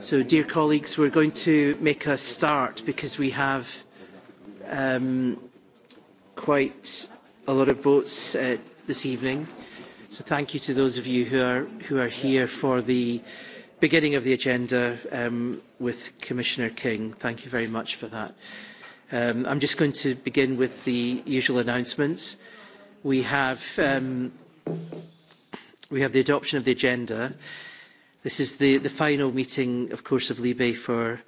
So, dear colleagues, we're going to make a start because we have um, quite a lot of votes uh, this evening. So, thank you to those of you who are who are here for the beginning of the agenda um, with Commissioner King. Thank you very much for that. Um, I'm just going to begin with the usual announcements. We have um, we have the adoption of the agenda. This is the, the final meeting, of course, of Libe for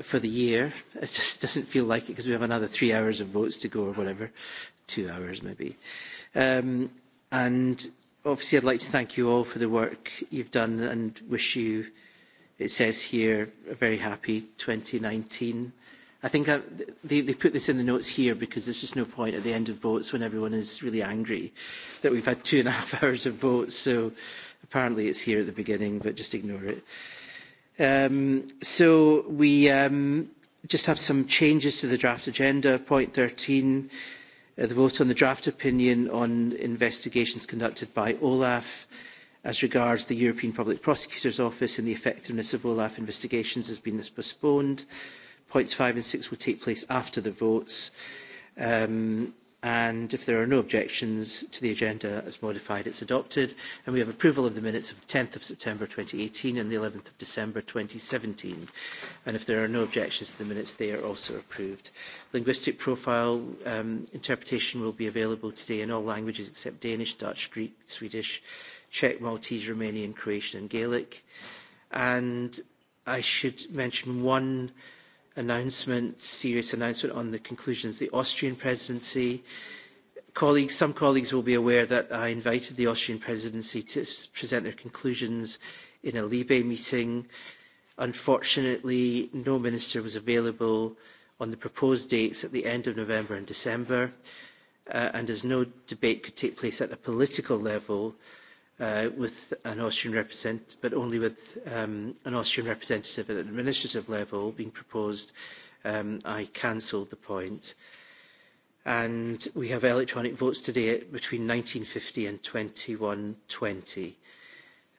for the year. It just doesn't feel like it because we have another three hours of votes to go or whatever, two hours maybe. Um, and obviously, I'd like to thank you all for the work you've done and wish you, it says here, a very happy 2019. I think I, they, they put this in the notes here because there's just no point at the end of votes when everyone is really angry that we've had two and a half hours of votes. So Apparently it's here at the beginning, but just ignore it. Um, so we um, just have some changes to the draft agenda. Point 13, uh, the vote on the draft opinion on investigations conducted by OLAF as regards the European Public Prosecutor's Office and the effectiveness of OLAF investigations has been postponed. Points five and six will take place after the votes. Um, And if there are no objections to the agenda as modified, it's adopted. And we have approval of the minutes of the 10th of September 2018 and the 11th of December 2017. And if there are no objections to the minutes, they are also approved. Linguistic profile um, interpretation will be available today in all languages except Danish, Dutch, Greek, Swedish, Czech, Maltese, Romanian, Croatian and Gaelic. And I should mention one announcement, serious announcement on the conclusions of the Austrian presidency. Colleagues, some colleagues will be aware that I invited the Austrian presidency to present their conclusions in a Libe meeting. Unfortunately, no minister was available on the proposed dates at the end of November and December, uh, and as no debate could take place at a political level, uh, uh, with an Austrian representative, but only with um, an Austrian representative at an administrative level being proposed, um, I cancelled the point. And we have electronic votes today at between 1950 and 2120.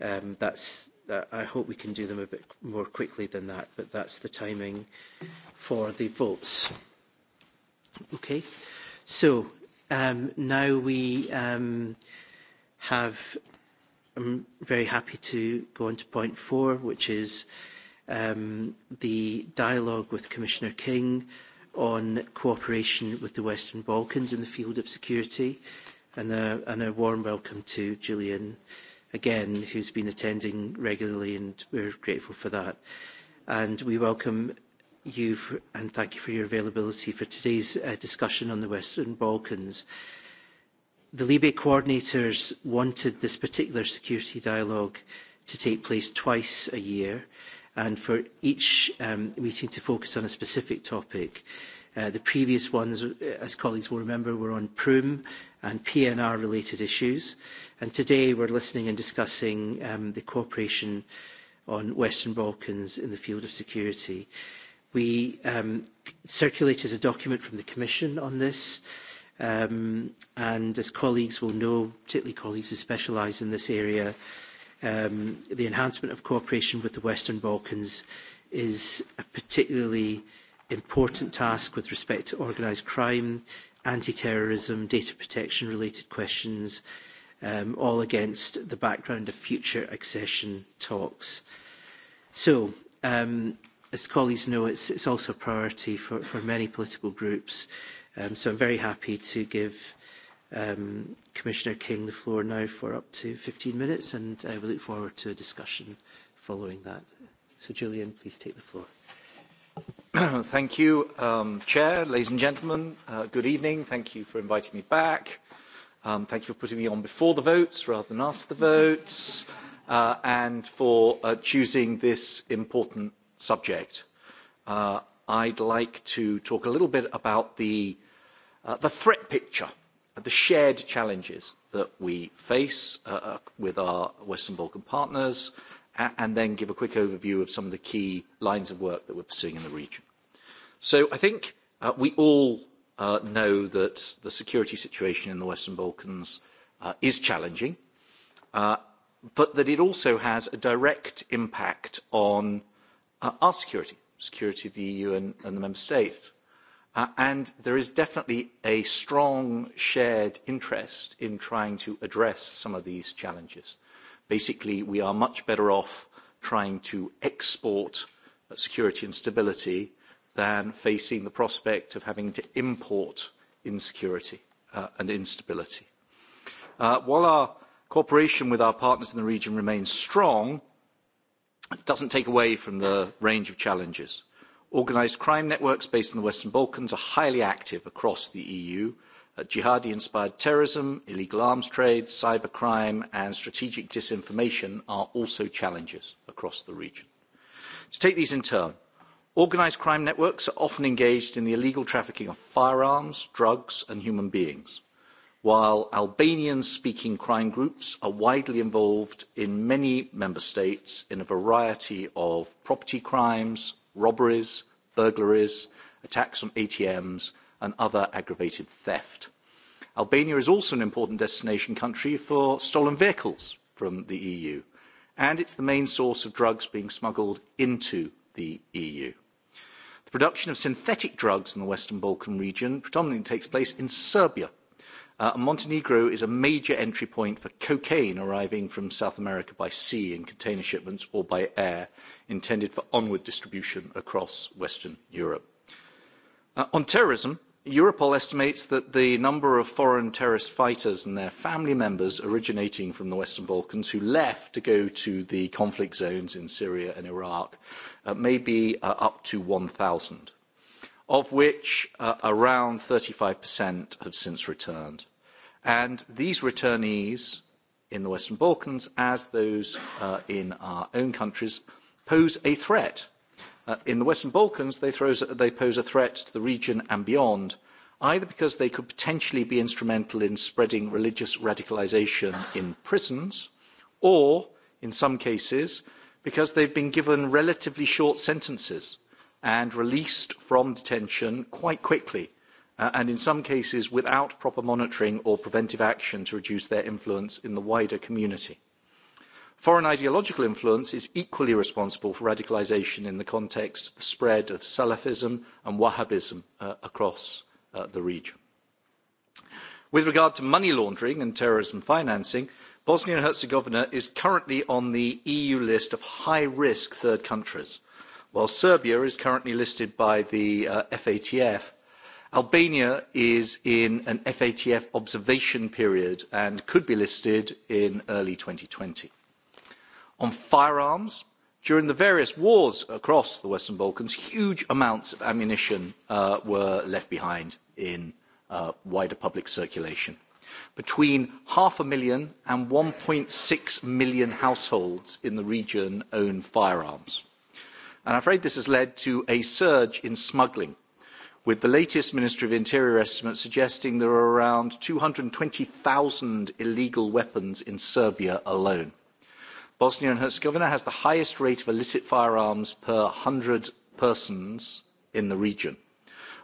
Um, that's, uh, I hope we can do them a bit more quickly than that, but that's the timing for the votes. Okay, so um, now we um, have I'm very happy to go on to point four, which is um, the dialogue with Commissioner King on cooperation with the Western Balkans in the field of security. And a, and a warm welcome to Julian again, who's been attending regularly, and we're grateful for that. And we welcome you for, and thank you for your availability for today's uh, discussion on the Western Balkans. The Libe coordinators wanted this particular security dialogue to take place twice a year and for each um, meeting to focus on a specific topic. Uh, the previous ones, as colleagues will remember, were on PRUM and PNR related issues. And today we're listening and discussing um, the cooperation on Western Balkans in the field of security. We um, circulated a document from the Commission on this Um, and as colleagues will know, particularly colleagues who specialise in this area, um, the enhancement of cooperation with the Western Balkans is a particularly important task with respect to organised crime, anti-terrorism, data protection related questions, um, all against the background of future accession talks. So, um, as colleagues know, it's, it's also a priority for, for many political groups Um, so I'm very happy to give um, Commissioner King the floor now for up to 15 minutes, and uh, we look forward to a discussion following that. So Julian, please take the floor. Thank you, um, Chair, ladies and gentlemen. Uh, good evening. Thank you for inviting me back. Um, thank you for putting me on before the votes rather than after the votes, uh, and for uh, choosing this important subject. Uh, I'd like to talk a little bit about the the threat picture, the shared challenges that we face uh, with our Western Balkan partners, and then give a quick overview of some of the key lines of work that we're pursuing in the region. So I think uh, we all uh, know that the security situation in the Western Balkans uh, is challenging, uh, but that it also has a direct impact on uh, our security, security of the EU and, and the member states and there is definitely a strong shared interest in trying to address some of these challenges. Basically, we are much better off trying to export security and stability than facing the prospect of having to import insecurity uh, and instability. Uh, while our cooperation with our partners in the region remains strong, it doesn't take away from the range of challenges. Organised crime networks based in the Western Balkans are highly active across the EU. jihadi inspired terrorism, illegal arms trade, cybercrime, and strategic disinformation are also challenges across the region. To take these in turn, organised crime networks are often engaged in the illegal trafficking of firearms, drugs, and human beings, while Albanian speaking crime groups are widely involved in many member states in a variety of property crimes, robberies, burglaries, attacks on ATMs, and other aggravated theft. Albania is also an important destination country for stolen vehicles from the EU, and it's the main source of drugs being smuggled into the EU. The production of synthetic drugs in the Western Balkan region predominantly takes place in Serbia, Montenegro is a major entry point for cocaine arriving from South America by sea in container shipments or by air, intended for onward distribution across Western Europe. on terrorism, Europol estimates that the number of foreign terrorist fighters and their family members originating from the Western Balkans who left to go to the conflict zones in Syria and Iraq may be up to one thousand of which uh, around 35% have since returned. And these returnees in the Western Balkans, as those in our own countries, pose a threat. in the Western Balkans, they, they pose a threat to the region and beyond, either because they could potentially be instrumental in spreading religious radicalisation in prisons, or, in some cases, because they've been given relatively short sentences and released from detention quite quickly, and in some cases without proper monitoring or preventive action to reduce their influence in the wider community. Foreign ideological influence is equally responsible for radicalisation in the context of the spread of Salafism and Wahhabism across the region. With regard to money laundering and terrorism financing, Bosnia and Herzegovina is currently on the EU list of high risk third countries While Serbia is currently listed by the FATF, Albania is in an FATF observation period and could be listed in early twenty. On firearms, during the various wars across the Western Balkans, huge amounts of ammunition were left behind in wider public circulation. Between half a million and one six million households in the region own firearms I'm afraid this has led to a surge in smuggling, with the latest Ministry of Interior estimate suggesting there are around two hundred and 220,000 illegal weapons in Serbia alone. Bosnia and Herzegovina has the highest rate of illicit firearms per one hundred persons in the region,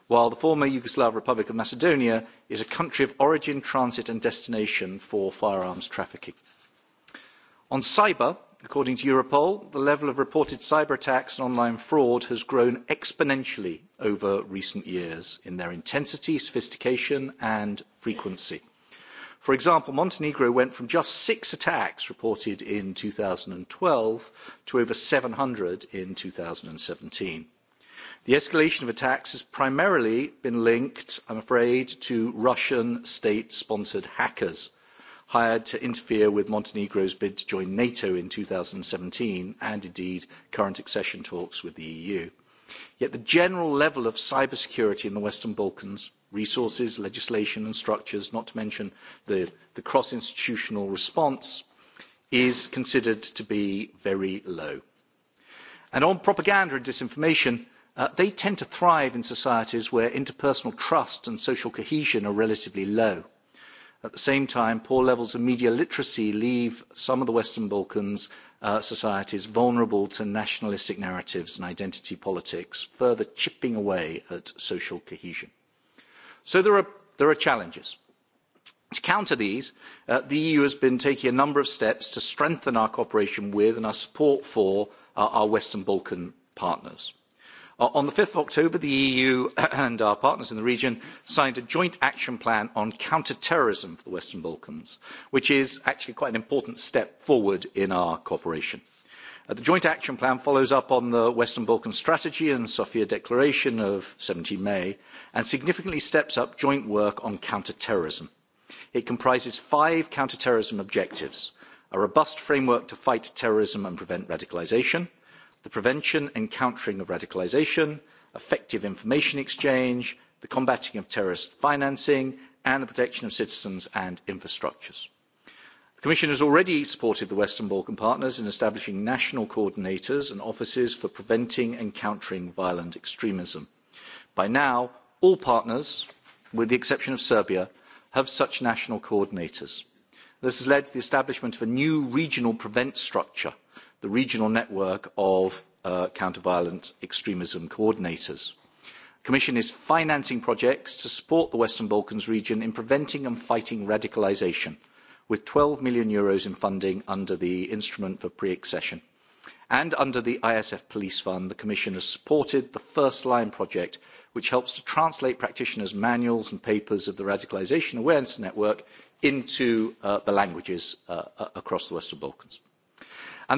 while the former Yugoslav Republic of Macedonia is a country of origin, transit and destination for firearms trafficking. On cyber, According to Europol, the level of reported cyber attacks and online fraud has grown exponentially over recent years in their intensity, sophistication, and frequency. For example, Montenegro went from just six attacks reported in 2012 to over 700 in 2017. The escalation of attacks has primarily been linked, I'm afraid, to Russian state-sponsored hackers – hired to interfere with Montenegro's bid to join NATO in 2017 and indeed current accession talks with the EU. Yet the general level of cybersecurity in the Western Balkans, resources, legislation and structures, not to mention the, the cross-institutional response, is considered to be very low. And on propaganda and disinformation, uh, they tend to thrive in societies where interpersonal trust and social cohesion are relatively low. At the same time, poor levels of media literacy leave some of the Western Balkans societies vulnerable to nationalistic narratives and identity politics, further chipping away at social cohesion. So there are, there are challenges. To counter these, the EU has been taking a number of steps to strengthen our cooperation with and our support for our Western Balkan partners. On the 5th of October, the EU and our partners in the region signed a joint action plan on counter-terrorism for the Western Balkans, which is actually quite an important step forward in our cooperation. The joint action plan follows up on the Western Balkan strategy and Sofia declaration of 17 May and significantly steps up joint work on counter-terrorism. It comprises five counter-terrorism objectives, a robust framework to fight terrorism and prevent radicalisation the prevention and countering of radicalisation, effective information exchange, the combating of terrorist financing, and the protection of citizens and infrastructures. The Commission has already supported the Western Balkan partners in establishing national coordinators and offices for preventing and countering violent extremism. By now, all partners, with the exception of Serbia, have such national coordinators. This has led to the establishment of a new regional prevent structure the regional network of counter-violent extremism coordinators. The Commission is financing projects to support the Western Balkans region in preventing and fighting radicalisation, with 12 twelve million in funding under the Instrument for Pre-Accession. And under the ISF Police Fund, the Commission has supported the First Line project, which helps to translate practitioners' manuals and papers of the Radicalisation Awareness Network into the languages across the Western Balkans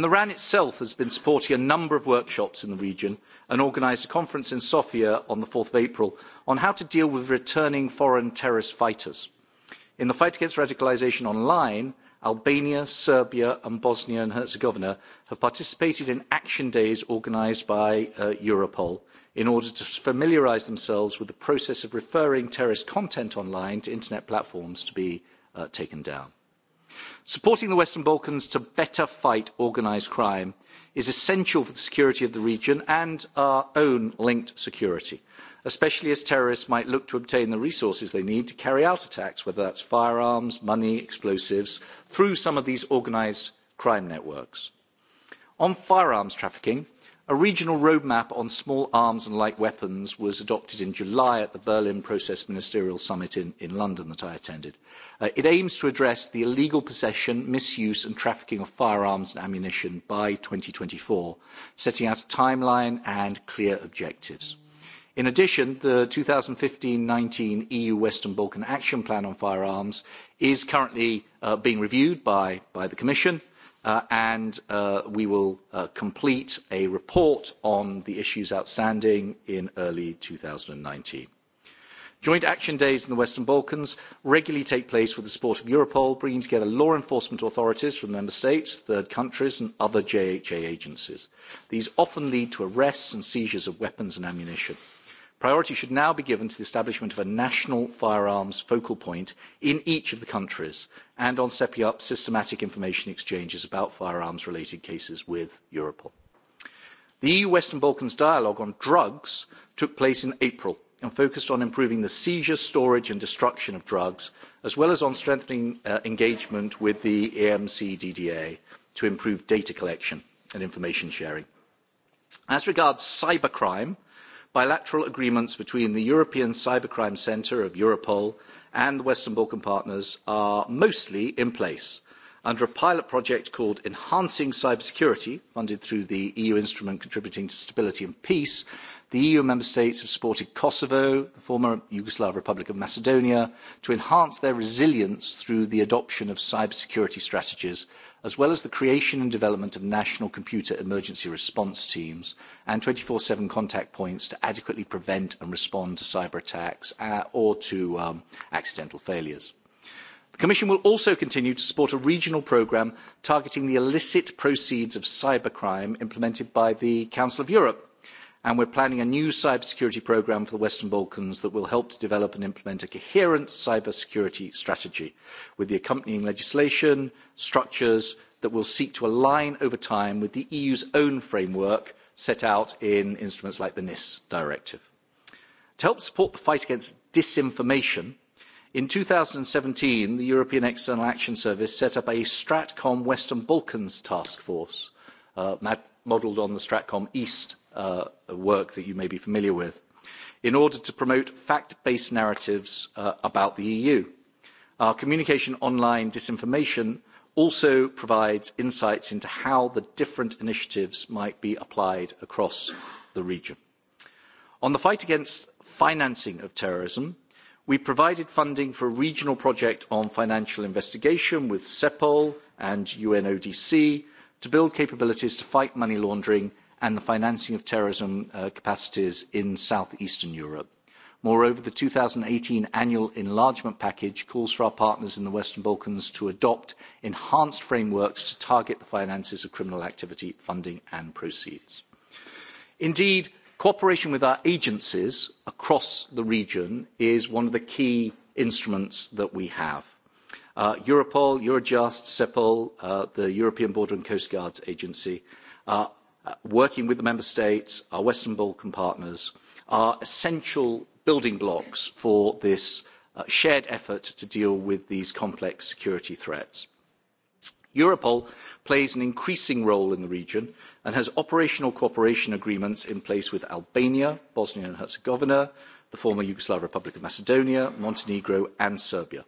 the ran itself has been supporting a number of workshops in the region and organised a conference in sofia on four april on how to deal with returning foreign terrorist fighters. in the fight against radicalisation online albania serbia and bosnia and herzegovina have participated in action days organised by europol in order to familiarise themselves with the process of referring terrorist content online to internet platforms to be taken down supporting the western balkans to better fight organised crime is essential for the security of the region and our own linked security especially as terrorists might look to obtain the resources they need to carry out attacks whether that's firearms money explosives through some of these organised crime networks. on firearms trafficking A regional roadmap on small arms and light weapons was adopted in July at the Berlin Process Ministerial Summit in, London that I attended. it aims to address the illegal possession, misuse and trafficking of firearms and ammunition by twenty four, setting out a timeline and clear objectives. In addition, the 2015-19 EU Western Balkan Action Plan on Firearms is currently being reviewed by the Commission and we will complete a report on the issues outstanding in early nineteen. Joint action days in the Western Balkans regularly take place with the support of Europol, bringing together law enforcement authorities from member states, third countries, and other JHA agencies. These often lead to arrests and seizures of weapons and ammunition priority should now be given to the establishment of a national firearms focal point in each of the countries and on stepping up systematic information exchanges about firearms related cases with europol. the eu western balkans dialogue on drugs took place in april and focused on improving the seizure storage and destruction of drugs as well as on strengthening engagement with the EMCDDA to improve data collection and information sharing. as regards cybercrime bilateral agreements between the European Cybercrime Centre of Europol and the Western Balkan partners are mostly in place under a pilot project called Enhancing Cybersecurity, funded through the EU instrument contributing to stability and peace. The EU member states have supported Kosovo, the former Yugoslav Republic of Macedonia, to enhance their resilience through the adoption of cybersecurity strategies, as well as the creation and development of national computer emergency response teams and twenty four seven contact points to adequately prevent and respond to cyber attacks or to accidental failures. The Commission will also continue to support a regional programme targeting the illicit proceeds of cybercrime implemented by the Council of Europe and we're planning a new cybersecurity programme for the Western Balkans that will help to develop and implement a coherent cybersecurity strategy with the accompanying legislation, structures that will seek to align over time with the EU's own framework set out in instruments like the NIS directive. To help support the fight against disinformation, in seventeen the European External Action Service set up a Stratcom Western Balkans task force, modelled on the Stratcom East work that you may be familiar with in order to promote fact-based narratives about the EU. Our communication online disinformation also provides insights into how the different initiatives might be applied across the region. On the fight against financing of terrorism, we provided funding for a regional project on financial investigation with CEPOL and UNODC to build capabilities to fight money laundering and the financing of terrorism capacities in South Eastern Europe. Moreover, the eighteen Annual Enlargement Package calls for our partners in the Western Balkans to adopt enhanced frameworks to target the finances of criminal activity, funding and proceeds. Indeed, cooperation with our agencies across the region is one of the key instruments that we have. Europol, Eurojust, CEPOL, the European Border and Coast Guards Agency, working with the member states, our Western Balkan partners, are essential building blocks for this shared effort to deal with these complex security threats. Europol plays an increasing role in the region and has operational cooperation agreements in place with Albania, Bosnia and Herzegovina, the former Yugoslav Republic of Macedonia, Montenegro and Serbia.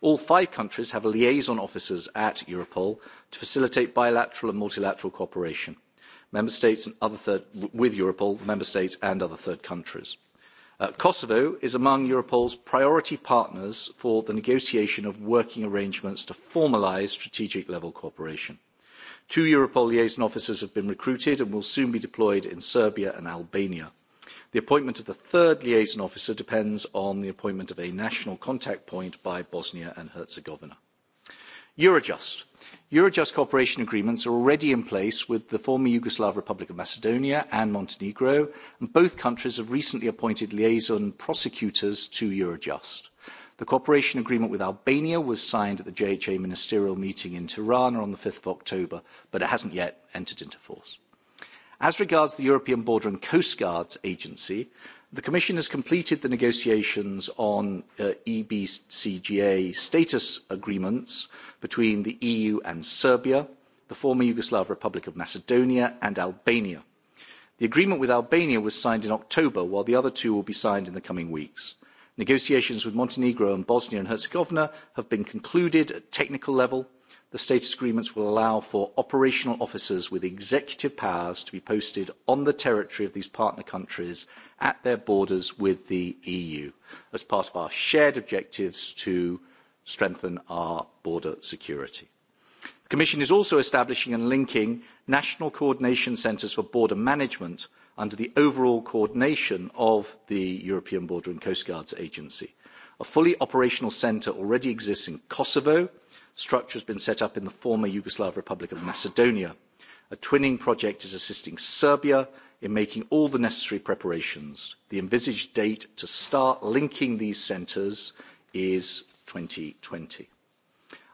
All five countries have liaison officers at Europol to facilitate bilateral and multilateral cooperation member states and other third, with Europol, member states and other third countries. Kosovo is among Europol's priority partners for the negotiation of working arrangements to formalise strategic level cooperation. Two Europol liaison officers have been recruited and will soon be deployed in Serbia and Albania. The appointment of the third liaison officer depends on the appointment of a national contact point by Bosnia and Herzegovina. Eurojust eurojust cooperation agreements are already in place with the former yugoslav republic of macedonia and montenegro and both countries have recently appointed liaison prosecutors to eurojust. the cooperation agreement with albania was signed at the jha ministerial meeting in tirana on five october but it hasn't yet entered into force. as regards the european border and coast guards agency The Commission has completed the negotiations on EBCGA status agreements between the EU and Serbia, the former Yugoslav Republic of Macedonia, and Albania. The agreement with Albania was signed in October, while the other two will be signed in the coming weeks. Negotiations with Montenegro and Bosnia and Herzegovina have been concluded at technical level the status agreements will allow for operational officers with executive powers to be posted on the territory of these partner countries at their borders with the EU as part of our shared objectives to strengthen our border security. The Commission is also establishing and linking national coordination centres for border management under the overall coordination of the European Border and Coast Guards Agency. A fully operational centre already exists in Kosovo, structure has been set up in the former Yugoslav Republic of Macedonia. A twinning project is assisting Serbia in making all the necessary preparations. The envisaged date to start linking these centres is twenty.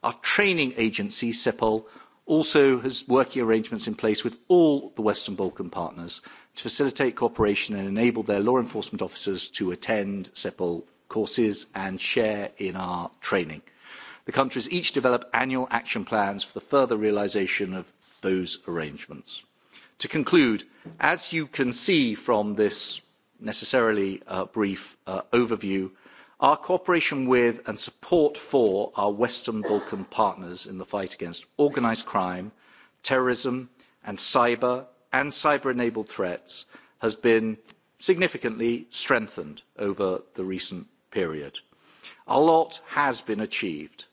Our training agency, CEPOL, also has working arrangements in place with all the Western Balkan partners to facilitate cooperation and enable their law enforcement officers to attend CEPOL courses and share in our training. The countries each develop annual action plans for the further realisation of those arrangements. To conclude, as you can see from this necessarily brief overview, our cooperation with and support for our Western Balkan partners in the fight against organised crime, terrorism, and cyber and cyber-enabled threats has been significantly strengthened over the recent period. A lot has been achieved,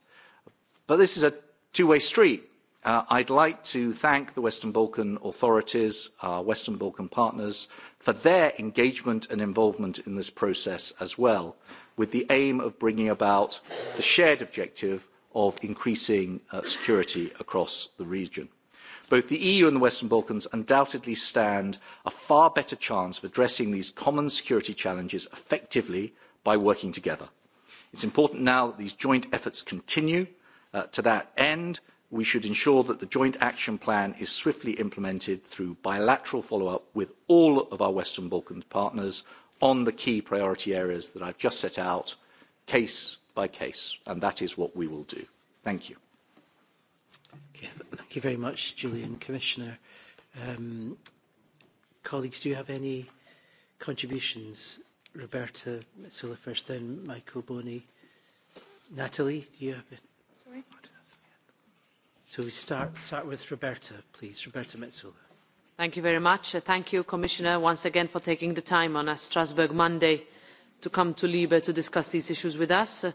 But this is a two-way street. Uh, I'd like to thank the Western Balkan authorities, our Western Balkan partners, for their engagement and involvement in this process as well, with the aim of bringing about the shared objective of increasing security across the region. Both the EU and the Western Balkans undoubtedly stand a far better chance of addressing these common security challenges effectively by working together. It's important now that these joint efforts continue to that end, we should ensure that the joint action plan is swiftly implemented through bilateral follow-up with all of our Western Balkan partners on the key priority areas that I've just set out, case by case, and that is what we will do. Thank you. Okay, thank you very much, Julian, Commissioner. Um, colleagues, do you have any contributions? Roberta Metsola first, then Michael Boney. Natalie, do you have it? So we start, start with Roberta, please. Roberta Metsola. Thank you very much. Thank you, Commissioner, once again for taking the time on a Strasbourg Monday to come to Libe to discuss these issues with us.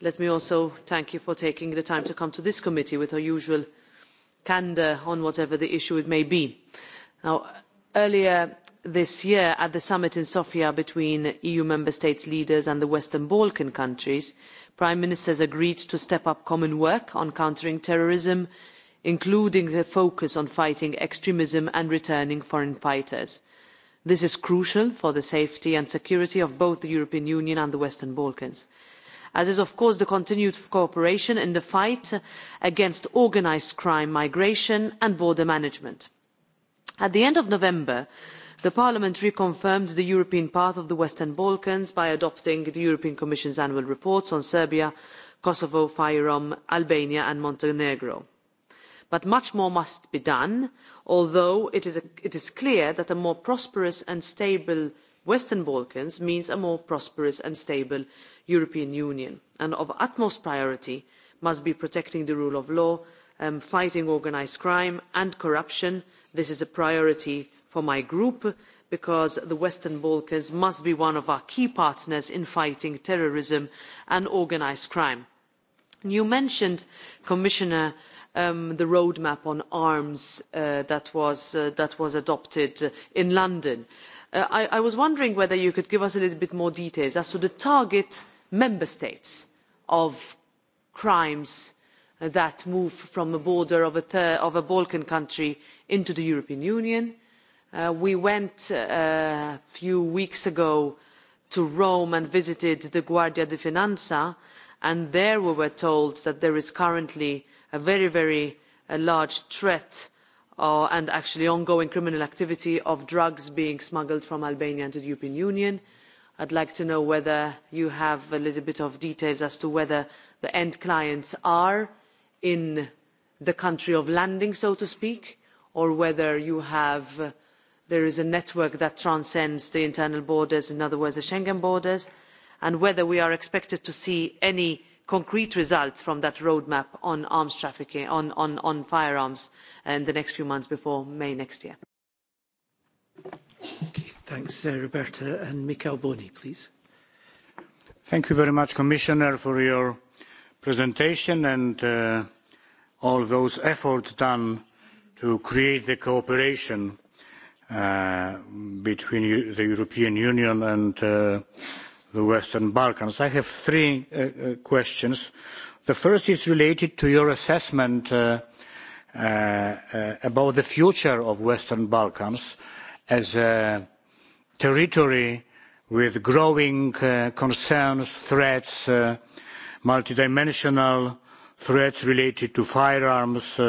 Let me also thank you for taking the time to come to this committee with our usual candour on whatever the issue it may be. Now, earlier this year at the summit in Sofia between EU member states leaders and the Western Balkan countries, prime ministers agreed to step up common work on countering terrorism including the focus on fighting extremism and returning foreign fighters. this is crucial for the safety and security of both the european union and the western balkans as is of course the continued cooperation in the fight against organised crime migration and border management. at the end of november parliament reconfirmed the european path of the western balkans by adopting the european commission's annual reports on serbia kosovo fyrom albania and montenegro but much more must be done although it is clear that a more prosperous and stable western balkans means a more prosperous and stable european union and of utmost priority must be protecting the rule of law fighting organised crime and corruption this is a priority for my group because the Western Balkans must be one of our key partners in fighting terrorism and organised crime. You mentioned, Commissioner, the roadmap on arms that, was, adopted in London. I, was wondering whether you could give us a little bit more details as to the target member states of crimes that move from the border of a, Balkan country into the European Union, we went a few weeks ago to Rome and visited the Guardia di Finanza, and there we were told that there is currently a very, very large threat and actually ongoing criminal activity of drugs being smuggled from Albania into the European Union. I'd like to know whether you have a little bit of details as to whether the end clients are in the country of landing, so to speak, or whether you have there is a network that transcends the internal borders, in other words, the Schengen borders, and whether we are expected to see any concrete results from that roadmap on arms trafficking, on, firearms in the next few months before May next year. thanks, Roberta. And Mikhail Boni, please. Thank you very much, Commissioner, for your presentation and all those efforts done to create the cooperation between the European Union and the Western Balkans. I have three questions. The first is related to your assessment about the future of Western Balkans as a territory with growing concerns, threats, multidimensional threats related to firearms,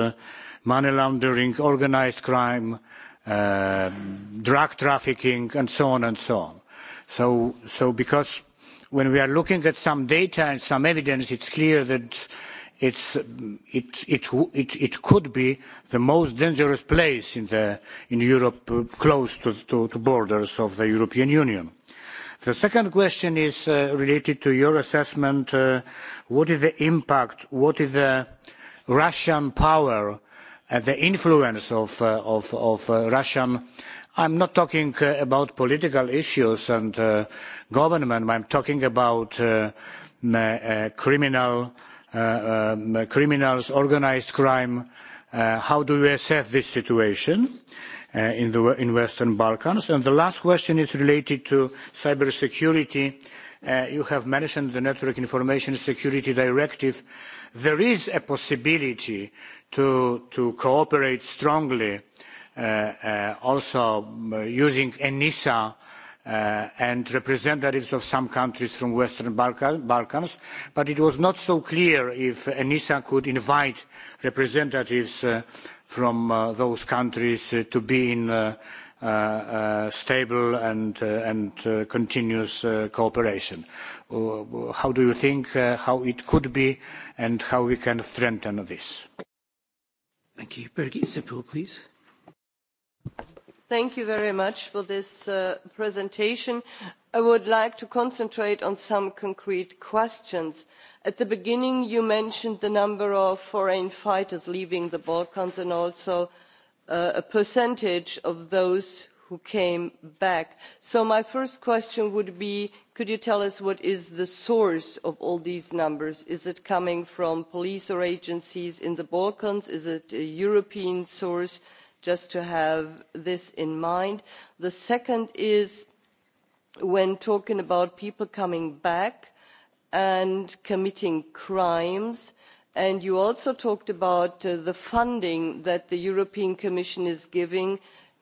money laundering, organised crime, drug trafficking, and so on and so on. So, so because when we are looking at some data and some evidence, it's clear that it's, it, it, it, it could be the most dangerous place in, the, in Europe uh, close to, to, to borders of the European Union. The second question is uh, related to your assessment. Uh, what is the impact, what is the Russian power the influence of, Russian. I'm not talking about political issues and government. I'm talking about criminals, organised crime. how do we assess this situation? in the in Western Balkans? And the last question is related to cybersecurity. You have mentioned the Network Information Security Directive there is a possibility to cooperate strongly also using ENISA and representatives of some countries from the Western Balkans, but it was not so clear if ENISA could invite representatives from those countries to be in stable and continuous cooperation. How do you think how it could be and how we can strengthen this. Thank you. Birgit Zippel, please. Thank you very much for this uh, presentation. I would like to concentrate on some concrete questions. At the beginning, you mentioned the number of foreign fighters leaving the Balkans and also uh, a percentage of those who came back. So my first question would be, could you tell us what is the source of all these numbers? Is it coming from police or agencies in the Balkans? Is it a European source? Just to have this in mind. The second is when talking about people coming back and committing crimes, and you also talked about the funding that the European Commission is giving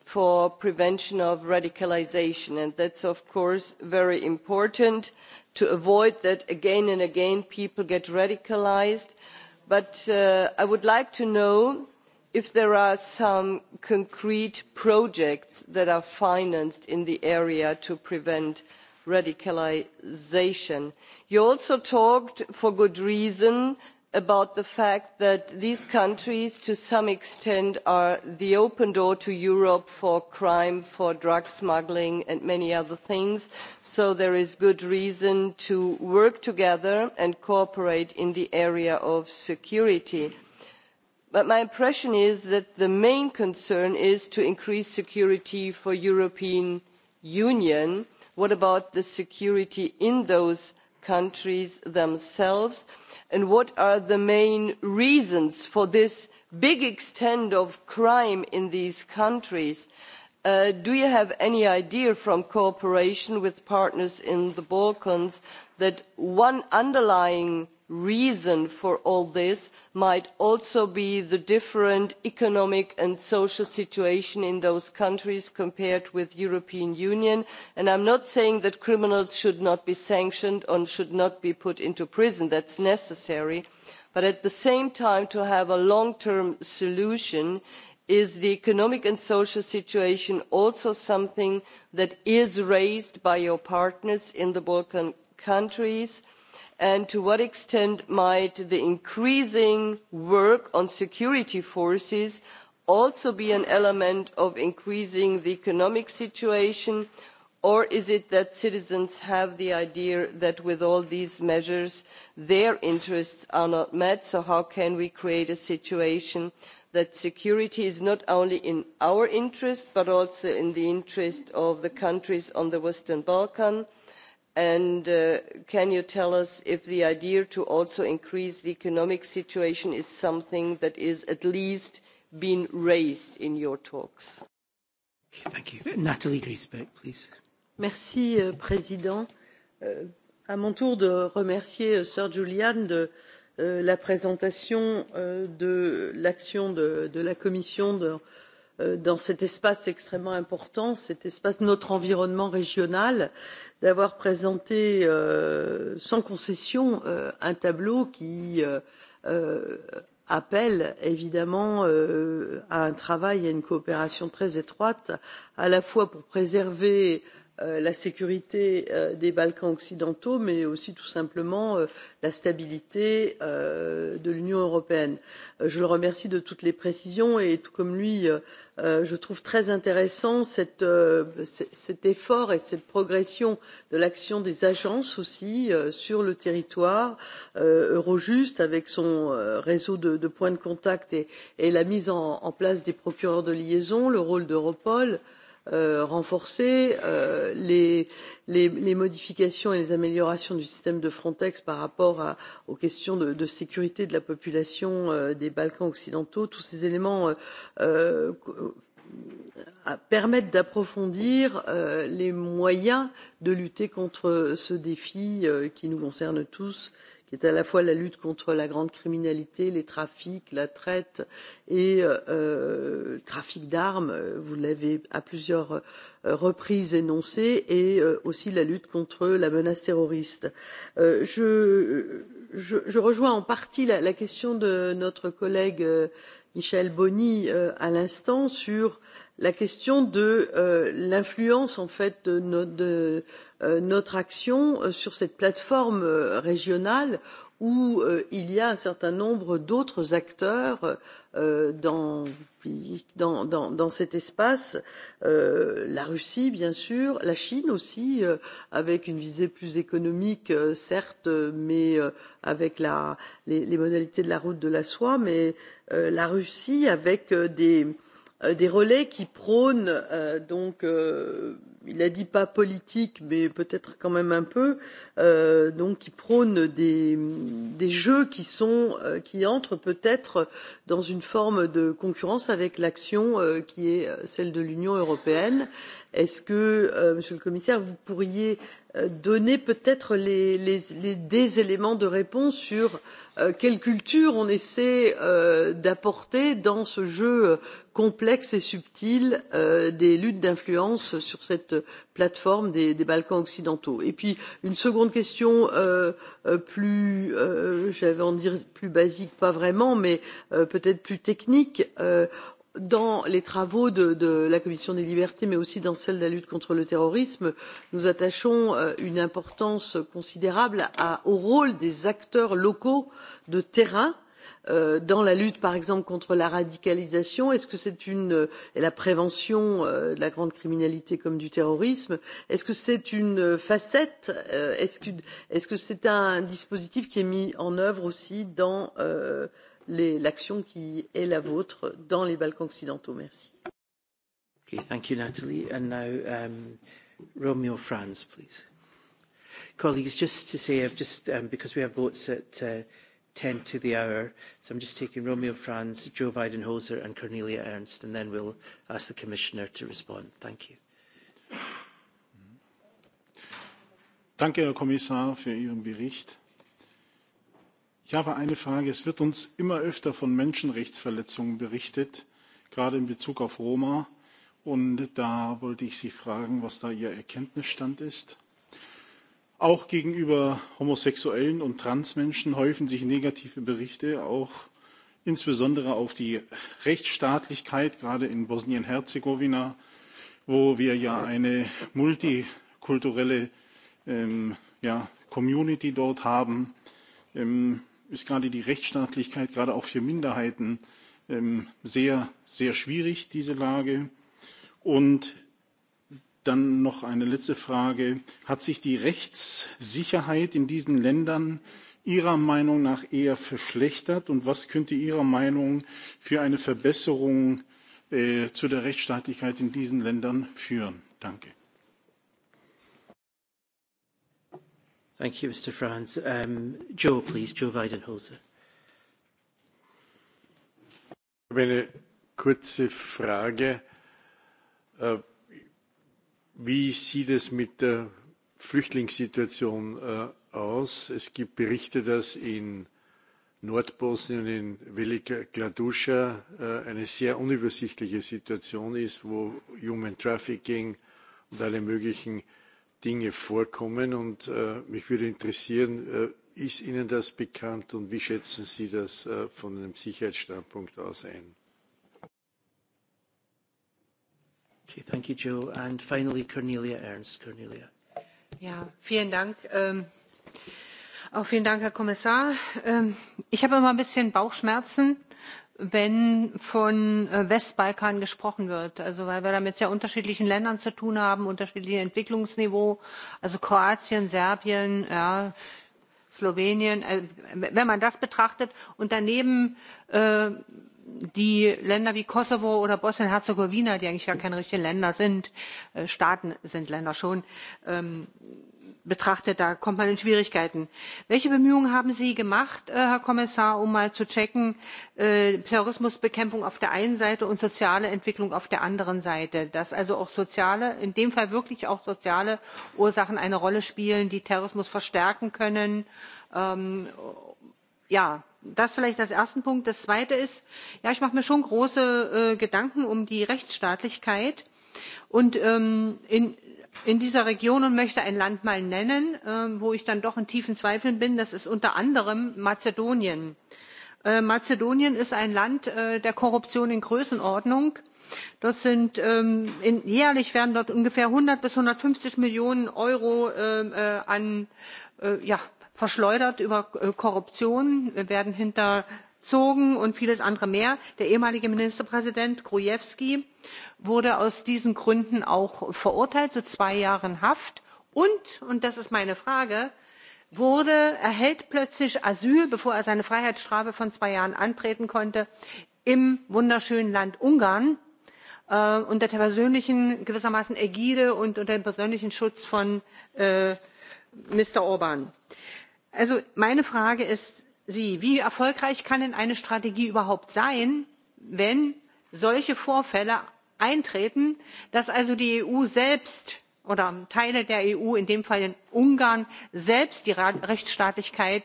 for prevention of radicalisation and that's is of course very important to avoid that again and again people get radicalised but i would like to know if there are some concrete projects that are financed in the area to prevent radicalisation. you also talked for good reason about about the fact that these countries to some extent are the open door to europe for crime for drug smuggling and many other things so there is good reason to work together and cooperate in the area of security but my impression is that the main concern is to increase security for the european union. what about the security in those countries themselves? and what are the main reasons for this big extent of crime in these countries? do you have any idea from cooperation with partners in the Balkans that one underlying reason for all this might also be the different economic and social situation in those countries compared with the european union and i am not saying that criminals should not be sanctioned or should not be put into prison that is necessary but at the same time to have a long term solution is the economic and social situation also something that is raised by your partners in the balkan countries and and to what extent might the increasing work on security forces also be an element of increasing the economic situation or is it that citizens have the idea that with all these measures their interests are not met so how can we create a situation that security is not only in our interest but also in the interest of the countries on the western balkans? And can you tell us if the idea to also increase the economic situation is something that is at least being raised in your talks? Thank you. Natalie Griesbeck, please. Merci, Président. à mon tour de remercier Sir Julian de la présentation de l'action de, de la Commission dans dans cet espace extrêmement important, cet espace notre environnement régional, d'avoir présenté sans concession un tableau qui appelle évidemment à un travail et à une coopération très étroite, à la fois pour préserver la sécurité des Balkans occidentaux, mais aussi tout simplement la stabilité de l'Union européenne. Je le remercie de toutes les précisions et tout comme lui, je trouve très intéressant cet effort et cette progression de l'action des agences aussi sur le territoire, Eurojust avec son réseau de points de contact et la mise en place des procureurs de liaison, le rôle d'Europol, euh, renforcée les modifications et les améliorations du système de frontex par rapport aux questions de sécurité de la population des balkans occidentaux tous ces éléments permettent d'approfondir les moyens de lutter contre ce défi qui nous concerne tous est à la fois la lutte contre la grande criminalité, les trafics, la traite et euh, le trafic d'armes, vous l'avez à plusieurs reprises énoncé, et euh, aussi la lutte contre la menace terroriste. Euh, je, je, je rejoins en partie la, la question de notre collègue euh, Michel Bonny euh, à l'instant sur euh, la question de euh, l'influence en fait de, no de euh, notre action sur cette plateforme régionale où euh, il y a un certain nombre d'autres acteurs euh, dans, dans, dans, dans cet espace, euh, la Russie bien sûr, la Chine aussi, euh, avec une visée plus économique euh, certes, mais euh, avec la, les, les modalités de la route de la soie, mais euh, la Russie avec euh, des euh, des relais qui prônent donc il a dit pas politique mais peut être quand même un peu donc qui prônent des, des jeux qui sont qui entrent peut être dans une forme de concurrence avec l'action qui est celle de l'Union européenne Est-ce que, euh, Monsieur le Commissaire, vous pourriez donner peut-être les, les, les, des éléments de réponse sur euh, quelle culture on essaie euh, d'apporter dans ce jeu complexe et subtil euh, des luttes d'influence sur cette plateforme des, des Balkans occidentaux. Et puis une seconde question euh, plus, euh, j'avais en dire plus basique, pas vraiment, mais euh, peut-être plus technique. Euh, dans les travaux de, la commission des libertés, mais aussi dans celle de la lutte contre le terrorisme, nous attachons une importance considérable au rôle des acteurs locaux de terrain dans la lutte, par exemple, contre la radicalisation Est-ce que c'est une et la prévention de la grande criminalité comme du terrorisme Est-ce que c'est une facette Est-ce que c'est un dispositif qui est mis en œuvre aussi dans l'action qui est la vôtre dans les Balkans occidentaux. Merci. Okay, thank you, Natalie. And now, um, Romeo Franz, please. Colleagues, just to say, I've just um, because we have votes at uh, 10 to the hour, so I'm just taking Romeo Franz, Joe Weidenhoser, and Cornelia Ernst, and then we'll ask the Commissioner to respond. Thank you. Danke, Herr Kommissar, für Ihren Bericht. Ich habe eine Frage. Es wird uns immer öfter von Menschenrechtsverletzungen berichtet, gerade in Bezug auf Roma. Und da wollte ich Sie fragen, was da Ihr Erkenntnisstand ist. Auch gegenüber Homosexuellen und Transmenschen häufen sich negative Berichte, auch insbesondere auf die Rechtsstaatlichkeit, gerade in Bosnien-Herzegowina, wo wir ja eine multikulturelle Community dort haben ist gerade die Rechtsstaatlichkeit, gerade auch für Minderheiten, sehr, sehr schwierig, diese Lage. Und dann noch eine letzte Frage. Hat sich die Rechtssicherheit in diesen Ländern Ihrer Meinung nach eher verschlechtert? Und was könnte Ihrer Meinung für eine Verbesserung zu der Rechtsstaatlichkeit in diesen Ländern führen? Danke. Thank you, Mr. Franz. Um, Joe, please, Joe Weidenholzer. Eine kurze Frage. Wie sieht es mit der Flüchtlingssituation aus? Es gibt Berichte, dass in Nordbosnien, in Velika Kladuša, eine sehr unübersichtliche Situation ist, wo Human Trafficking und alle möglichen Dinge vorkommen. Und mich würde interessieren, ist Ihnen das bekannt und wie schätzen Sie das von einem Sicherheitsstandpunkt aus ein? Okay, thank you, Joe. And finally, Cornelia Ernst. Cornelia. Ja, vielen Dank. Ähm, auch vielen Dank, Herr Kommissar. Ähm, ich habe immer ein bisschen Bauchschmerzen, wenn von Westbalkan gesprochen wird. Also weil wir da mit sehr unterschiedlichen Ländern zu tun haben, unterschiedlichem Entwicklungsniveau, also Kroatien, Serbien, ja, Slowenien. Also wenn man das betrachtet und daneben äh, die Länder wie Kosovo oder Bosnien-Herzegowina, die eigentlich gar keine richtigen Länder sind, äh, Staaten sind Länder schon, ähm, betrachtet, da kommt man in Schwierigkeiten. Welche Bemühungen haben Sie gemacht, Herr Kommissar, um mal zu checken, Terrorismusbekämpfung auf der einen Seite und soziale Entwicklung auf der anderen Seite, dass also auch soziale, in dem Fall wirklich auch soziale Ursachen eine Rolle spielen, die Terrorismus verstärken können? ja, das vielleicht das erste Punkt. Das zweite ist, ja, ich mache mir schon große Gedanken um die Rechtsstaatlichkeit. Und in in dieser region und möchte ein land mal nennen wo ich dann doch in tiefen zweifeln bin das ist unter anderem mazedonien. mazedonien ist ein land der korruption in größenordnung jährlich werden dort ungefähr einhundert bis einhundertfünfzig millionen euro verschleudert über korruption werden hinterzogen und vieles andere mehr. der ehemalige ministerpräsident gruevski wurde aus diesen Gründen auch verurteilt zu zwei Jahren Haft und, und das ist meine Frage, wurde, erhält plötzlich Asyl, bevor er seine Freiheitsstrafe von zwei Jahren antreten konnte, im wunderschönen Land Ungarn äh, unter der persönlichen gewissermaßen Ägide und unter dem persönlichen Schutz von äh, Mr. Orban. Also meine Frage ist Sie, wie erfolgreich kann denn eine Strategie überhaupt sein, wenn solche Vorfälle eintreten dass also die eu selbst oder teile der eu in dem fall ungarn selbst die rechtsstaatlichkeit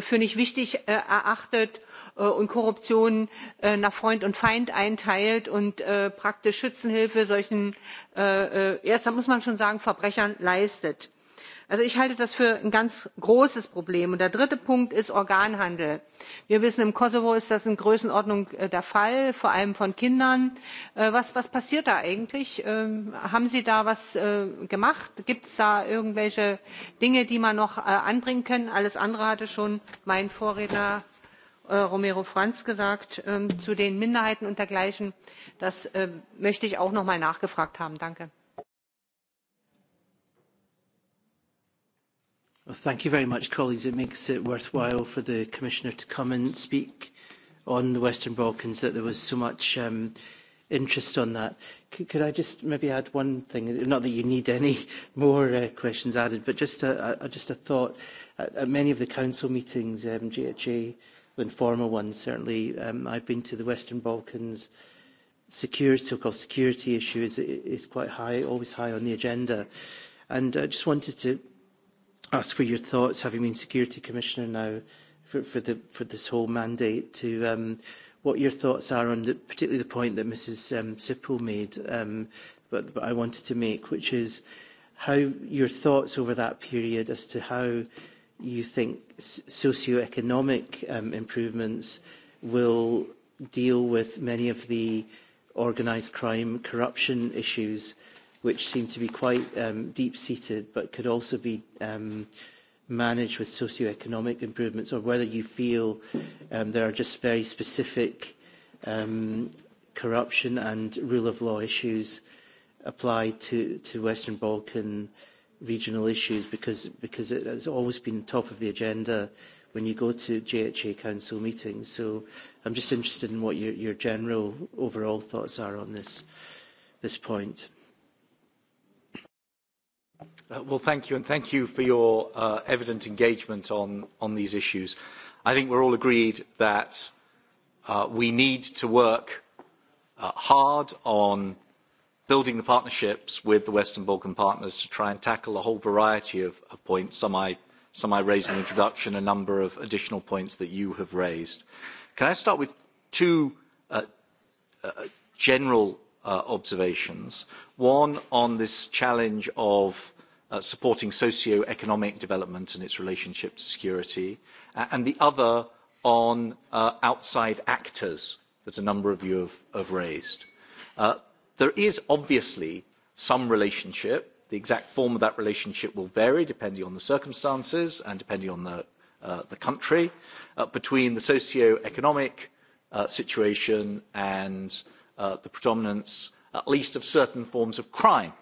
für nicht wichtig erachtet und korruption nach freund und feind einteilt und praktisch schützenhilfe solchen ja da muss man schon sagen verbrechern leistet. Also ich halte das für ein ganz großes Problem. Und der dritte Punkt ist Organhandel. Wir wissen, im Kosovo ist das in Größenordnung der Fall, vor allem von Kindern. Was, passiert da eigentlich? Haben Sie da was gemacht? Gibt es da irgendwelche Dinge, die man noch anbringen kann? Alles andere hatte schon mein Vorredner Romero Franz gesagt zu den Minderheiten und dergleichen. Das möchte ich auch noch mal nachgefragt haben. Danke. Well, thank you very much, colleagues. It makes it worthwhile for the Commissioner to come and speak on the Western Balkans, that there was so much um, interest on that. Could, could I just maybe add one thing? Not that you need any more uh, questions added, but just a, a, just a thought. At, at many of the council meetings, um, GHA, informal ones certainly, um, I've been to the Western Balkans. Secure, so-called security issue is, is quite high, always high on the agenda. And I just wanted to ask for your thoughts, having been Security Commissioner now for, for, the, for this whole mandate, to um, what your thoughts are on the, particularly the point that Mrs. Um, Sippel made, um, but, but I wanted to make, which is how your thoughts over that period as to how you think socioeconomic um, improvements will deal with many of the organised crime corruption issues which seem to be quite um, deep-seated but could also be um, managed with socio-economic improvements, or whether you feel um, there are just very specific um, corruption and rule of law issues applied to, to Western Balkan regional issues because, because it has always been top of the agenda when you go to JHA Council meetings. So I'm just interested in what your, your general overall thoughts are on this, this point. Well, thank you, and thank you for your uh, evident engagement on, on these issues. I think we're all agreed that we need to work uh, hard on building the partnerships with the Western Balkan partners to try and tackle a whole variety of, points. Some I, some I raised in the introduction, a number of additional points that you have raised. Can I start with two uh, uh, general uh, observations? One on this challenge of supporting socio-economic development and its relationship to security, and the other on outside actors that a number of you have, raised. there is obviously some relationship. The exact form of that relationship will vary depending on the circumstances and depending on the, the country between the socio-economic situation and the predominance, at least, of certain forms of crime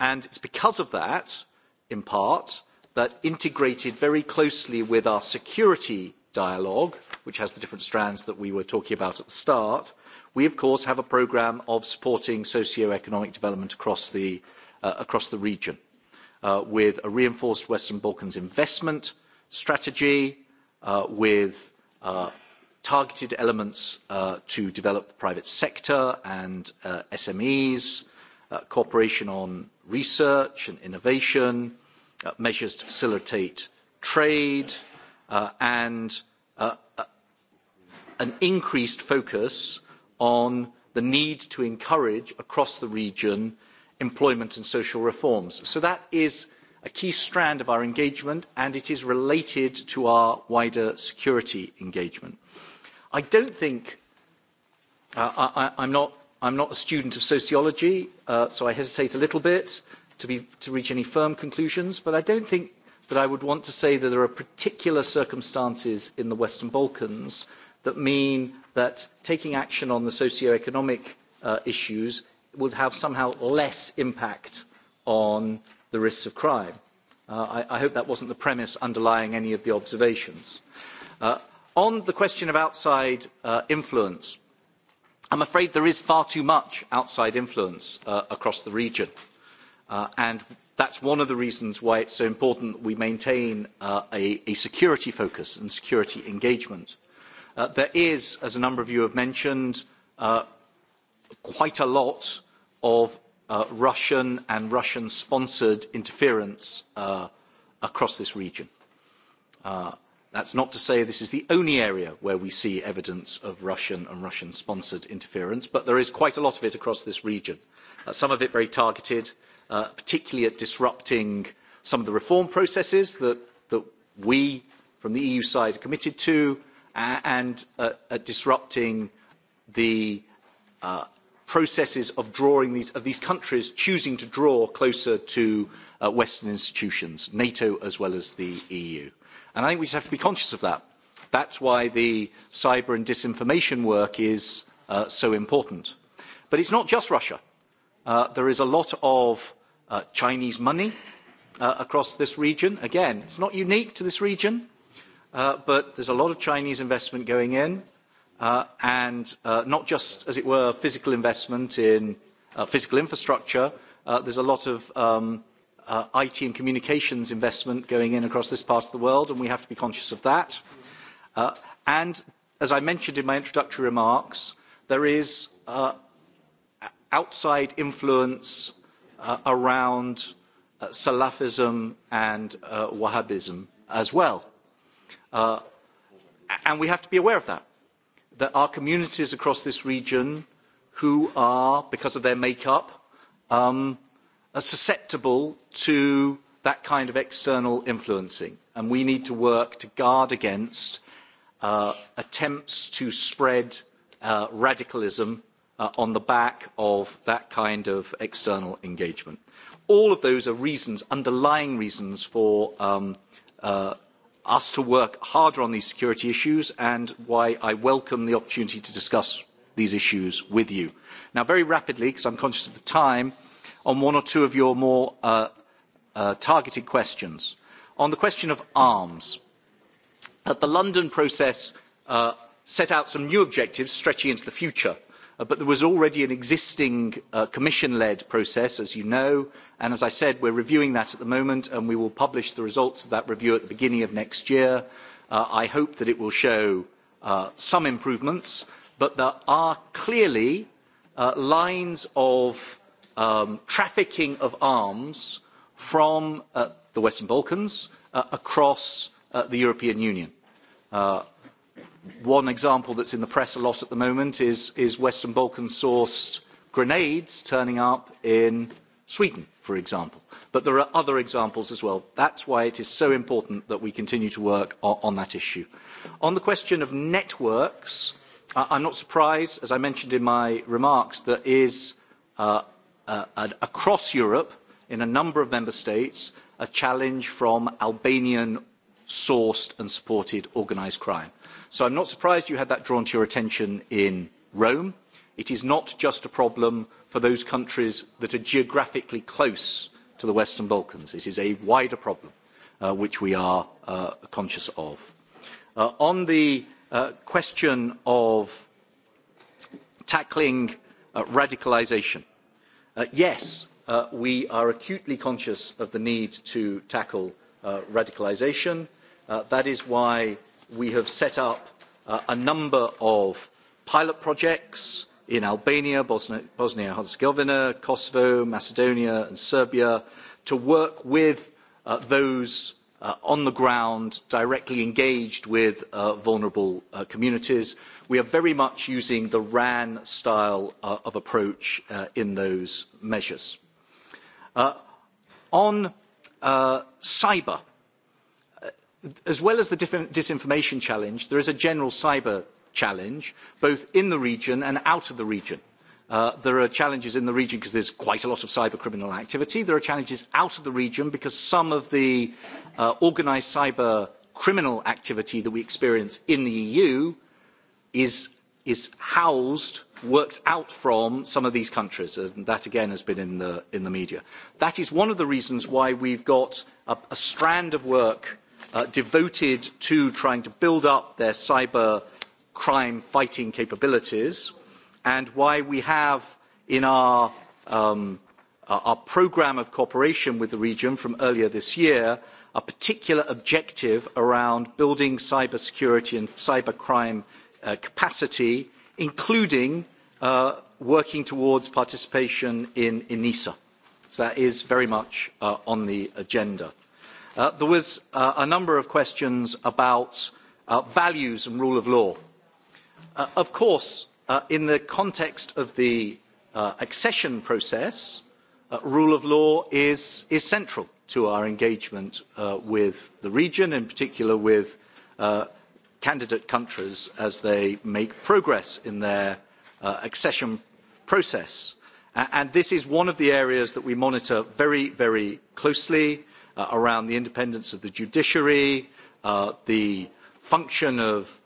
and it's because of that, in part, that integrated very closely with our security dialogue, which has the different strands that we were talking about at the start, we of course have a programme of supporting socio-economic development across the, region with a reinforced Western Balkans investment strategy, with targeted elements to develop the private sector and SMEs, cooperation on research and innovation, measures to facilitate trade, and an increased focus on the need to encourage across the region employment and social reforms. So that is a key strand of our engagement and it is related to our wider security engagement. I don't think, I, I'm not I'm not a student of sociology, uh, so I hesitate a little bit to, be, to reach any firm conclusions, but I don't think that I would want to say that there are particular circumstances in the Western Balkans that mean that taking action on the socio-economic uh, issues would have somehow less impact on the risks of crime. Uh, I, I hope that wasn't the premise underlying any of the observations. Uh, on the question of outside uh, influence, I'm afraid there is far too much outside influence across the region. and that is one of the reasons why it is so important that we maintain a, security focus and security engagement. there is, as a number of you have mentioned, quite a lot of Russian and Russian-sponsored interference across this region. That's not to say this is the only area where we see evidence of Russian and Russian-sponsored interference, but there is quite a lot of it across this region. some of it very targeted, particularly at disrupting some of the reform processes that, we from the EU side are committed to, and at disrupting the processes of drawing these of these countries choosing to draw closer to Western institutions, NATO as well as the EU And I think we just have to be conscious of that. That's why the cyber and disinformation work is uh, so important. But it's not just Russia. Uh, there is a lot of uh, Chinese money uh, across this region. Again, it's not unique to this region, uh, but there's a lot of Chinese investment going in, uh, and uh, not just, as it were, physical investment in uh, physical infrastructure. Uh, there's a lot of um, IT and communications investment going in across this part of the world, and we have to be conscious of that. and as I mentioned in my introductory remarks, there is outside influence around Salafism and Wahhabism as well. and we have to be aware of that. There are communities across this region who are, because of their makeup, are susceptible to that kind of external influencing. And we need to work to guard against attempts to spread radicalism on the back of that kind of external engagement. All of those are reasons, underlying reasons for us to work harder on these security issues and why I welcome the opportunity to discuss these issues with you. Now, very rapidly, because I'm conscious of the time, on one or two of your more uh, uh, targeted questions. On the question of arms, uh, the London process uh, set out some new objectives stretching into the future, uh, but there was already an existing uh, commission-led process, as you know, and as I said, we're reviewing that at the moment, and we will publish the results of that review at the beginning of next year. Uh, I hope that it will show uh, some improvements, but there are clearly uh, lines of um, trafficking of arms from uh, the Western Balkans uh, across uh, the European Union. Uh, one example that's in the press a lot at the moment is, is Western Balkan sourced grenades turning up in Sweden, for example. But there are other examples as well. That's why it is so important that we continue to work on, on that issue. On the question of networks, I I'm not surprised, as I mentioned in my remarks, there is uh, across Europe, in a number of member states, a challenge from Albanian sourced and supported organised crime. So I'm not surprised you had that drawn to your attention in Rome. It is not just a problem for those countries that are geographically close to the Western Balkans. It is a wider problem which we are conscious of. on the question of tackling radicalisation, yes, we are acutely conscious of the need to tackle radicalisation. that is why we have set up a number of pilot projects in Albania, Bosnia and Herzegovina, Kosovo, Macedonia, and Serbia to work with those on the ground directly engaged with vulnerable communities We are very much using the RAN style of approach in those measures. on cyber, as well as the disinformation challenge, there is a general cyber challenge, both in the region and out of the region. there are challenges in the region because there's quite a lot of cyber criminal activity. There are challenges out of the region because some of the organised cyber criminal activity that we experience in the EU is, is housed, works out from some of these countries. And that, again, has been in the, in the media. That is one of the reasons why we've got a, a strand of work uh, devoted to trying to build up their cyber crime fighting capabilities and why we have in our, um, our program of cooperation with the region from earlier this year a particular objective around building cybersecurity and cybercrime capacity, including working towards participation in ENISA. So that is very much on the agenda. there was a number of questions about values and rule of law. of course, in the context of the accession process, rule of law is, central to our engagement with the region, in particular with candidate countries as they make progress in their accession process. And this is one of the areas that we monitor very, very closely around the independence of the judiciary, the function of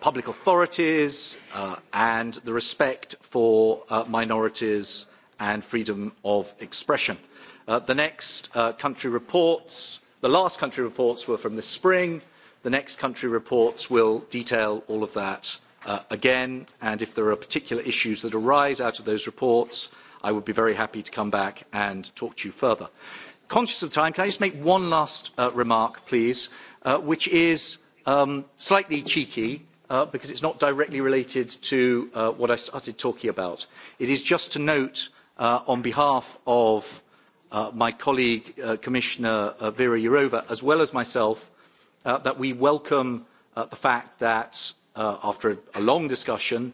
public authorities, and the respect for minorities and freedom of expression. the next country reports, the last country reports were from this spring The next country reports will detail all of that again, and if there are particular issues that arise out of those reports, I would be very happy to come back and talk to you further. Conscious of time, can I just make one last remark, please, which is slightly cheeky because it's not directly related to what I started talking about. It is just to note on behalf of my colleague, Commissioner Vera Jourova, as well as myself, that we welcome the fact that after a long discussion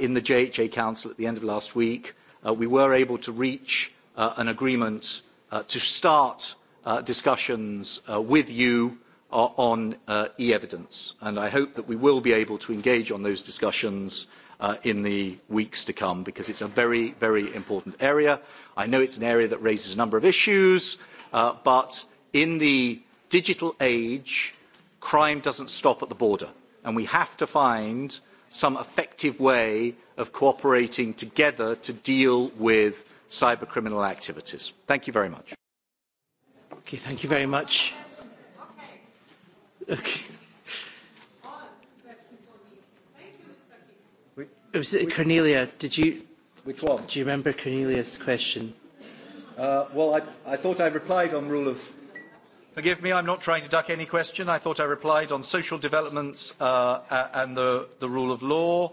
in the JHA Council at the end of last week, we were able to reach an agreement to start discussions with you on e-evidence. And I hope that we will be able to engage on those discussions in the weeks to come because it's a very, very important area. I know it's an area that raises a number of issues, but in the digital age, crime doesn't stop at the border, and we have to find some effective way of cooperating together to deal with cyber criminal activities. Thank you very much. Okay, thank you very much. Okay. Was it Cornelia? Did you? Which one? Do you remember Cornelia's question? Uh, well, I, I thought I replied on rule of Forgive me, I'm not trying to duck any question. I thought I replied on social developments uh, and the, the rule of law.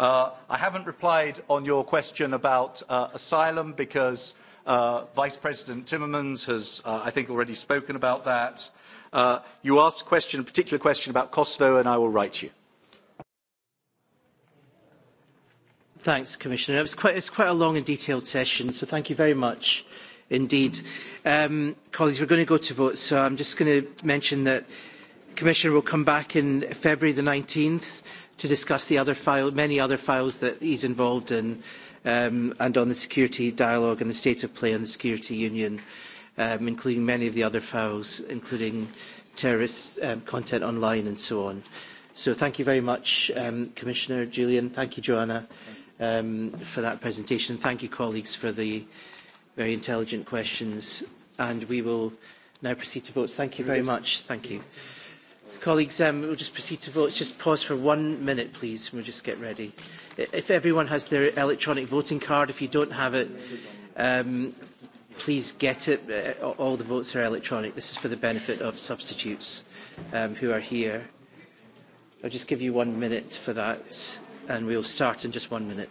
Uh, I haven't replied on your question about uh, asylum because uh, Vice President Timmermans has, uh, I think, already spoken about that. Uh, you asked a question, a particular question about Kosovo, and I will write you. Thanks, Commissioner. It was quite, it's quite a long and detailed session, so thank you very much. Indeed. Um, colleagues, we're going to go to vote, so I'm just going to mention that the Commissioner will come back in February the 19th to discuss the other file, many other files that he's involved in um, and on the security dialogue and the state of play on the security union, um, including many of the other files, including terrorist um, content online and so on. So thank you very much, um, Commissioner Julian. Thank you, Joanna, um, for that presentation. Thank you, colleagues, for the very intelligent questions, and we will now proceed to votes. Thank you very much. Thank you. Colleagues, um, we'll just proceed to votes. Just pause for one minute, please, and we'll just get ready. If everyone has their electronic voting card, if you don't have it, um, please get it. All the votes are electronic. This is for the benefit of substitutes um, who are here. I'll just give you one minute for that, and we'll start in just one minute.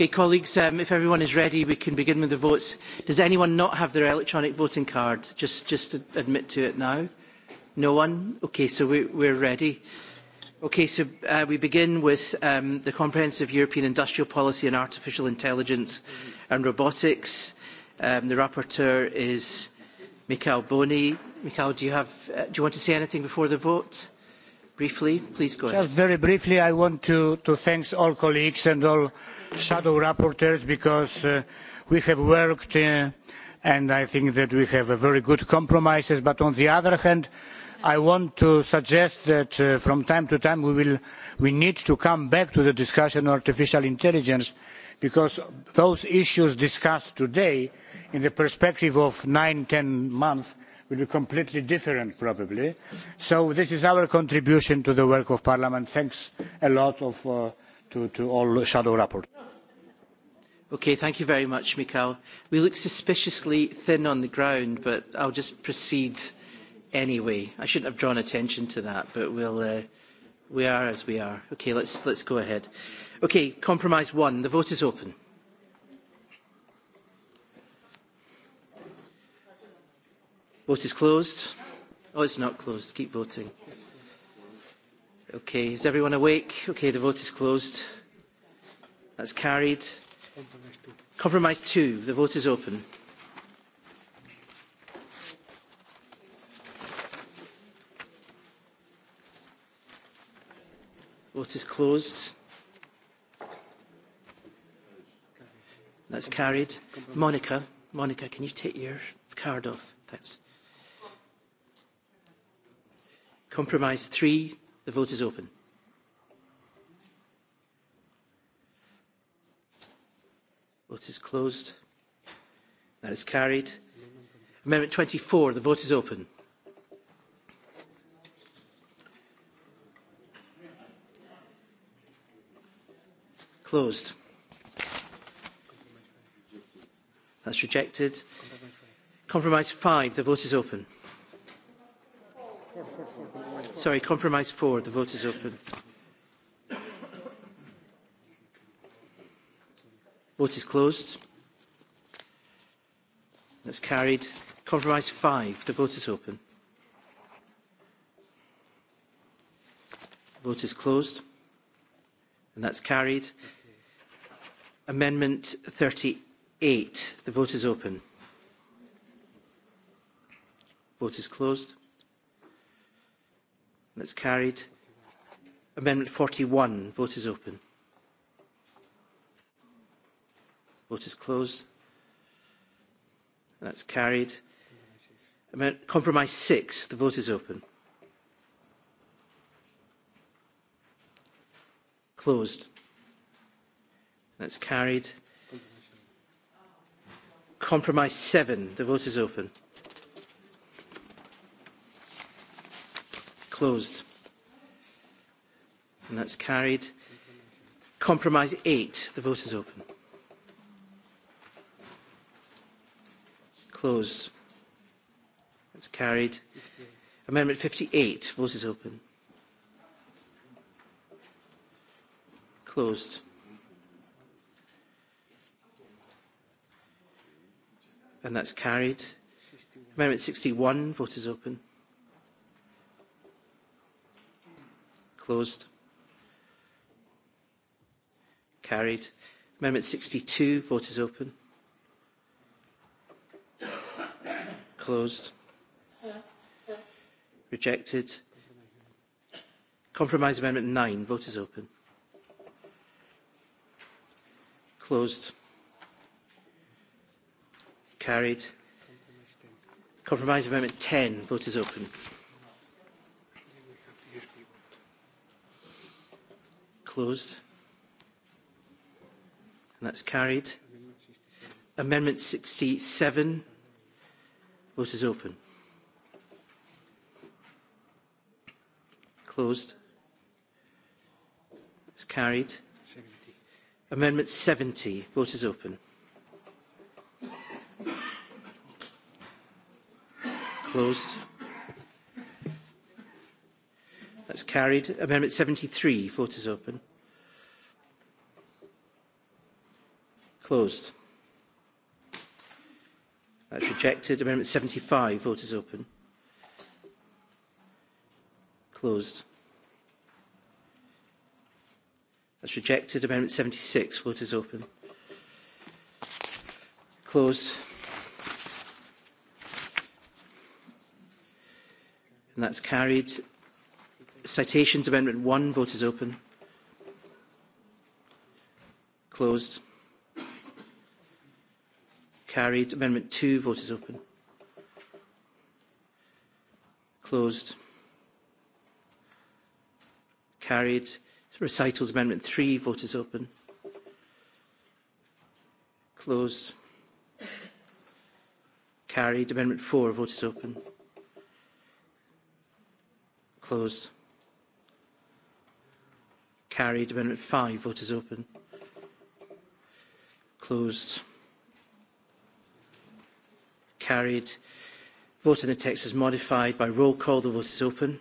Okay, colleagues, um, if everyone is ready, we can begin with the votes. Does anyone not have their electronic voting card? Just, just admit to it now. No one? Okay, so we, we're ready. Okay, so uh, we begin with um, the Comprehensive European Industrial Policy and Artificial Intelligence and Robotics. Um, the rapporteur is Mikhail Boni. Mikhail, do you, have, uh, do you want to say anything before the vote? Briefly, please go ahead. Just very briefly, I want to, to thank all colleagues and all shadow rapporteurs because we have worked and I think that we have a very good compromises. But on the other hand, I want to suggest that from time to time we, will, we need to come back to the discussion on artificial intelligence because those issues discussed today in the perspective of nine, ten months will be completely different probably. So this is our contribution to the work of Parliament. Thanks a lot of, uh, to, to all shadow rapporteurs. Okay, thank you very much, Mikhail. We look suspiciously thin on the ground, but I'll just proceed anyway. I shouldn't have drawn attention to that, but we'll, uh, we are as we are. Okay, let's, let's go ahead. Okay, compromise one. The vote is open. Vote is closed. Oh, it's not closed. Keep voting. Okay, is everyone awake? Okay, the vote is closed. That's carried. Compromise two. The vote is open. Vote is closed. That's carried. Monica, Monica, can you take your card off? Thanks. Compromise 3. The vote is open. Vote is closed. That is carried. Amendment 24. The vote is open. Closed. That's rejected. Compromise 5. The vote is open. Sorry, compromise four. The vote is open. Vote is closed. That's carried. Compromise five. The vote is open. Vote is closed. And that's carried. Amendment 38. The vote is open. Vote is closed. That's carried. Amendment 41. Vote is open. Vote is closed. That's carried. Amendment, compromise 6. The vote is open. Closed. That's carried. Compromise 7. The vote is open. closed. And that's carried. Compromise eight. The vote is open. Closed. That's carried. Amendment 58. Vote is open. Closed. And that's carried. Amendment 61. Vote is open. Closed. Carried. Amendment 62. Vote is open. Closed. Rejected. Compromise Amendment 9. Vote is open. Closed. Carried. Compromise Amendment 10. Vote is open. Closed. And that's carried. Amendment 67. Vote is open. Closed. It's carried. 70. Amendment 70. Vote is open. Closed. That's carried. Amendment 73. Vote is open. Closed. That's rejected. Amendment 75. Vote is open. Closed. That's rejected. Amendment 76. Vote is open. Closed. And that's carried. Citations Amendment 1, vote is open. Closed. Carried. Amendment 2, vote is open. Closed. Carried. Recitals Amendment 3, vote is open. Closed. Carried. Amendment 4, vote is open. Closed. Carried. Amendment 5. Vote is open. Closed. Carried. Vote in the text is modified by roll call. The vote is open.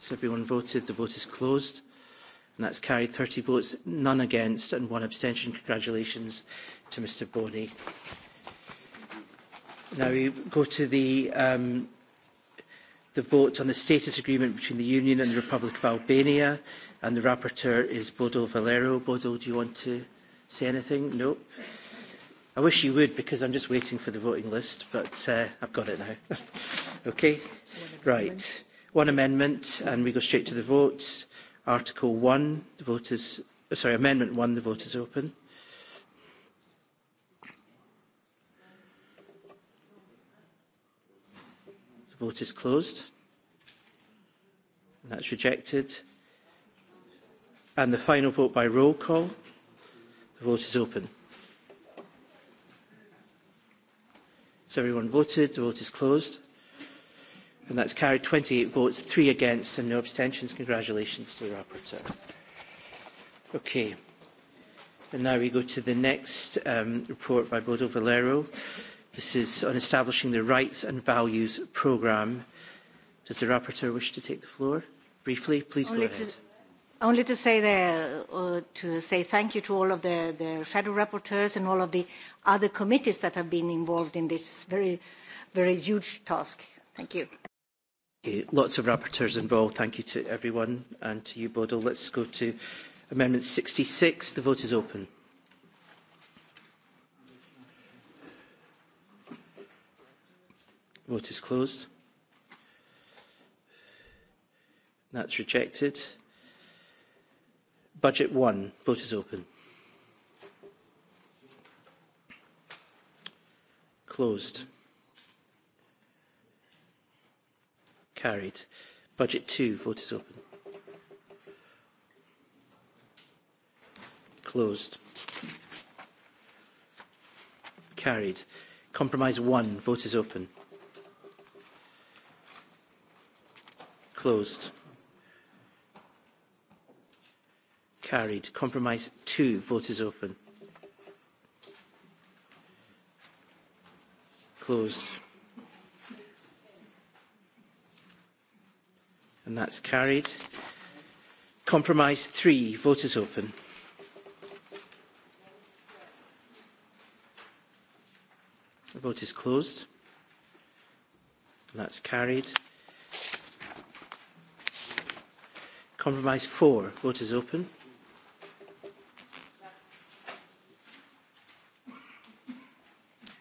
So everyone voted. The vote is closed. And that's carried 30 votes, none against and one abstention. Congratulations to Mr Boney. Now we go to the um, the vote on the status agreement between the Union and the Republic of Albania, and the rapporteur is Bodo Valero. Bodo, do you want to say anything? No. I wish you would, because I'm just waiting for the voting list, but uh, I've got it now. okay? Right. One amendment, and we go straight to the vote. Article 1, the vote is... Sorry, Amendment 1, the vote is open. Vote is closed. That's rejected. And the final vote by roll call. The vote is open. So everyone voted. The vote is closed. And that's carried 28 votes, three against and no abstentions. Congratulations to the rapporteur. Okay. And now we go to the next um, report by Bodo Valero. This is on establishing the Rights and Values Programme. Does the rapporteur wish to take the floor? Briefly, please go ahead. Only to say the uh, to say thank you to all of the, the shadow rapporteurs and all of the other committees that have been involved in this very, very huge task. Thank you. Okay, lots of rapporteurs involved. Thank you to everyone and to you, Bodil. Let's go to Amendment 66. The vote is open. Vote is closed. That's rejected. Budget one, Vote is open. Closed. Carried. Budget two, Vote is open. Closed. Carried. Compromise one, Vote is open. Closed. Carried. Compromise 2. Vote is open. Closed. And that's carried. Compromise 3. Vote is open. The vote is closed. That's carried. Compromise 4. Vote is open.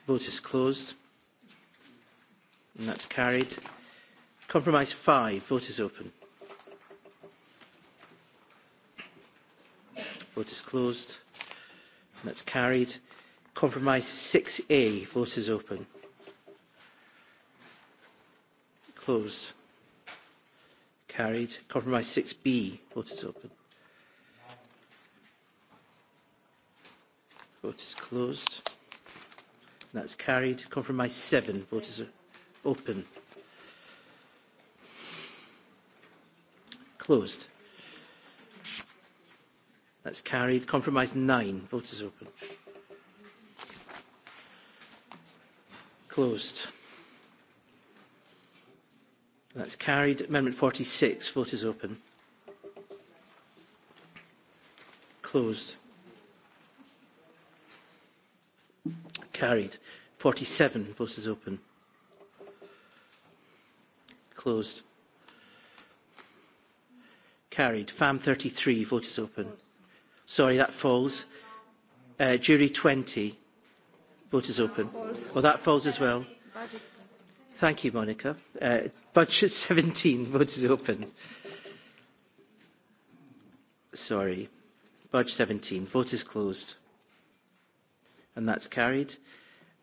Vote is closed. And that's carried. Compromise 5. Vote is open. Vote is closed. And that's carried. Compromise 6A. Vote is open. Closed. Carried. Compromise 6B. Vote is open. Vote is closed. That's carried. Compromise 7. Vote is open. Closed. That's carried. Compromise 9. Vote is open. Closed. That's carried. Amendment 46, vote is open. Closed. Carried. 47, vote is open. Closed. Carried. FAM 33, vote is open. Sorry, that falls. Uh, jury 20, vote is open. Well, that falls as well. Budget Thank you, Monica. Uh, budget 17, vote is open. Sorry. Budge 17, vote is closed. And that's carried.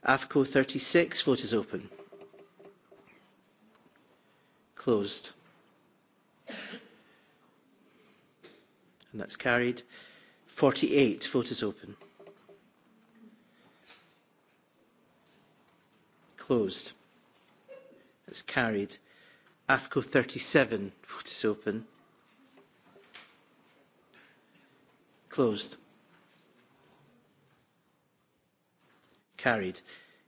AFCO 36, vote is open. Closed. And that's carried. 48, vote is open. Closed is carried. AFCO 37. Vote is open. Closed. Carried.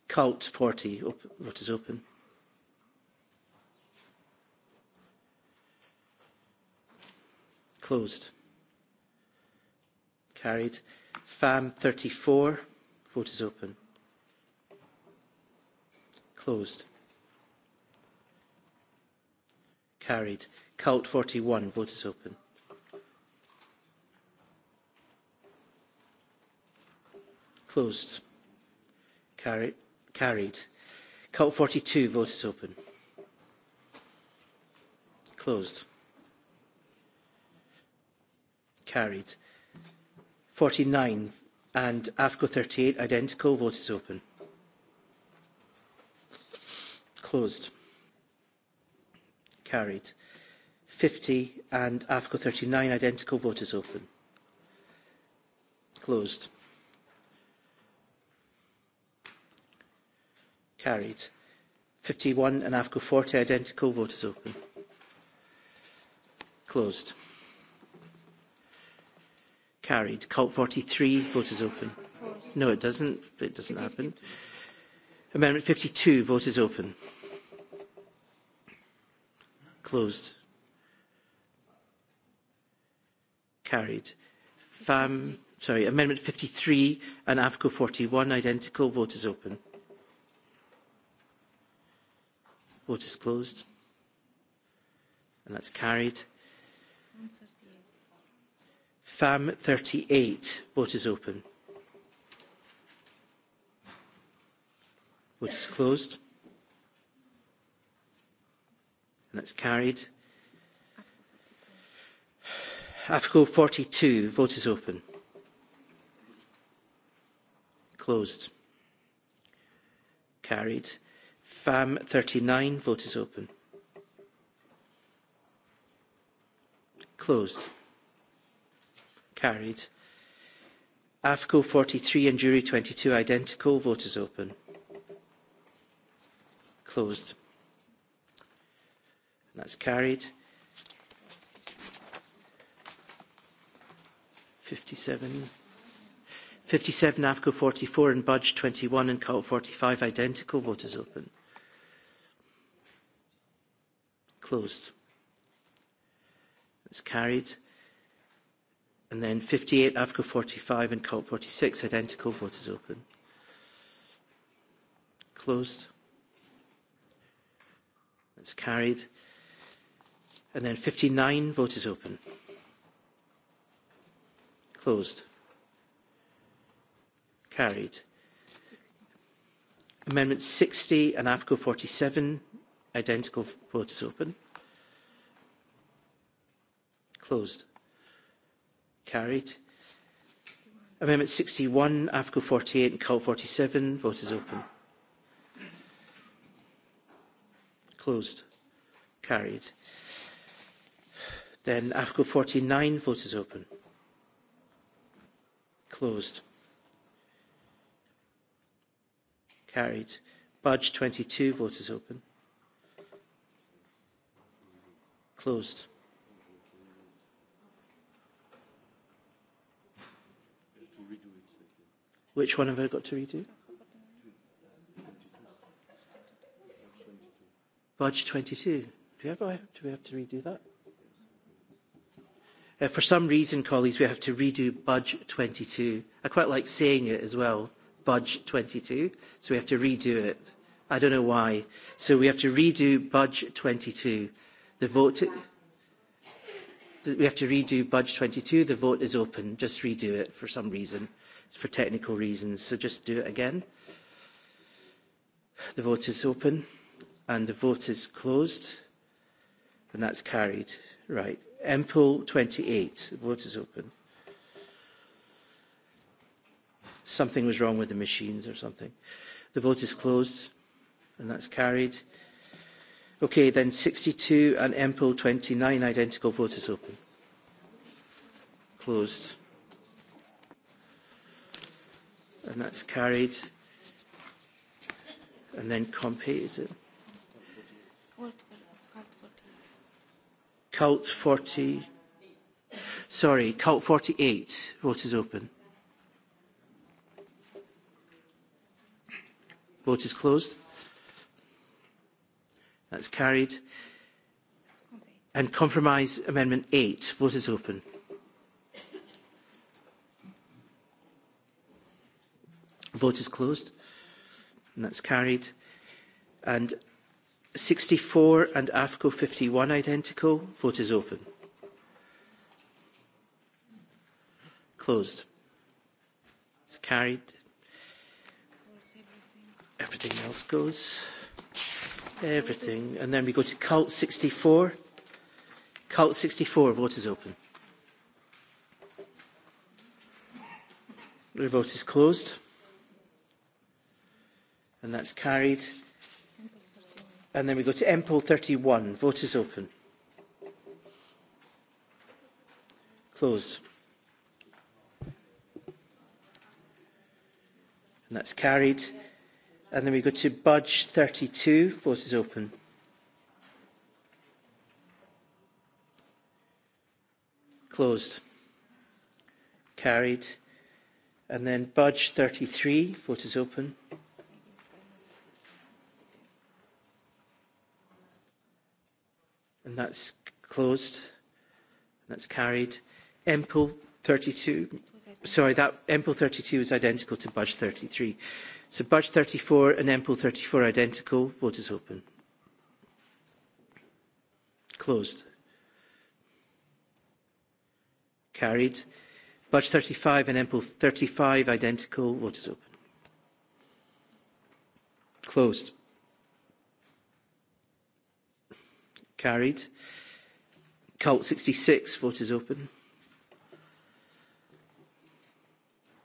Cult 40. Op- vote is open. Closed. Carried. FAM 34. Vote is open. Closed. Carried. Cult 41. Vote is open. Closed. Carri Carried. Cult 42. Vote is open. Closed. Carried. 49 and AFCO 38 identical. Vote is open. Closed. Carried. 50 and AFCO 39 identical. Vote is open. Closed. Carried. 51 and AFCO 40 identical. Vote is open. Closed. Carried. Cult 43. Vote is open. No, it doesn't. It doesn't happen. Amendment 52. Vote is open. Closed. Carried. FAM, sorry, Amendment 53 and AFCO 41, identical. Vote is open. Vote is closed. And that's carried. FAM 38. Vote is open. Vote is closed. And that's carried. Article 42, vote is open. Closed. Carried. FAM 39, vote is open. Closed. Carried. AFCO 43 and Jury 22 identical, vote is open. Closed. That's carried. 57. 57, AFCO 44 and Budge 21 and CULT 45 identical. Vote is open. Closed. It's carried. And then 58, AFCO 45 and CULT 46 identical. Vote is open. Closed. It's carried. And then 59, vote is open. Closed. Carried. Amendment 60 and AFCO 47, identical vote is open. Closed. Carried. Amendment 61, AFCO 48 and CULT 47, vote is open. Closed. Carried. Then AFCO 49, vote is open. Closed. Carried. Budge 22, vote is open. Closed. Which one have I got to redo? Budge 22. Do we have, do we have to redo that? for some reason, colleagues, we have to redo Budge 22. I quite like saying it as well, Budge 22. So we have to redo it. I don't know why. So we have to redo Budge 22. The vote. We have to redo Budge 22. The vote is open. Just redo it for some reason, for technical reasons. So just do it again. The vote is open and the vote is closed. And that's carried. Right. MPO 28. The vote is open. Something was wrong with the machines or something. The vote is closed and that's carried. Okay, then 62 and MPO 29 identical vote is open. Closed. And that's carried. And then Compay, is it? Cult 40. Sorry, Cult 48. Vote is open. Vote is closed. That's carried. And Compromise Amendment 8. Vote is open. Vote is closed. And that's carried. And 64 and AFCO 51 identical. Vote is open. Closed. It's carried. Everything else goes. Everything. And then we go to Cult 64. Cult 64, vote is open. The vote is closed. And that's carried. And then we go to MPOL 31. Vote is open. Close. And that's carried. And then we go to Budge 32. Vote is open. Closed. Carried. And then Budge 33. Vote is open. That's closed. That's carried. MPO 32. Sorry, that MPO 32 is identical to Budge 33. So Budge 34 and MPO 34 identical. Vote is open. Closed. Carried. Budge 35 and MPO 35 identical. Vote is open. Closed. Carried. Cult 66, vote is open.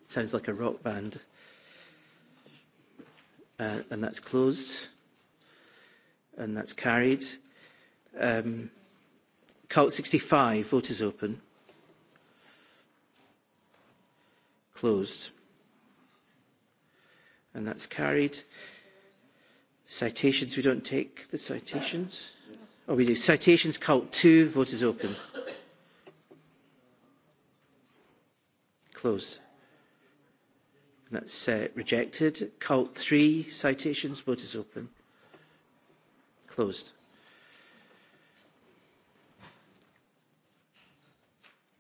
Sounds like a rock band. Uh, and that's closed. And that's carried. Um, Cult 65, vote is open. Closed. And that's carried. Citations, we don't take the citations. Oh, we do. Citations Cult 2. Vote is open. Close. And that's uh, rejected. Cult 3. Citations. Vote is open. Closed.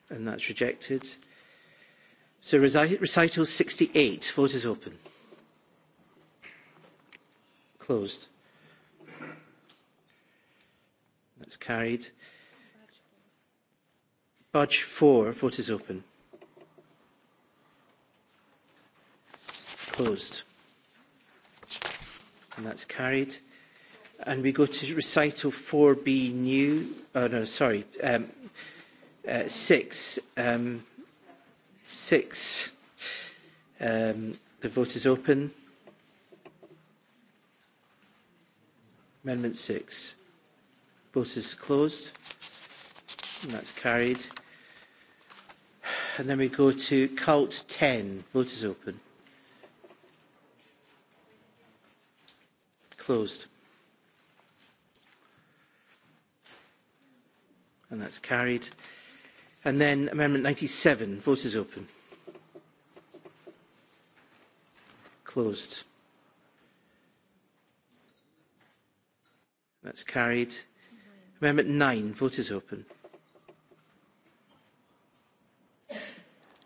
And that's rejected. So recital 68. Vote is open. Closed. That's carried. Budge 4. Vote is open. Closed. And that's carried. And we go to recital 4B new. Oh, no, sorry. Um, uh, 6. Um, 6. Um, the vote is open. Amendment 6. Vote is closed. And that's carried. And then we go to Cult 10. Vote is open. Closed. And that's carried. And then Amendment 97. Vote is open. Closed. That's carried. Amendment 9. Vote is open.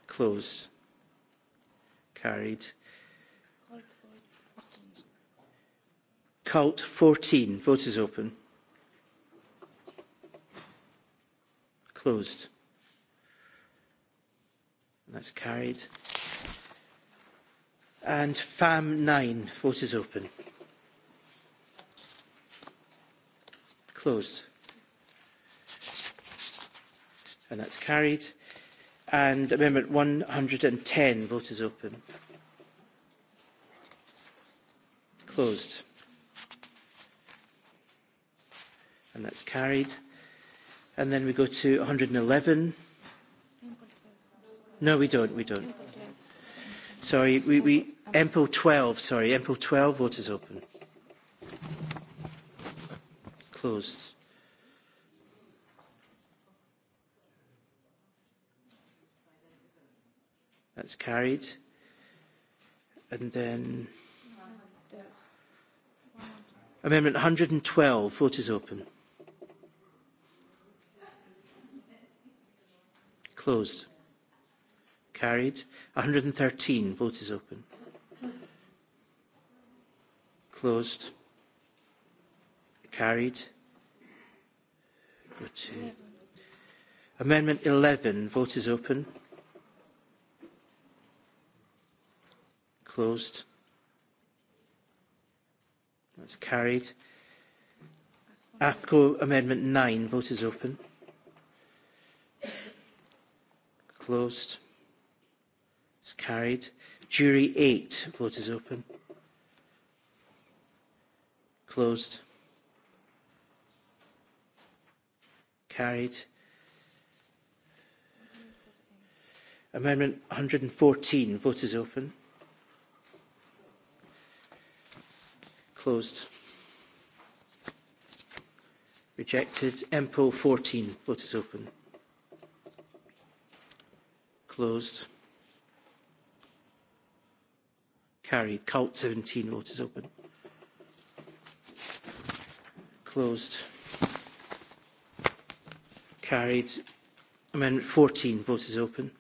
Closed. Carried. Cult 14. Vote is open. Closed. That's carried. And FAM 9. Vote is open. Closed and that's carried. And Amendment 110, vote is open. Closed. And that's carried. And then we go to 111. No, we don't, we don't. Sorry, we, we, MPL 12, sorry, MPL 12, vote is open. Closed That's carried. And then Amendment 112. Vote is open. Closed. Carried. 113. Vote is open. Closed. Carried. Go to Amendment 11. Vote is open. Closed. That's carried. APCO Amendment 9. Vote is open. Closed. It's carried. Jury 8. Vote is open. Closed. Carried. Amendment 114. Vote is open. Closed. Rejected. MPO 14. Vote is open. Closed. Carried. Cult 17. Vote is open. Closed. Carried. Amendment 14. Vote is open.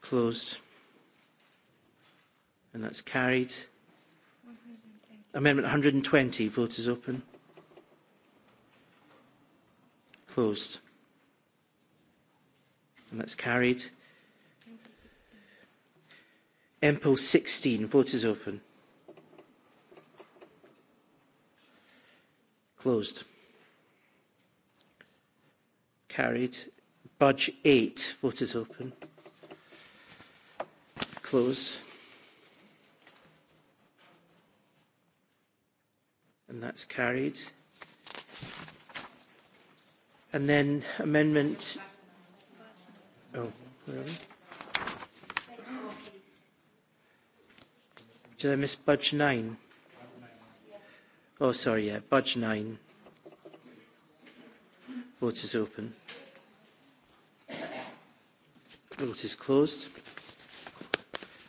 Closed. And that's carried. Amendment 120. Vote is open. Closed. And that's carried. MPO 16. Vote is open. Closed. Carried. Budge 8. Vote is open. Close. and that's carried. And then amendment. Oh, where are we? Did I miss budge nine? Oh, sorry, yeah, budge nine. Vote is open. Vote is closed.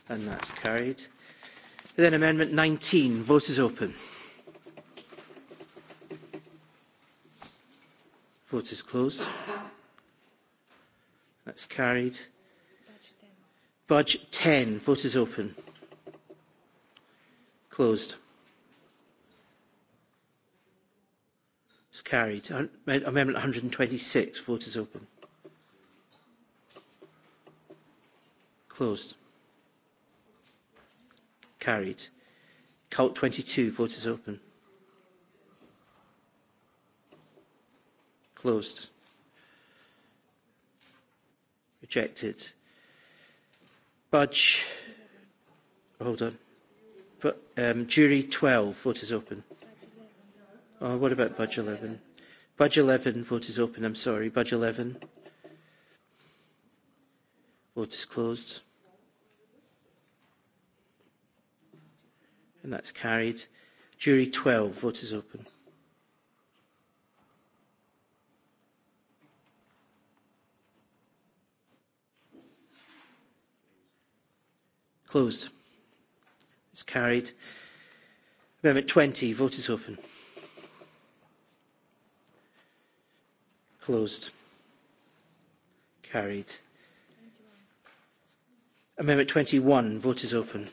And that's carried. Then amendment 19. Vote is open. Vote is closed. That's carried. Budge 10. Vote is open. Closed. It's carried. Amendment 126. Vote is open. Closed. Carried. Cult 22. Vote is open. Closed. Rejected. Budge. Hold on. But, um, jury 12. Vote is open. Oh, what about Budge 11? Budge 11. Vote is open. I'm sorry. Budge 11. Vote is closed. And that's carried. Jury 12. Vote is open. Closed. It's carried. Amendment 20. Vote is open. Closed. Carried. Amendment 21. Vote is open.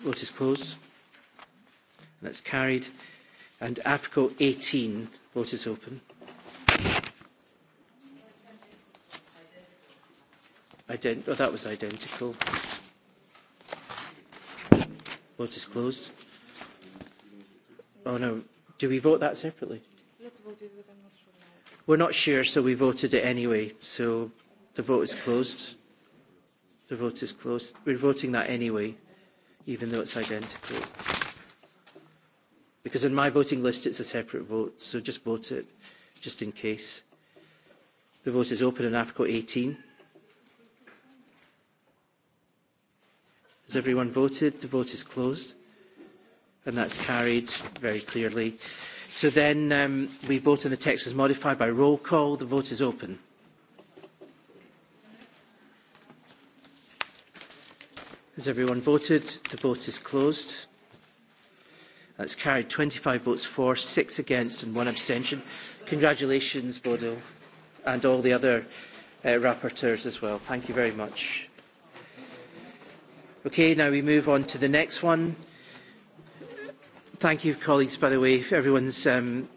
Vote is closed. That's carried. And AFCO 18. Vote is open. Ident- oh, that was identical. Vote is closed. Oh no, do we vote that separately? Let's vote I'm not sure. We're not sure, so we voted it anyway. So the vote is closed. The vote is closed. We're voting that anyway, even though it's identical. Because in my voting list, it's a separate vote, so just vote it, just in case. The vote is open in AFCO 18. Has everyone voted? The vote is closed. And that's carried very clearly. So then um, we vote on the text as modified by roll call. The vote is open. Has everyone voted? The vote is closed. That's carried 25 votes for, six against and one abstention. Congratulations, Bodo, and all the other uh, rapporteurs as well. Thank you very much. Okay, now we move on to the next one. Thank you, colleagues, by the way. Everyone's um,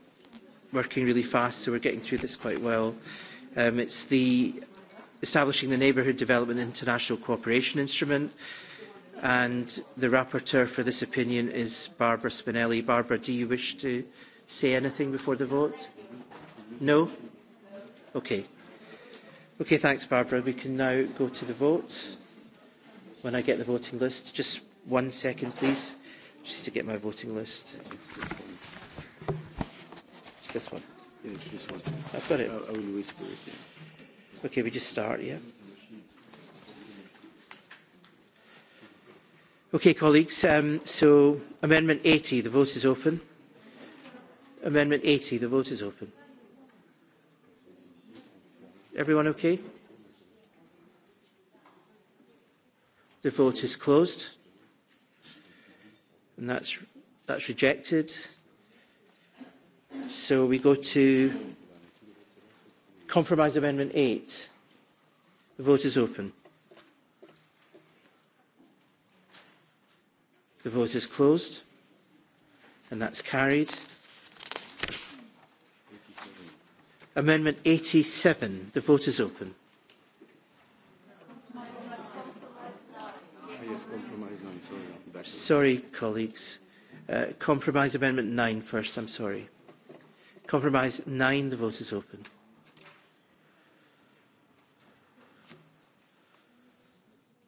working really fast, so we're getting through this quite well. Um, it's the establishing the Neighbourhood Development International Cooperation Instrument. And the rapporteur for this opinion is Barbara Spinelli. Barbara, do you wish to say anything before the vote? No? Okay. Okay, thanks, Barbara. We can now go to the vote when I get the voting list. Just one second, please, just to get my voting list. It's this one. it's this one. I've got it. I, I will whisper it. Yeah. Okay, we just start, yeah? Okay, colleagues, um, so Amendment 80, the vote is open. Amendment 80, the vote is open. Everyone okay? The vote is closed. And that's, that's rejected. So we go to Compromise Amendment 8. The vote is open. The vote is closed. And that's carried. Amendment 87. The vote is open. Sorry, colleagues. Uh, compromise Amendment 9 first, I'm sorry. Compromise 9, the vote is open.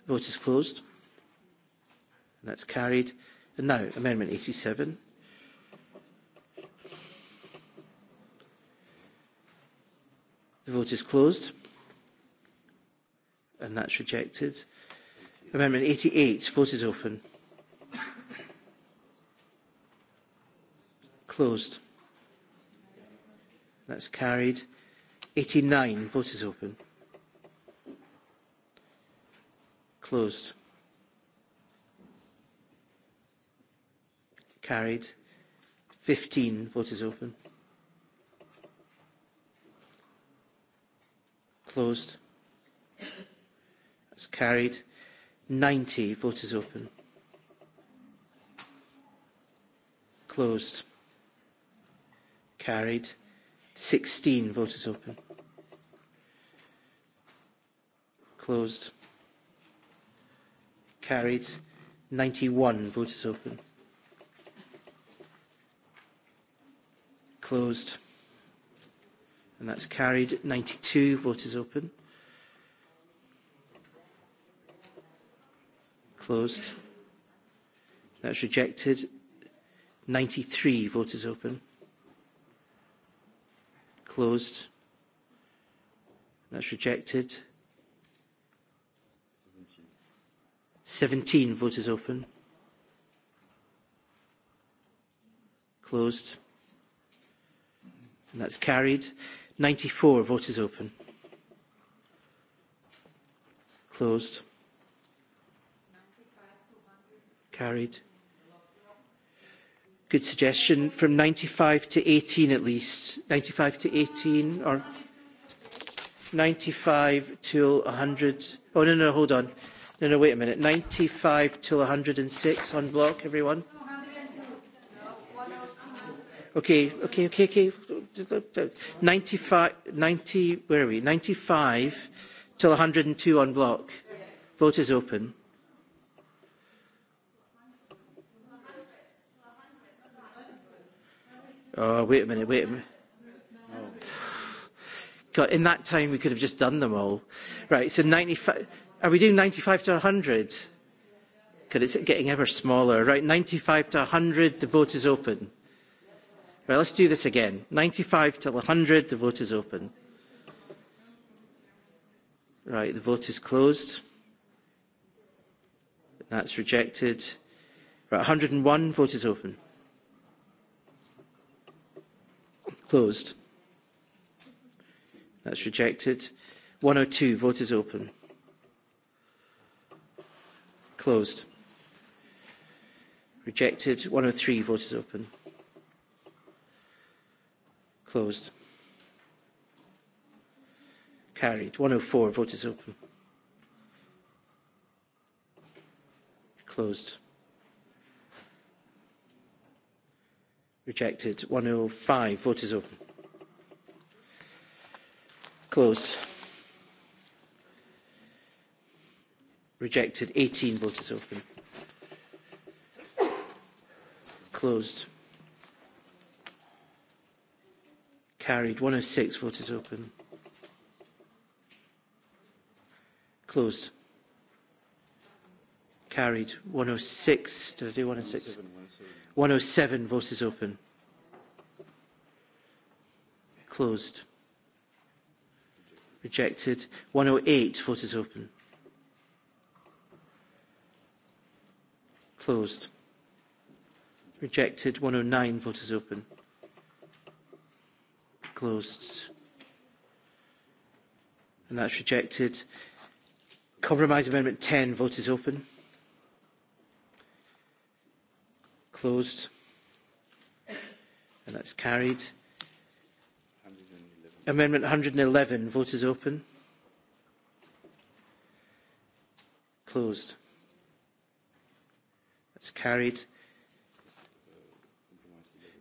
Vote is closed. And that's carried. And now, Amendment 87. The vote is closed. And that's rejected. Amendment 88, vote is open. Closed. That's carried. 89. Vote is open. Closed. Carried. 15. Vote is open. Closed. That's carried. 90. Vote is open. Closed. Carried. 16. Vote is open. Closed. Carried. 91. Vote is open. Closed. And that's carried. 92. Vote is open. Closed. That's rejected. 93. Vote is open. Closed. That's rejected. 17. Vote is open. Closed. And that's carried. 94. Vote is open. Closed. Carried good suggestion, from 95 to 18 at least. 95 to 18 or 95 till 100. Oh, no, no, hold on. No, no, wait a minute. 95 till 106 on block, everyone? Okay, okay, okay, okay. 95, 90, where are we? 95 till 102 on block. Vote is open. Oh, wait a minute, wait a minute. God, in that time, we could have just done them all. Right, so 95, are we doing 95 to 100? Because it's getting ever smaller. Right, 95 to 100, the vote is open. Right, let's do this again. 95 to 100, the vote is open. Right, the vote is closed. That's rejected. Right, 101, vote is open. Closed. That's rejected. 102, vote is open. Closed. Rejected. 103, vote is open. Closed. Carried. 104, vote is open. Closed Rejected. 105. Vote is open. Closed. Rejected. 18. Vote is open. Closed. Carried. 106. Vote is open. Closed. Carried. 106. Did I do 106? 107, vote is open. Closed. Rejected. 108, vote is open. Closed. Rejected. 109, vote is open. Closed. And that's rejected. Compromise Amendment 10, vote is open. Closed. And that's carried. Amendment 111. Vote is open. Closed. That's carried.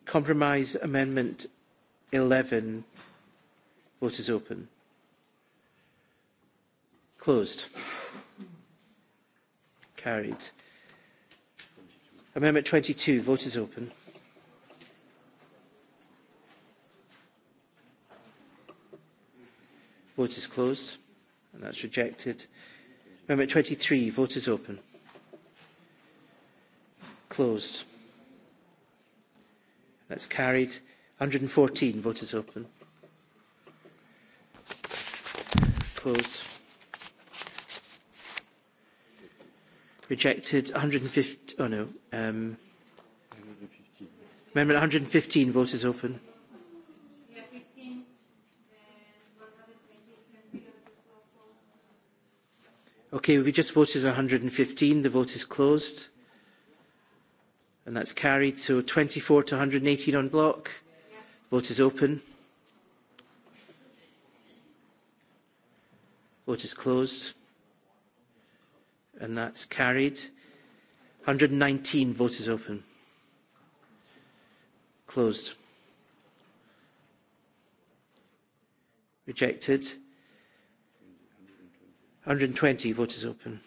Compromise Amendment 11. Vote is open. Closed. Carried. Amendment 22. Vote is open. Vote is closed. And that's rejected. Amendment 23. Vote is open. Closed. That's carried. 114. Vote is open. Closed. Rejected. 115 oh no. Um, amendment 115, vote is open. Okay, we just voted 115. The vote is closed. And that's carried. So 24 to 118 on block. Vote is open. Vote is closed. And that's carried. 119. Vote is open. Closed. Rejected. 120. Vote is open.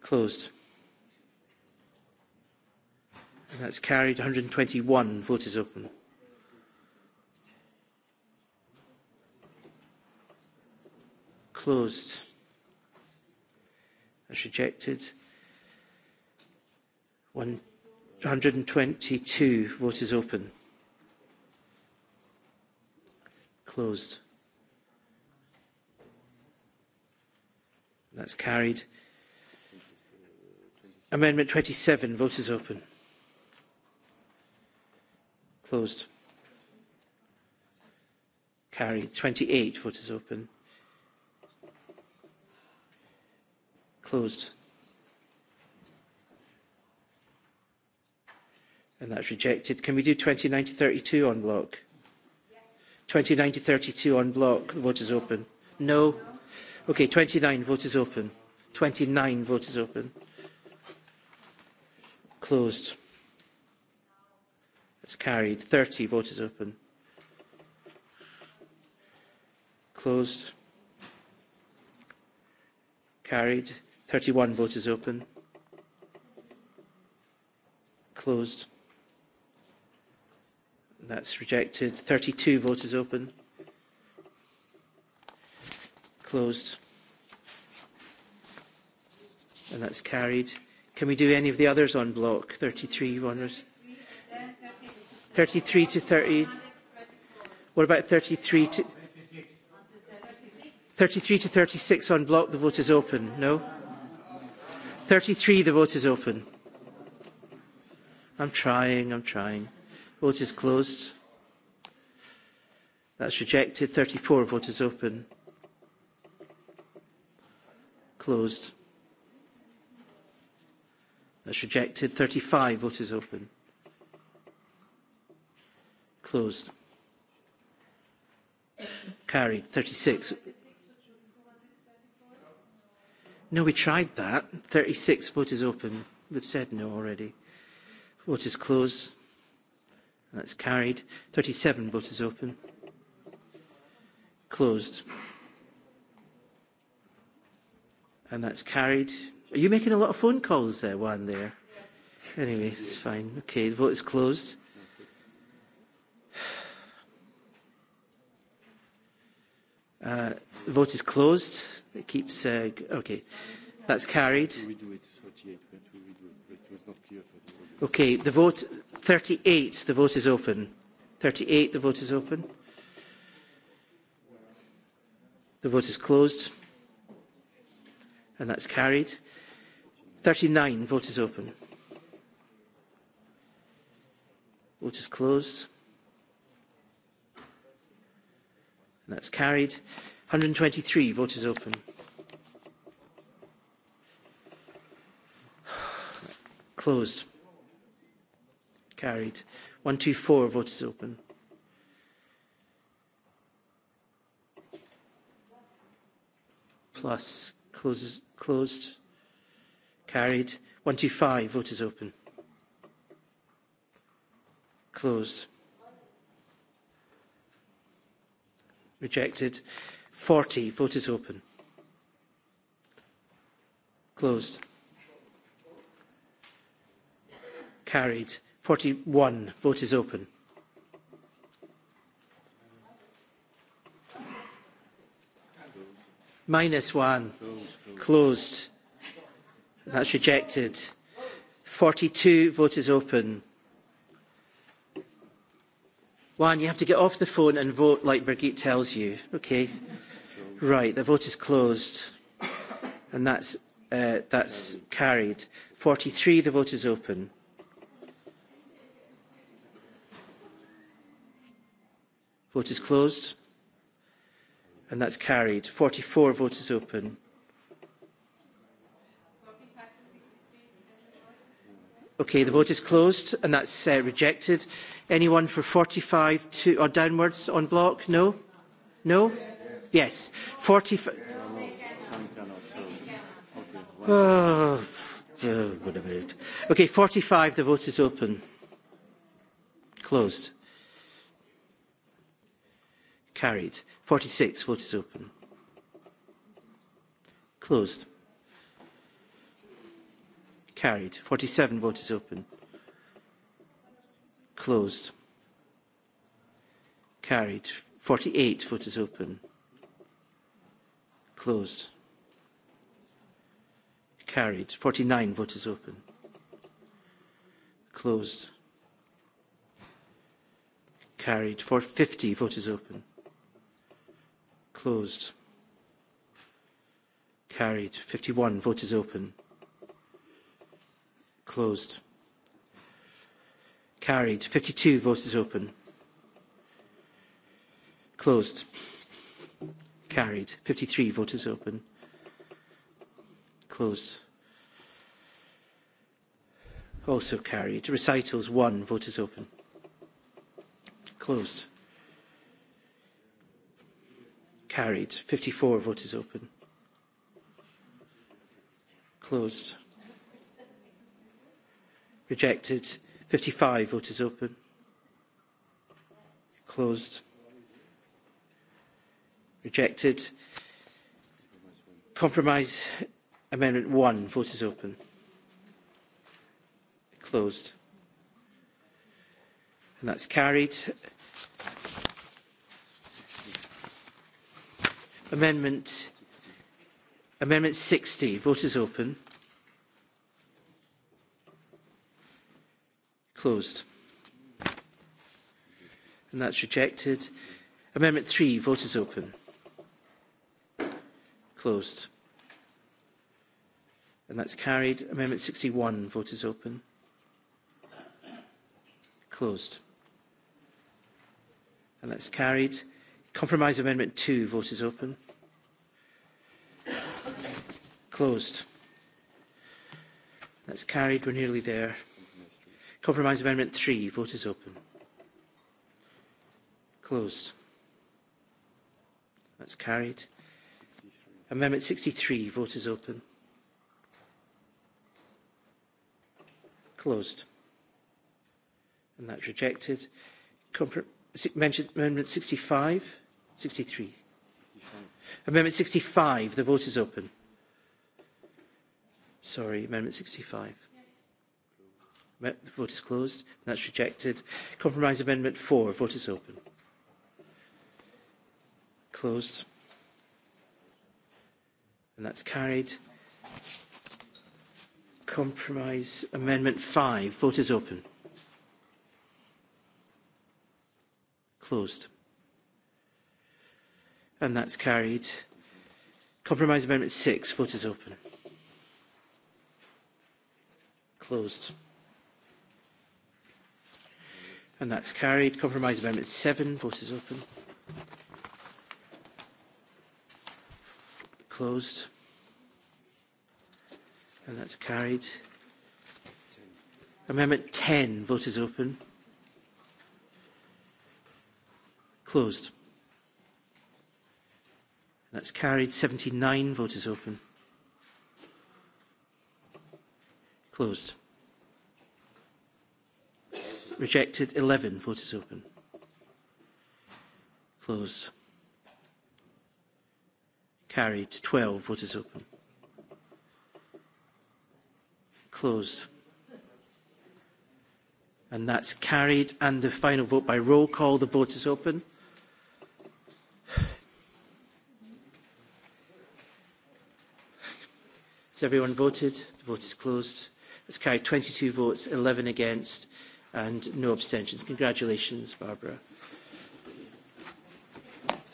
Closed. And that's carried. 121. Vote is open. Closed That's rejected. 122. Vote is open. Closed. That's carried. Amendment 27. Vote is open. Closed. Carried. 28. Vote is open. Closed. And that's rejected. Can we do 29 32 on block? 29 32 on block. The vote is open. No? Okay, 29. Vote is open. 29. Vote is open. Closed. It's carried. 30. Vote is open. Closed. Carried. 31 vote is open. Closed. That's rejected. 32 vote is open. Closed. And that's carried. Can we do any of the others on block? 33 onwards? 33 to 30. What about 33 to 33 to 36 on block? The vote is open. No? 33, the vote is open. I'm trying, I'm trying. Vote is closed. That's rejected. 34, vote is open. Closed. That's rejected. 35, vote is open. Closed. Carried. 36, No, we tried that. 36, vote is open. We've said no already. Vote is closed. That's carried. 37, vote is open. Closed. And that's carried. Are you making a lot of phone calls there, Juan, there? Anyway, it's fine. Okay, the vote is closed. Uh, the vote is closed. It keeps, uh, okay. That's carried. Okay, the vote, 38, the vote is open. 38, the vote is open. The vote is closed. And that's carried. 39, vote is open. Vote is closed. And that's carried. 123. Vote is open. Closed. Carried. 124. Vote is open. Plus. Closes, closed. Carried. 125. Vote is open. Closed. Rejected. 40. Vote is open. Closed. Carried. 41. Vote is open. Minus one. Closed. That's rejected. 42. Vote is open. Juan, you have to get off the phone and vote like Birgit tells you. Okay. Right, the vote is closed. And that's, uh, that's carried. 43, the vote is open. Vote is closed. And that's carried. 44, vote is open. Okay, the vote is closed and that's uh, rejected. Anyone for 45 to, or downwards on block? No? No? Yes. 40. Oh, what a Okay, 45. The vote is open. Closed. Carried. 46. Vote is open. Closed. Carried. 47. Vote is open. Closed. Carried. 48. Vote is open. Closed. Carried. 49. Vote is open. Closed. Carried. 450. Vote is open. Closed. Carried. 51. Vote is open. Closed. Carried. 52. Vote is open. Closed. Carried. 53. voters open. Closed. Also carried. Recitals 1. voters open. Closed. Carried. 54. voters open. Closed. Rejected. 55. voters open. Closed. Rejected. Compromise Amendment 1. Vote is open. Closed. And that's carried. Amendment Amendment 60. Vote is open. Closed. And that's rejected. Amendment 3. Vote is open. Closed. And that's carried. Amendment 61, vote is open. Closed. And that's carried. Compromise Amendment 2, vote is open. Closed. That's carried. We're nearly there. Compromise Amendment 3, vote is open. Closed. That's carried. Amendment 63, vote is open. Closed. And that's rejected. Compr mentioned amendment 65, 63. 65. Amendment 65, the vote is open. Sorry, Amendment 65. The vote is closed. And that's rejected. Compromise Amendment 4, vote is open. Closed and that's carried. Compromise Amendment 5. Vote is open. Closed. And that's carried. Compromise Amendment 6. Vote is open. Closed. And that's carried. Compromise Amendment 7. Vote is open. Closed. And that's carried. Amendment 10. Vote is open. Closed. That's carried. 79. Vote is open. Closed. Rejected. 11. Vote is open. Closed. Carried. 12. Vote is open. Closed. And that's carried. And the final vote by roll call. The vote is open. Has everyone voted? The vote is closed. It's carried 22 votes, 11 against, and no abstentions. Congratulations, Barbara.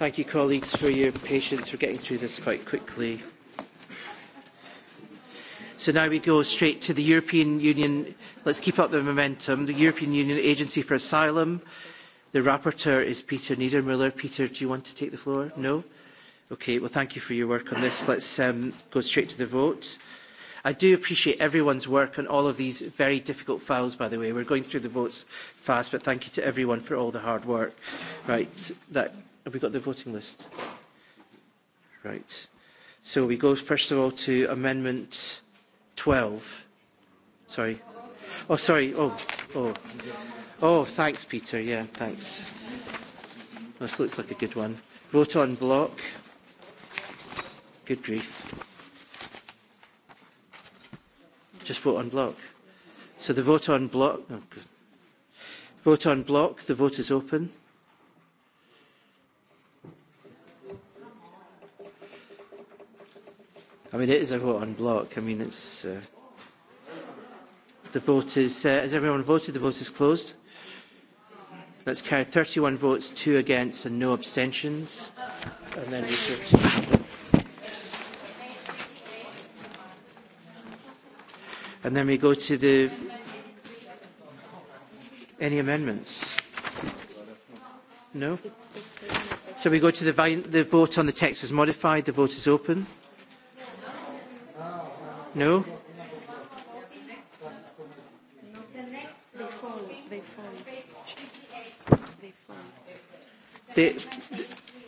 Thank you, colleagues, for your patience for getting through this quite quickly. So now we go straight to the European Union. Let's keep up the momentum. The European Union Agency for Asylum. The rapporteur is Peter Niedermüller. Peter, do you want to take the floor? No? Okay, well, thank you for your work on this. Let's um, go straight to the vote. I do appreciate everyone's work on all of these very difficult files, by the way. We're going through the votes fast, but thank you to everyone for all the hard work. Right, that Have we got the voting list? Right. So we go first of all to Amendment 12. Sorry. Oh, sorry. Oh, oh. Oh, thanks, Peter. Yeah, thanks. This looks like a good one. Vote on block. Good grief. Just vote on block. So the vote on block. Oh, good. Vote on block. The vote is open. I mean, it is a vote on block. I mean, it's. Uh, the vote is. Uh, has everyone voted? The vote is closed. That's carried 31 votes, two against, and no abstentions. And then we And then we go to the. Any amendments? No? So we go to the, the vote on the text as modified. The vote is open. No? They fall. They fall.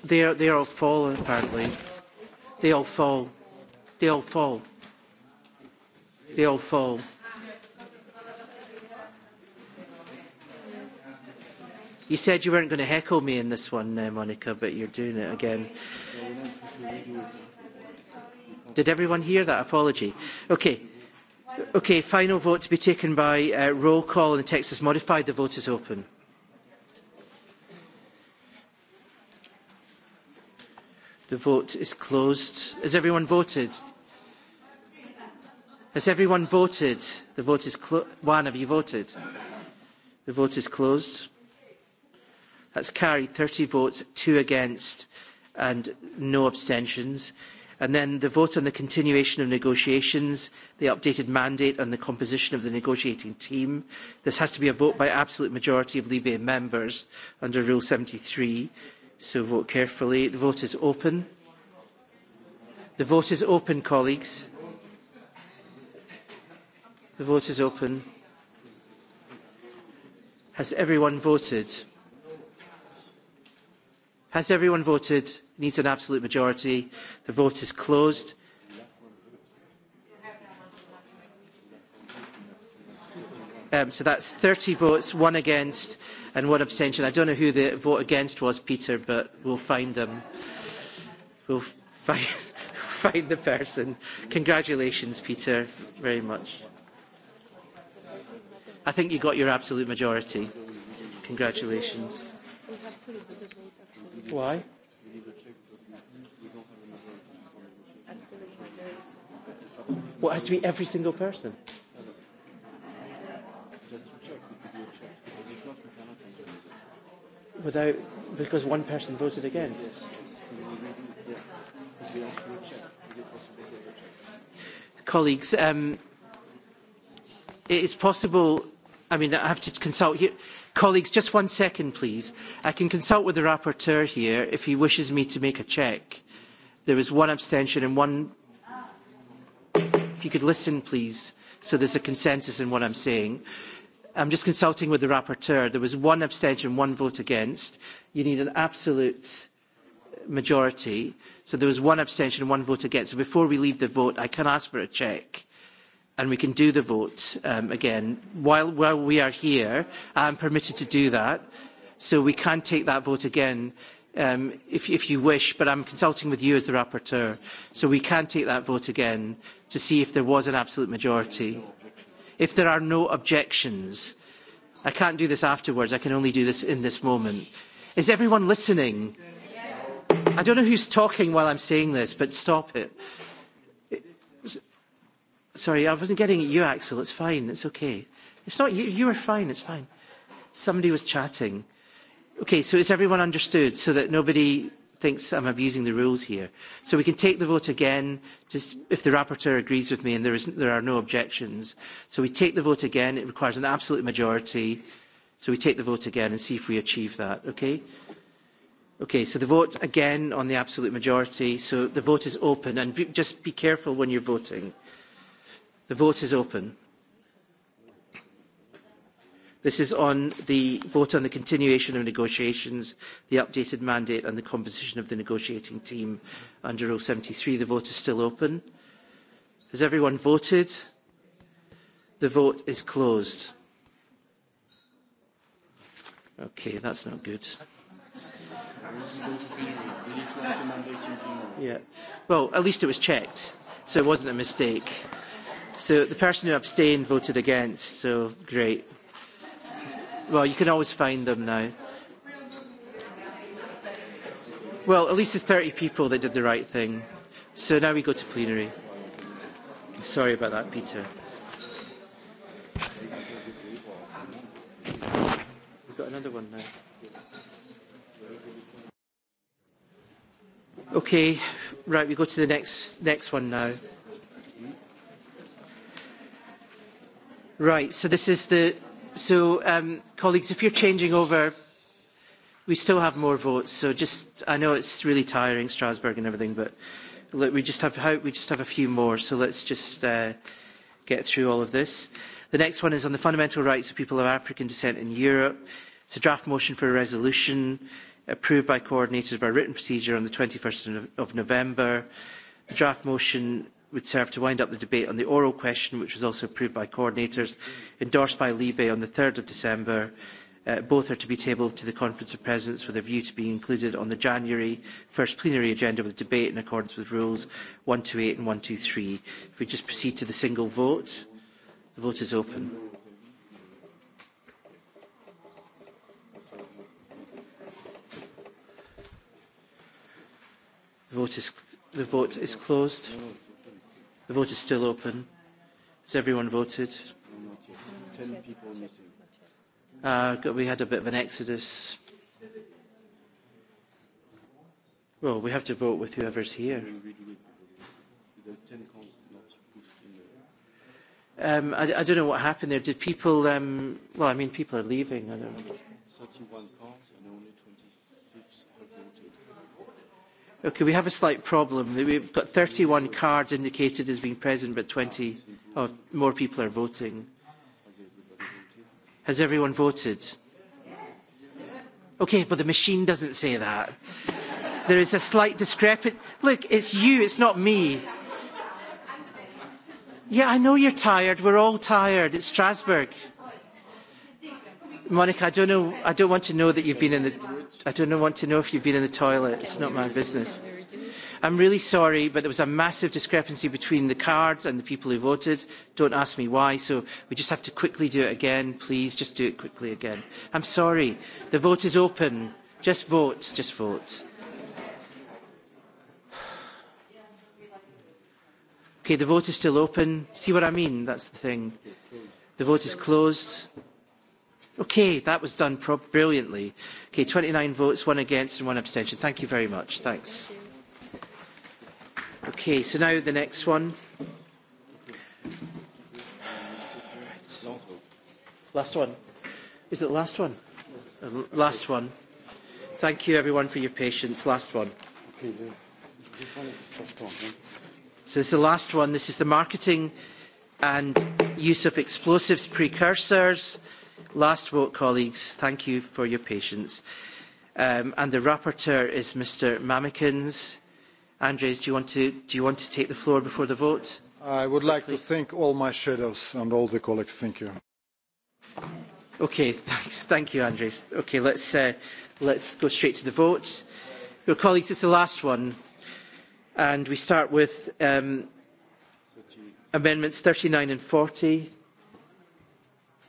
They fall. are, they all fall, apparently. They all fall. They all fall. They all fall. You said you weren't going to heckle me in this one, uh, Monica, but you're doing it again. Did everyone hear that? Apology. Okay. Okay, final vote to be taken by uh, roll call and the text is modified. The vote is open. The vote is closed. Has everyone voted? Has everyone voted? The vote is closed. Juan, have you voted? The vote is closed. That's carried. 30 votes, two against and no abstentions. And then the vote on the continuation of negotiations, the updated mandate and the composition of the negotiating team. This has to be a vote by absolute majority of Libe members under Rule seventy three, so vote carefully. The vote is open. The vote is open, colleagues. The vote is open. Has everyone voted? Has everyone voted? needs an absolute majority. The vote is closed. Um, so that's 30 votes, one against and one abstention. I don't know who the vote against was, Peter, but we'll find them. We'll find, find the person. Congratulations, Peter, very much. I think you got your absolute majority. Congratulations. Why? Well, it has to be every single person. Without, because one person voted against. Colleagues, um, it is possible. I mean, I have to consult here. Colleagues, just one second, please. I can consult with the rapporteur here if he wishes me to make a check. There was one abstention and one if you could listen, please, so there's a consensus in what I'm saying. I'm just consulting with the rapporteur. There was one abstention, one vote against. You need an absolute majority. So there was one abstention and one vote against. So before we leave the vote, I can ask for a check and we can do the vote um, again. While, while we are here, I'm permitted to do that. So we can take that vote again um, if, if you wish, but I'm consulting with you as the rapporteur, so we can take that vote again to see if there was an absolute majority. If there are no objections, I can't do this afterwards, I can only do this in this moment. Is everyone listening? I don't know who's talking while I'm saying this, but stop it. Sorry, I wasn't getting at you, Axel. It's fine. It's okay. It's not you. You were fine. It's fine. Somebody was chatting. Okay, so is everyone understood so that nobody thinks I'm abusing the rules here? So we can take the vote again, just if the rapporteur agrees with me and there, is, there are no objections. So we take the vote again, it requires an absolute majority. So we take the vote again and see if we achieve that, okay? Okay, so the vote again on the absolute majority. So the vote is open and be, just be careful when you're voting. The vote is open. This is on the vote on the continuation of negotiations, the updated mandate and the composition of the negotiating team under Rule 73. The vote is still open. Has everyone voted? The vote is closed. Okay, that's not good. Yeah. Well, at least it was checked, so it wasn't a mistake. So the person who abstained voted against, so great. Well, you can always find them now. Well, at least it's 30 people that did the right thing. So now we go to plenary. Sorry about that, Peter. We've got another one now. Okay, right, we go to the next, next one now. Right, so this is the So, um, colleagues, if you're changing over, we still have more votes. So just, I know it's really tiring, Strasbourg and everything, but look, we just have, we just have a few more. So let's just uh, get through all of this. The next one is on the fundamental rights of people of African descent in Europe. It's a draft motion for a resolution approved by coordinators by written procedure on the 21st of November. The draft motion would serve to wind up the debate on the oral question, which was also approved by coordinators, endorsed by Libe on the 3rd of December. Uh, both are to be tabled to the Conference of Presidents with a view to being included on the January first plenary agenda with debate in accordance with rules 128 and 123. If we just proceed to the single vote, the vote is open. The vote is, the vote is closed. The vote is still open. Has everyone voted? Uh, we had a bit of an exodus. Well, we have to vote with whoever's here. Um, I, I don't know what happened there. Did people? Um, well, I mean, people are leaving. I don't know. Okay, we have a slight problem. We've got 31 cards indicated as being present, but 20 oh, more people are voting. Has everyone voted? Okay, but the machine doesn't say that. There is a slight discrepancy. Look, it's you, it's not me. Yeah, I know you're tired. We're all tired. It's Strasbourg. Monica, I don't know. I don't want to know that you've been in the I don't want to know if you've been in the toilet. It's not my business. I'm really sorry, but there was a massive discrepancy between the cards and the people who voted. Don't ask me why, so we just have to quickly do it again. Please, just do it quickly again. I'm sorry. The vote is open. Just vote. Just vote. Okay, the vote is still open. See what I mean? That's the thing. The vote is closed. Okay, that was done pro- brilliantly. Okay, 29 votes, one against and one abstention. Thank you very much. Thanks. Okay, so now the next one. Last one. Is it the last one? Last one. Thank you everyone for your patience. Last one. This one is So this is the last one. This is the marketing and use of explosives precursors. Last vote, colleagues. Thank you for your patience. Um, and the rapporteur is Mr. Mamikins. Andres, do you want to do you want to take the floor before the vote? I would like to thank all my shadows and all the colleagues. Thank you. Okay, thanks. Thank you, Andres. Okay, let's uh, let's go straight to the vote. Your colleagues, it's the last one, and we start with um, amendments 39 and 40.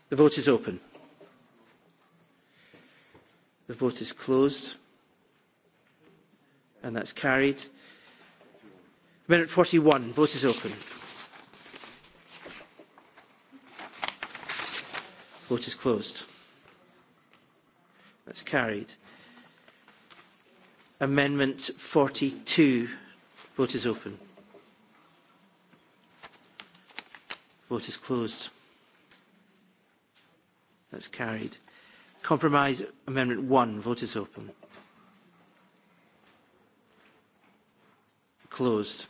The vote is open. The vote is closed. And that's carried. Amendment 41. Vote is open. Vote is closed. That's carried. Amendment 42. Vote is open. Vote is closed. That's carried. Compromise Amendment 1. Vote is open. Closed.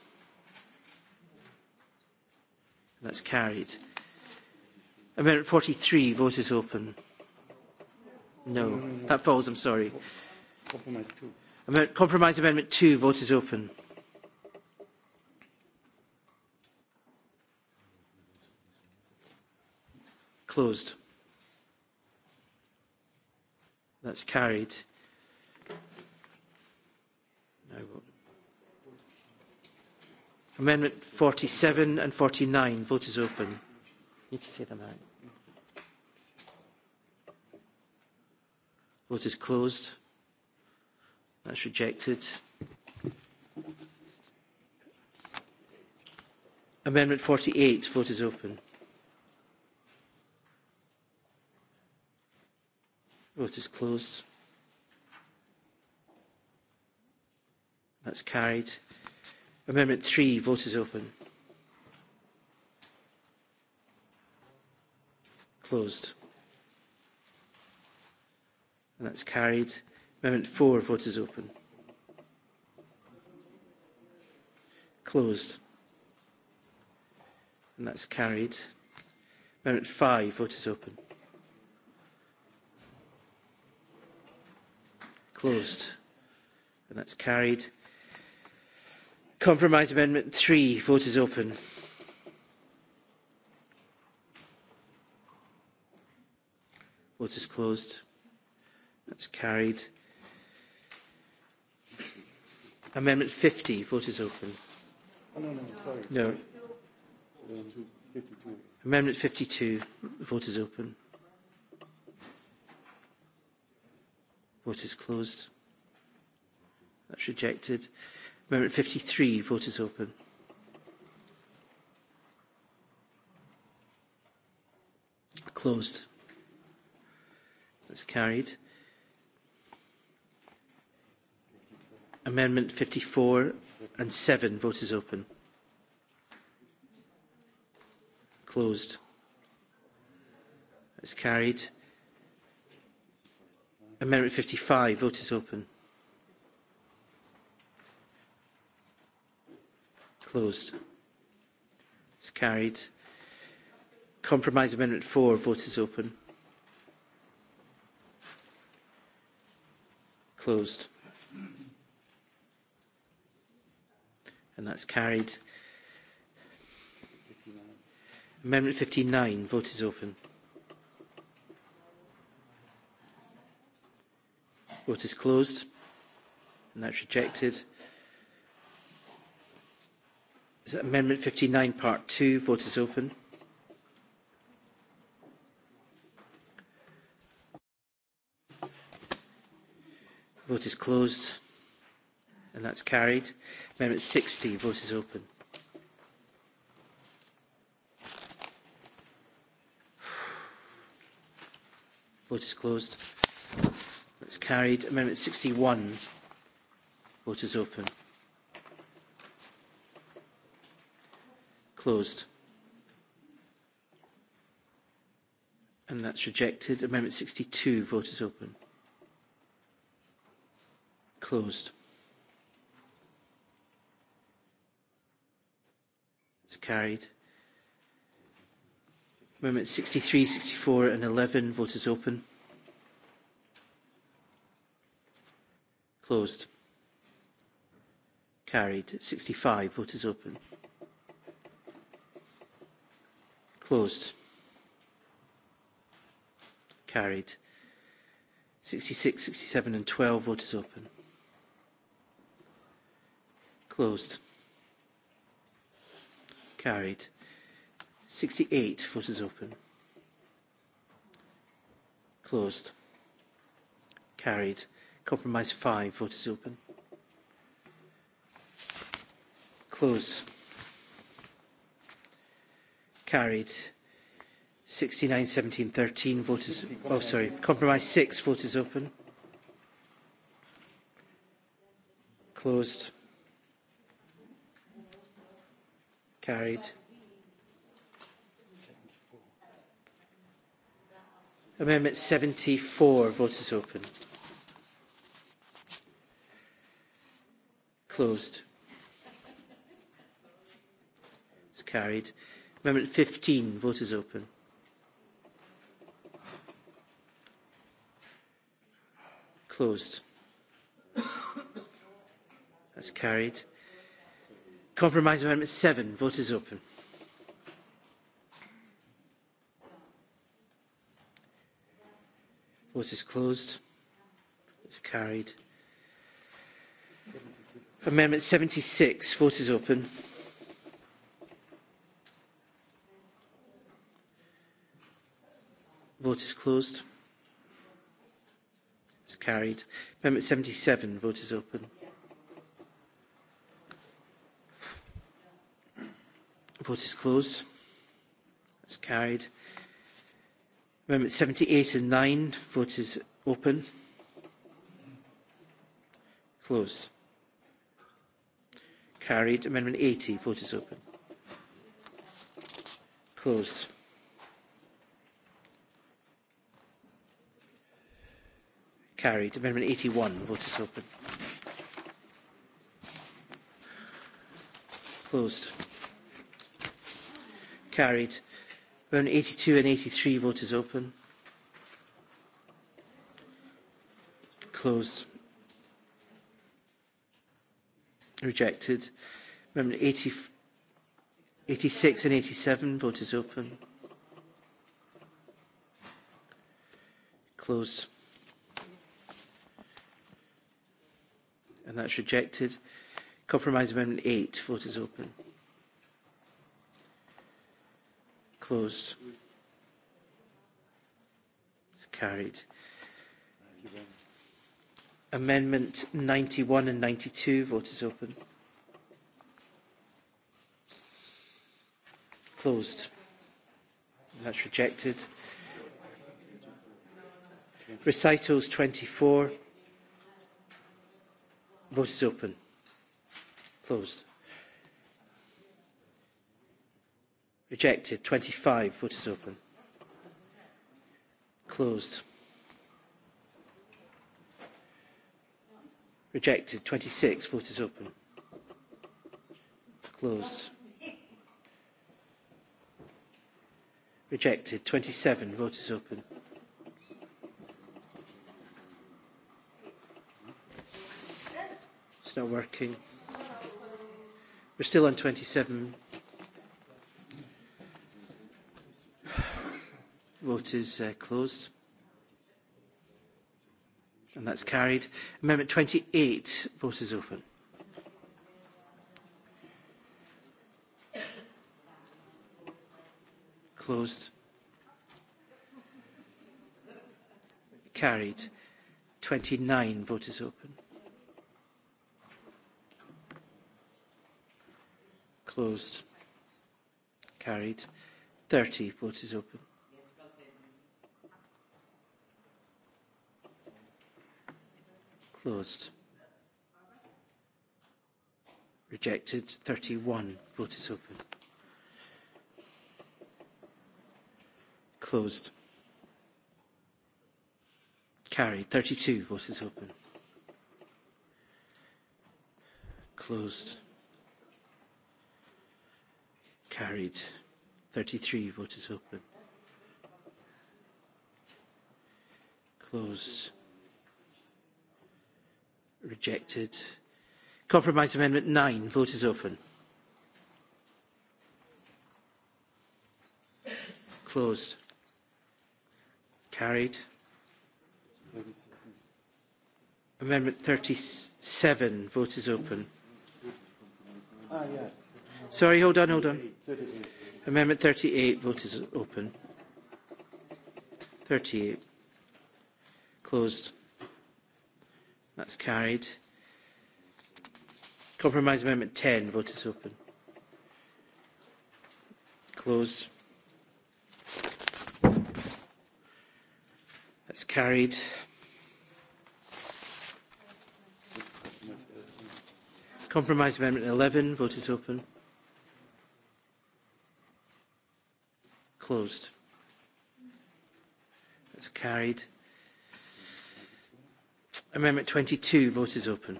That's carried. Amendment 43. Vote is open. No. That falls, I'm sorry. Compromise 2. Amendment, compromise Amendment 2. Vote is open. Closed. That's carried. Now, amendment 47 and 49. Vote is open. Need to say them out. Vote is closed. That's rejected. Amendment 48. Vote is open. Vote is closed. That's carried. Amendment 3, vote is open. Closed. And that's carried. Amendment 4, vote is open. Closed. And that's carried. Amendment 5, vote is open. Closed. And that's carried. Compromise Amendment 3. Vote is open. Vote is closed. That's carried. Amendment 50. Vote is open. Oh, no, no, sorry. No. Amendment 52. Vote is open. Vote is closed. That's rejected. Amendment 53, vote is open. Closed. That's carried. Amendment 54 and 7, vote is open. Closed. That's carried. Amendment 55. Vote is open. Closed. It's carried. Compromise Amendment 4. Vote is open. Closed. And that's carried. Amendment 59. Vote is open. Vote is closed. And that's rejected. Is that Amendment 59, Part 2? Vote is open. Vote is closed. And that's carried. Amendment 60, vote is open. Vote is closed That's carried. Amendment 61. Vote is open. Closed. And that's rejected. Amendment 62. Vote is open. Closed. It's carried. Amendment 63, 64 and 11. Vote is open. Closed. Carried. 65. Vote is open. Closed. Carried. 66, 67 and 12. Vote is open. Closed. Carried. 68. Vote is open. Closed. Carried. Compromise 5. Vote is open. Close. Carried. 69, 17, 13. Vote is... Oh, sorry. Compromise 6. Vote is open. Closed. Carried. Amendment 74. Vote is open. Closed. It's carried. Amendment 15. Vote is open. Closed. That's carried. Compromise Amendment 7. Vote is open. Vote is closed. It's carried. Amendment 76. Vote is open. Vote is closed. It's carried. Amendment 77. Vote is open. Vote is closed. It's carried. Amendment 78 and 9. Vote is open. Closed. Carried. Amendment 80. Vote is open. Closed. Carried. Amendment 81. Vote is open. Closed. Carried. Amendment 82 and 83. Vote is open. Closed. Rejected. Amendment 80, 86 and 87. Vote is open. Closed. And that's rejected. Compromise Amendment 8. Vote is open. Closed. It's carried. Amendment 91 and 92. Vote is open. Closed. That's rejected. Recitals 24. Vote is open. Closed. Rejected. 25. Vote is open. Closed. Rejected. 26. Vote is open. Closed. Rejected. 27. Vote is open. It's not working. We're still on 27. Vote is uh, closed. And that's carried. Amendment 28. Vote is open. Closed. Carried. 29. Vote is open. Closed. Carried. 30. Vote is open. closed. Rejected. 31. Vote is open. Closed. Carried. 32. Vote is open. Closed. Carried. 33. Vote is open. Closed. Rejected. Compromise Amendment 9. Vote is open. Closed. Carried. Amendment 37. Vote is open. Sorry, hold on, hold on. Amendment 38. Vote is open. 38. Closed. That's carried. Compromise Amendment 10. Vote is open. Close. That's carried. Compromise Amendment 11. Vote is open. Closed. That's carried. Amendment 22, vote is open.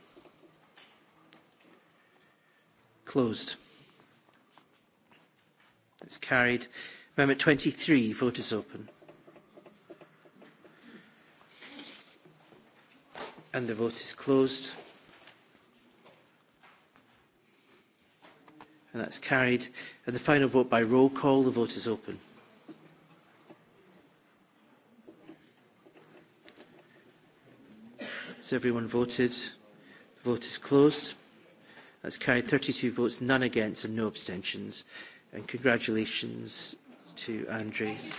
Closed. It's carried. Amendment 23, vote is open. And the vote is closed. And that's carried. And the final vote by roll call, the vote is open. Has everyone voted? The vote is closed. That's carried 32 votes, none against and no abstentions. And congratulations to Andres.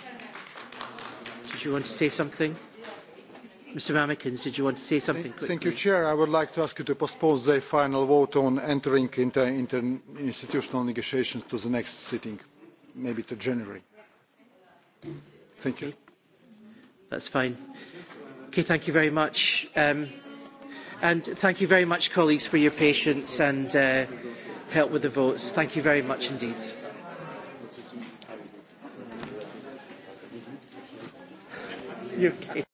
Did you want to say something? Mr. Mamikins, did you want to say something quickly? Thank you, Chair. I would like to ask you to postpone the final vote on entering into institutional negotiations to the next sitting, maybe to January. Thank you. That's fine. Okay, thank you very much. Um, and thank you very much, colleagues, for your patience and uh, help with the votes. Thank you very much indeed. You okay.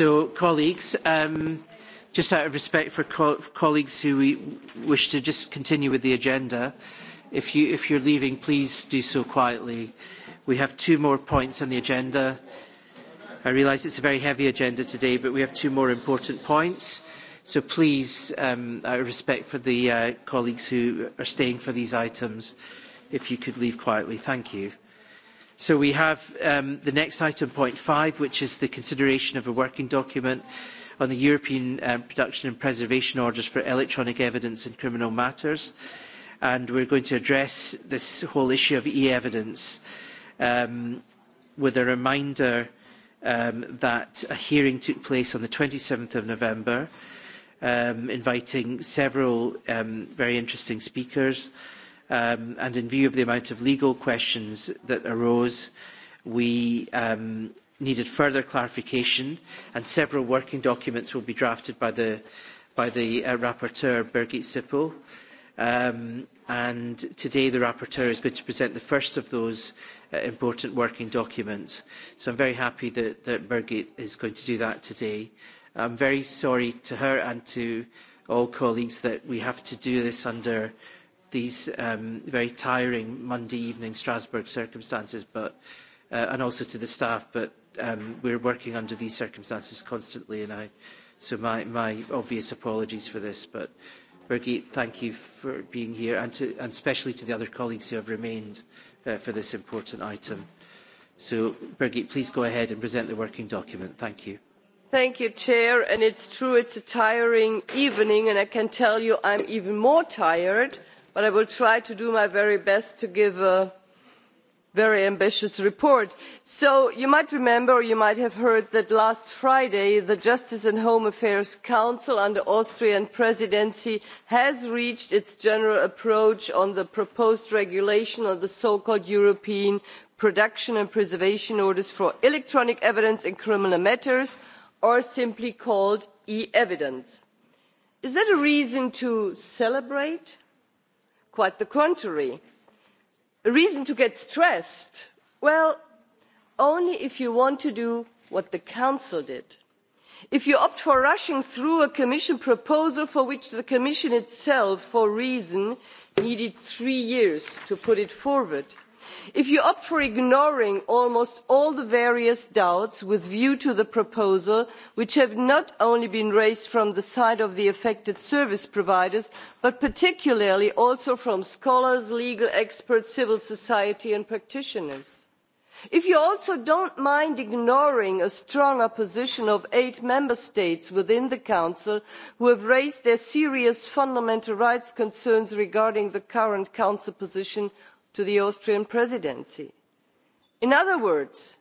So, colleagues, um, just out of respect for co colleagues who we wish to just continue with the agenda, if, you, if you're leaving, please do so quietly. We have two more points on the agenda. I realise it's a very heavy agenda today, but we have two more important points. So please, um, out of respect for the uh, colleagues who are staying for these items, if you could leave quietly. Thank you. So we have um, the next item, point five, which is the consideration of a working document on the European um, production and preservation orders for electronic evidence in criminal matters. And we're going to address this whole issue of e-evidence um, with a reminder um, that a hearing took place on the 27th of November, um, inviting several um, very interesting speakers um, and in view of the amount of legal questions that arose, we um, needed further clarification, and several working documents will be drafted by the, by the uh, rapporteur, Birgit Sippel. Um, and today the rapporteur is going to present the first of those uh, important working documents. So I'm very happy that, that Birgit is going to do that today. I'm very sorry to her and to all colleagues that we have to do this under these um, very tiring Monday evening Strasbourg circumstances, but uh, and also to the staff. But um, we're working under these circumstances constantly, and I. So my, my obvious apologies for this, but Birgit, thank you for being here, and, to, and especially to the other colleagues who have remained uh, for this important item. So, Birgit, please go ahead and present the working document. Thank you. Thank you, Chair. And it's true, it's a tiring evening, and I can tell you I'm even more tired but I will try to do my very best to give a very ambitious report. So you might remember, or you might have heard that last Friday, the Justice and Home Affairs Council under the Austrian presidency has reached its general approach on the proposed regulation on the so-called European production and preservation orders for electronic evidence in criminal matters, or simply called e-evidence. Is that a reason to celebrate? quite the contrary. A reason to get stressed? Well, only if you want to do what the Council did. If you opt for rushing through a Commission proposal for which the Commission itself, for reason, needed three years to put it forward, if you opt for ignoring almost all the various doubts with a view to the proposal which have not only been raised from the side of the affected service providers but particularly also from scholars legal experts civil society and practitioners if you also do not mind ignoring a strong opposition of eight member states within the council who have raised their serious fundamental rights concerns regarding the current council position to the Austrian presidency. In other words,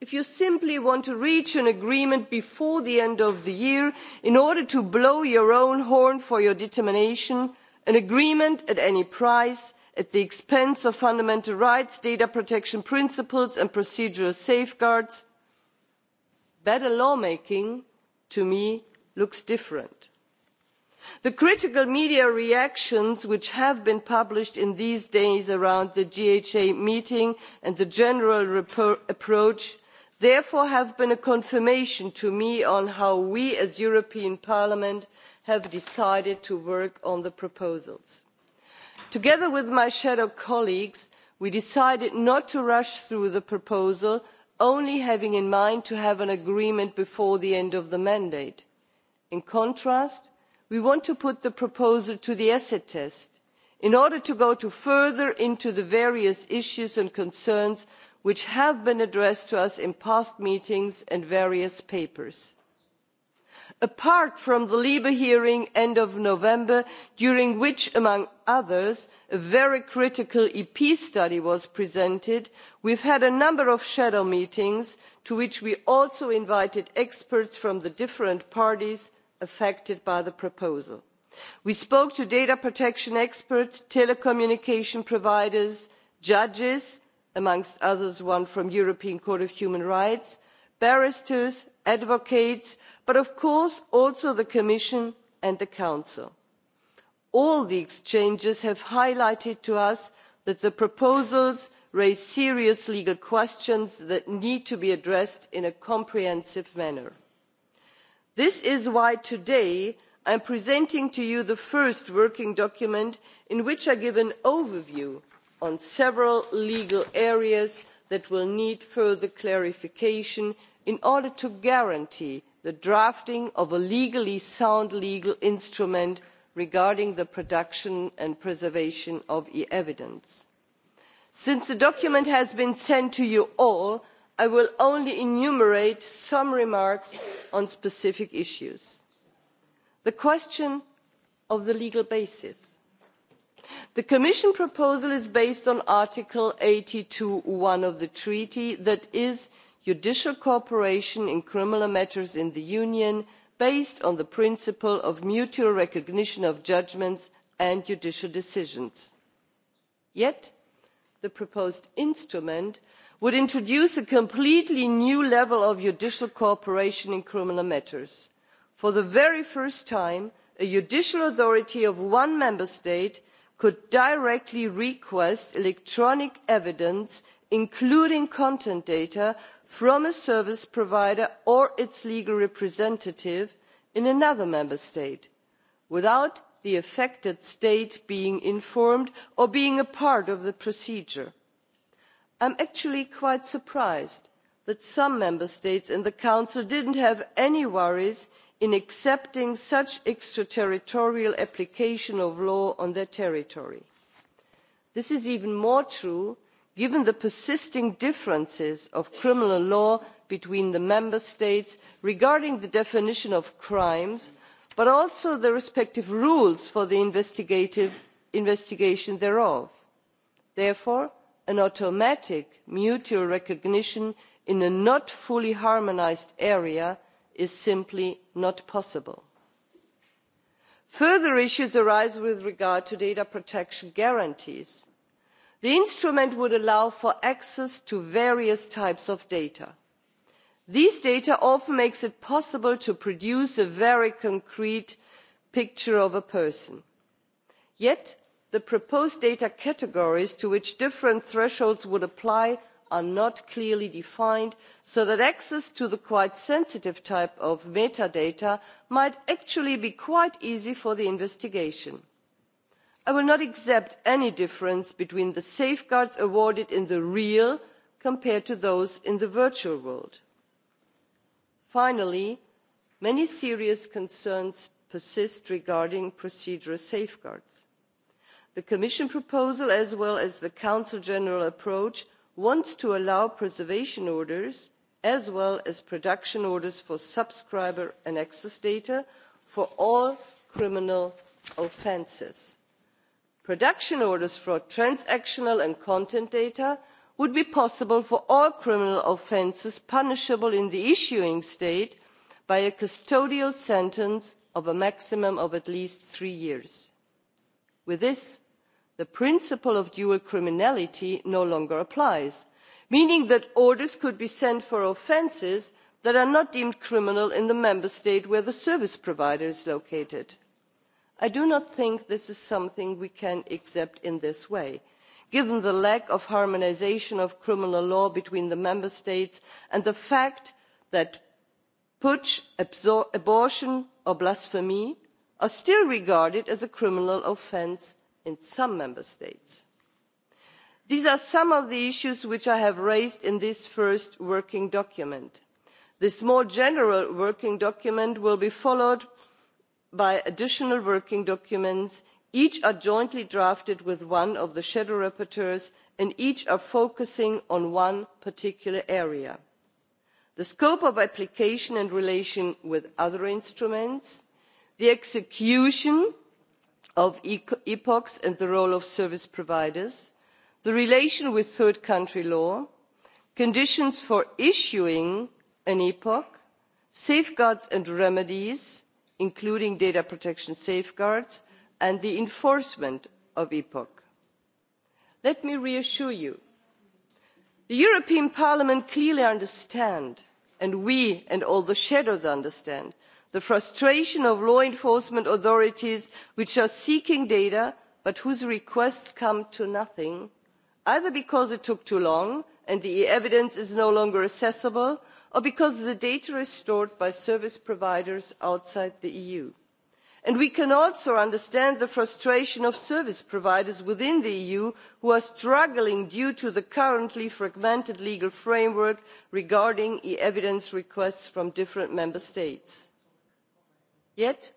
if you simply want to reach an agreement before the end of the year in order to blow your own horn for your determination, an agreement at any price, at the expense of fundamental rights, data protection principles and procedural safeguards, better lawmaking to me looks different the critical media reactions which have been published in these days around the gha meeting and the general approach therefore have been a confirmation to me on how we as the european parliament have decided to work on the proposals. together with my shadow colleagues we decided not to rush through the proposal only having in mind to have an agreement before the end of the mandate. in contrast we want to put the proposal to the acid test in order to go further into the various issues and concerns which have been addressed to us in past meetings and various papers. apart from the libe hearing at the end of november during which among others a very critical ep study was presented we have had a number of shadow meetings to which we also invited experts from the different parties affected by the proposal. we spoke to data protection experts telecommunication providers judges amongst others one from the european court of human rights barristers advocates but of course also the commission and the council. all the exchanges have highlighted to us that the proposals raise serious legal questions that need to be addressed in a comprehensive manner this is why today i am presenting to you the first working document in which i give an overview on several legal areas that will need further clarification in order to guarantee the drafting of a legally sound legal instrument regarding the production and preservation of evidence. since the document has been sent to you all i will only enumerate some remarks on specific issues the question of the legal basis the commission proposal is based on article eighty two of the treaty that is judicial cooperation in criminal matters in the union based on the principle of mutual recognition of judgments and judicial decisions. yet the proposed instrument would introduce a completely new level of judicial cooperation in criminal matters. for the very first time a judicial authority of one member state could directly request electronic evidence including content data from a service provider or its legal representative in another member state without the affected state being informed or being a part of the procedure i am actually quite surprised that some member states in the council did not have any worries in accepting such extraterritorial application of law on their territory. this is even more true given the persisting differences of criminal law between the member states regarding the definition of crimes but also the respective rules for the investigation thereof. therefore an automatic mutual recognition in a not fully harmonised area is simply not possible. further issues arise with regard to data protection guarantees. the instrument would allow for access to various types of data. these data often make it possible to produce a very concrete picture of a person. yet the proposed data categories to which different thresholds would apply are not clearly defined so that access to the quite sensitive type of metadata might actually be quite easy for the investigation. i will not accept any difference between the safeguards awarded in the real compared to those in the virtual world. finally many serious concerns persist regarding procedural safeguards the commission proposal as well as the council general approach wants to allow preservation orders as well as production orders for subscriber and access data for all criminal offences. production orders for transactional and content data would be possible for all criminal offences punishable in the issuing state by a custodial sentence of a maximum of at least three years. with this the principle of dual criminality no longer applies meaning that orders could be sent for offences that are not deemed criminal in the member state where the service provider is located. i do not think this is something we can accept in this way given the lack of harmonisation of criminal law between the member states and the fact that putsch abortion or blasphemy are still regarded as a criminal offence in some member states. these are some of the issues which i have raised in this first working document. this more general working document will be followed by additional working documents each are jointly drafted with one of the shadow rapporteurs and each are focusing on one particular area the scope of application in relation with other instruments the execution of epochs and the role of service providers the relation with third country law conditions for issuing an epoc safeguards and remedies including data protection safeguards and the enforcement of epoc. let me reassure you the european parliament clearly understands and we and all the shadows understand the frustration of law enforcement authorities which are seeking data but whose requests come to nothing either because it took too long and the evidence is no longer accessible or because the data is stored by service providers outside the eu. we can also understand the frustration of service providers within the eu who are struggling due to the currently fragmented legal framework regarding e evidence requests from different member states yet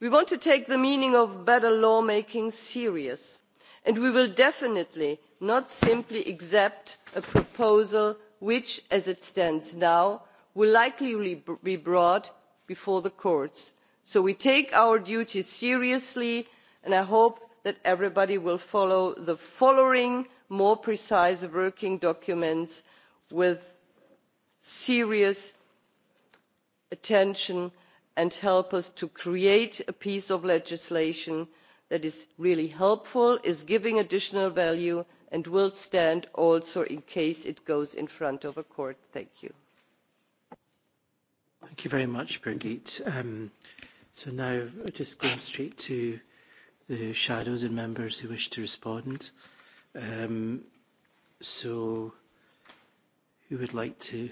we want to take the meaning of better lawmaking seriously and we will definitely not simply accept a proposal which as it stands now will likely be brought before the courts. so we take our duty seriously and i hope that everybody will follow the following more precise working documents with serious attention and help us to create a piece of legislation that is really helpful is giving additional value and will stand also in case it goes in front of a court. Thank you. Thank you very much, Birgit. Um, so now I just go straight to the shadows and members who wish to respond. Um, so who would like to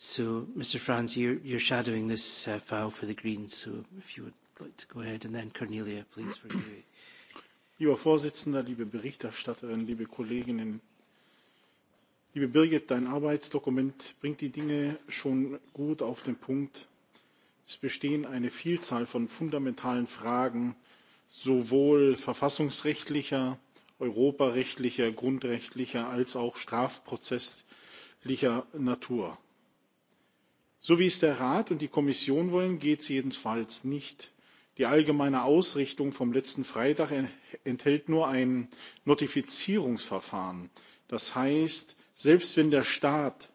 So, Mr. Franz, you're, you're shadowing this uh, file for the Greens, so if you would like to go ahead, and then Cornelia, please, for you. Lieber Vorsitzender, liebe Berichterstatterin, liebe Kolleginnen, liebe Birgit, dein Arbeitsdokument bringt die Dinge schon gut auf den Punkt. Es bestehen eine Vielzahl von fundamentalen Fragen, sowohl verfassungsrechtlicher, europarechtlicher, grundrechtlicher als auch strafprozesslicher Natur so wie es der rat und die kommission wollen geht es jedenfalls nicht. die allgemeine ausrichtung vom letzten freitag enthält nur ein notifizierungsverfahren das heißt selbst wenn der staat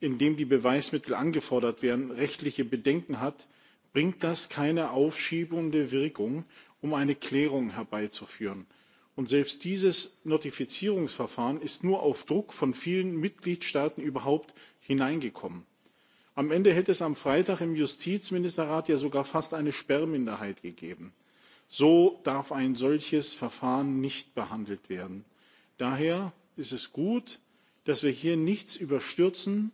in dem die beweismittel angefordert werden rechtliche bedenken hat bringt das keine aufschiebende wirkung um eine klärung herbeizuführen. und selbst dieses notifizierungsverfahren ist nur auf druck von vielen mitgliedstaaten überhaupt hineingekommen am ende hätte es am freitag im justizministerrat ja sogar fast eine sperrminderheit gegeben. so darf ein solches verfahren nicht behandelt werden. daher ist es gut dass wir hier nichts überstürzen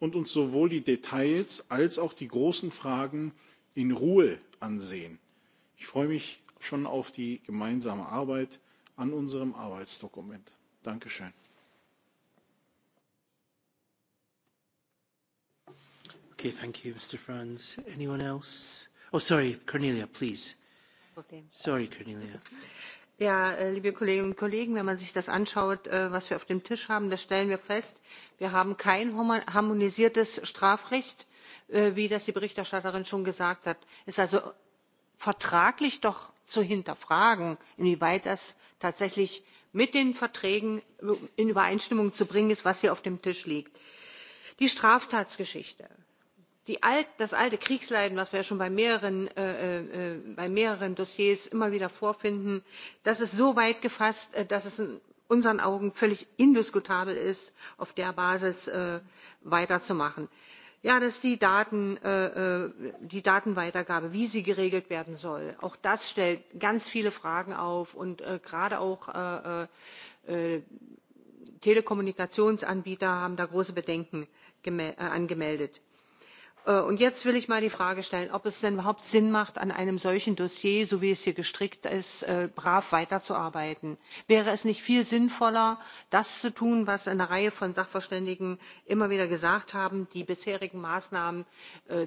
und uns sowohl die details als auch die großen fragen in ruhe ansehen. ich freue mich schon auf die gemeinsame arbeit an unserem arbeitsdokument. danke schön. Okay, thank you, Mr. Franz. Anyone else? Oh, sorry, Cornelia, please. Sorry, Cornelia. Ja, liebe Kolleginnen und Kollegen, wenn man sich das anschaut, was wir auf dem Tisch haben, da stellen wir fest, wir haben kein harmonisiertes Strafrecht, wie das die Berichterstatterin schon gesagt hat. Es ist also vertraglich doch zu hinterfragen, inwieweit das tatsächlich mit den Verträgen in Übereinstimmung zu bringen ist, was hier auf dem Tisch liegt. Die Straftatsgeschichte das alte kriegsleiden das wir ja schon bei mehreren dossiers immer wieder vorfinden das ist so weit gefasst dass es in unseren augen völlig indiskutabel ist auf der basis weiterzumachen. ja dass die datenweitergabe wie sie geregelt werden soll auch das stellt ganz viele fragen auf und gerade auch telekommunikationsanbieter haben da große bedenken angemeldet. Und jetzt will ich mal die Frage stellen, ob es denn überhaupt Sinn macht, an einem solchen Dossier, so wie es hier gestrickt ist, brav weiterzuarbeiten. Wäre es nicht viel sinnvoller, das zu tun, was eine Reihe von Sachverständigen immer wieder gesagt haben, die bisherigen Maßnahmen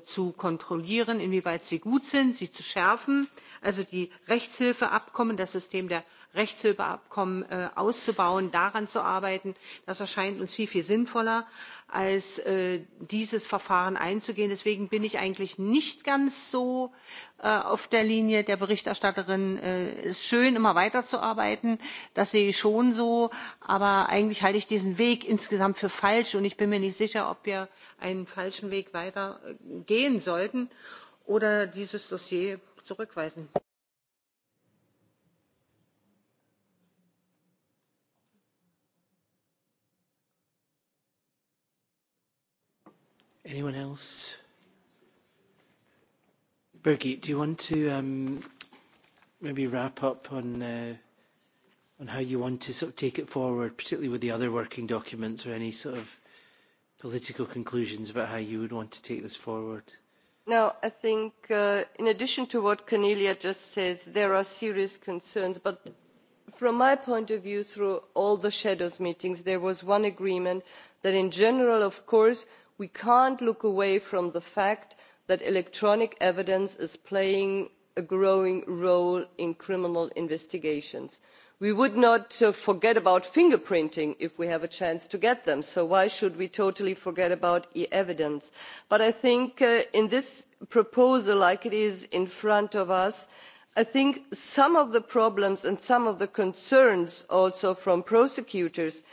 zu kontrollieren, inwieweit sie gut sind, sie zu schärfen, also die Rechtshilfeabkommen, das System der Rechtshilfeabkommen auszubauen, daran zu arbeiten, das erscheint uns viel, viel sinnvoller als dieses Verfahren einzugehen. Deswegen bin ich eigentlich nicht ganz so auf der Linie der Berichterstatterin. Es ist schön, immer weiterzuarbeiten. Das sehe ich schon so. Aber eigentlich halte ich diesen Weg insgesamt für falsch. Und ich bin mir nicht sicher, ob wir einen falschen Weg weiter gehen sollten oder dieses Dossier zurückweisen. Anyone else? Birgit, do you want to um, maybe wrap up on uh, on how you want to sort of take it forward, particularly with the other working documents or any sort of political conclusions about how you would want to take this forward? Now, I think uh, in addition to what Cornelia just says, there are serious concerns, but from my point of view, through all the shadows meetings, there was one agreement that in general, of course, we cannot look away from the fact that electronic evidence is playing a growing role in criminal investigations. we would not forget about fingerprinting if we have a chance to get them so why should we totally forget about e evidence? but i think in this proposal like it is in front of us i think some of the problems and some of the concerns also from prosecutors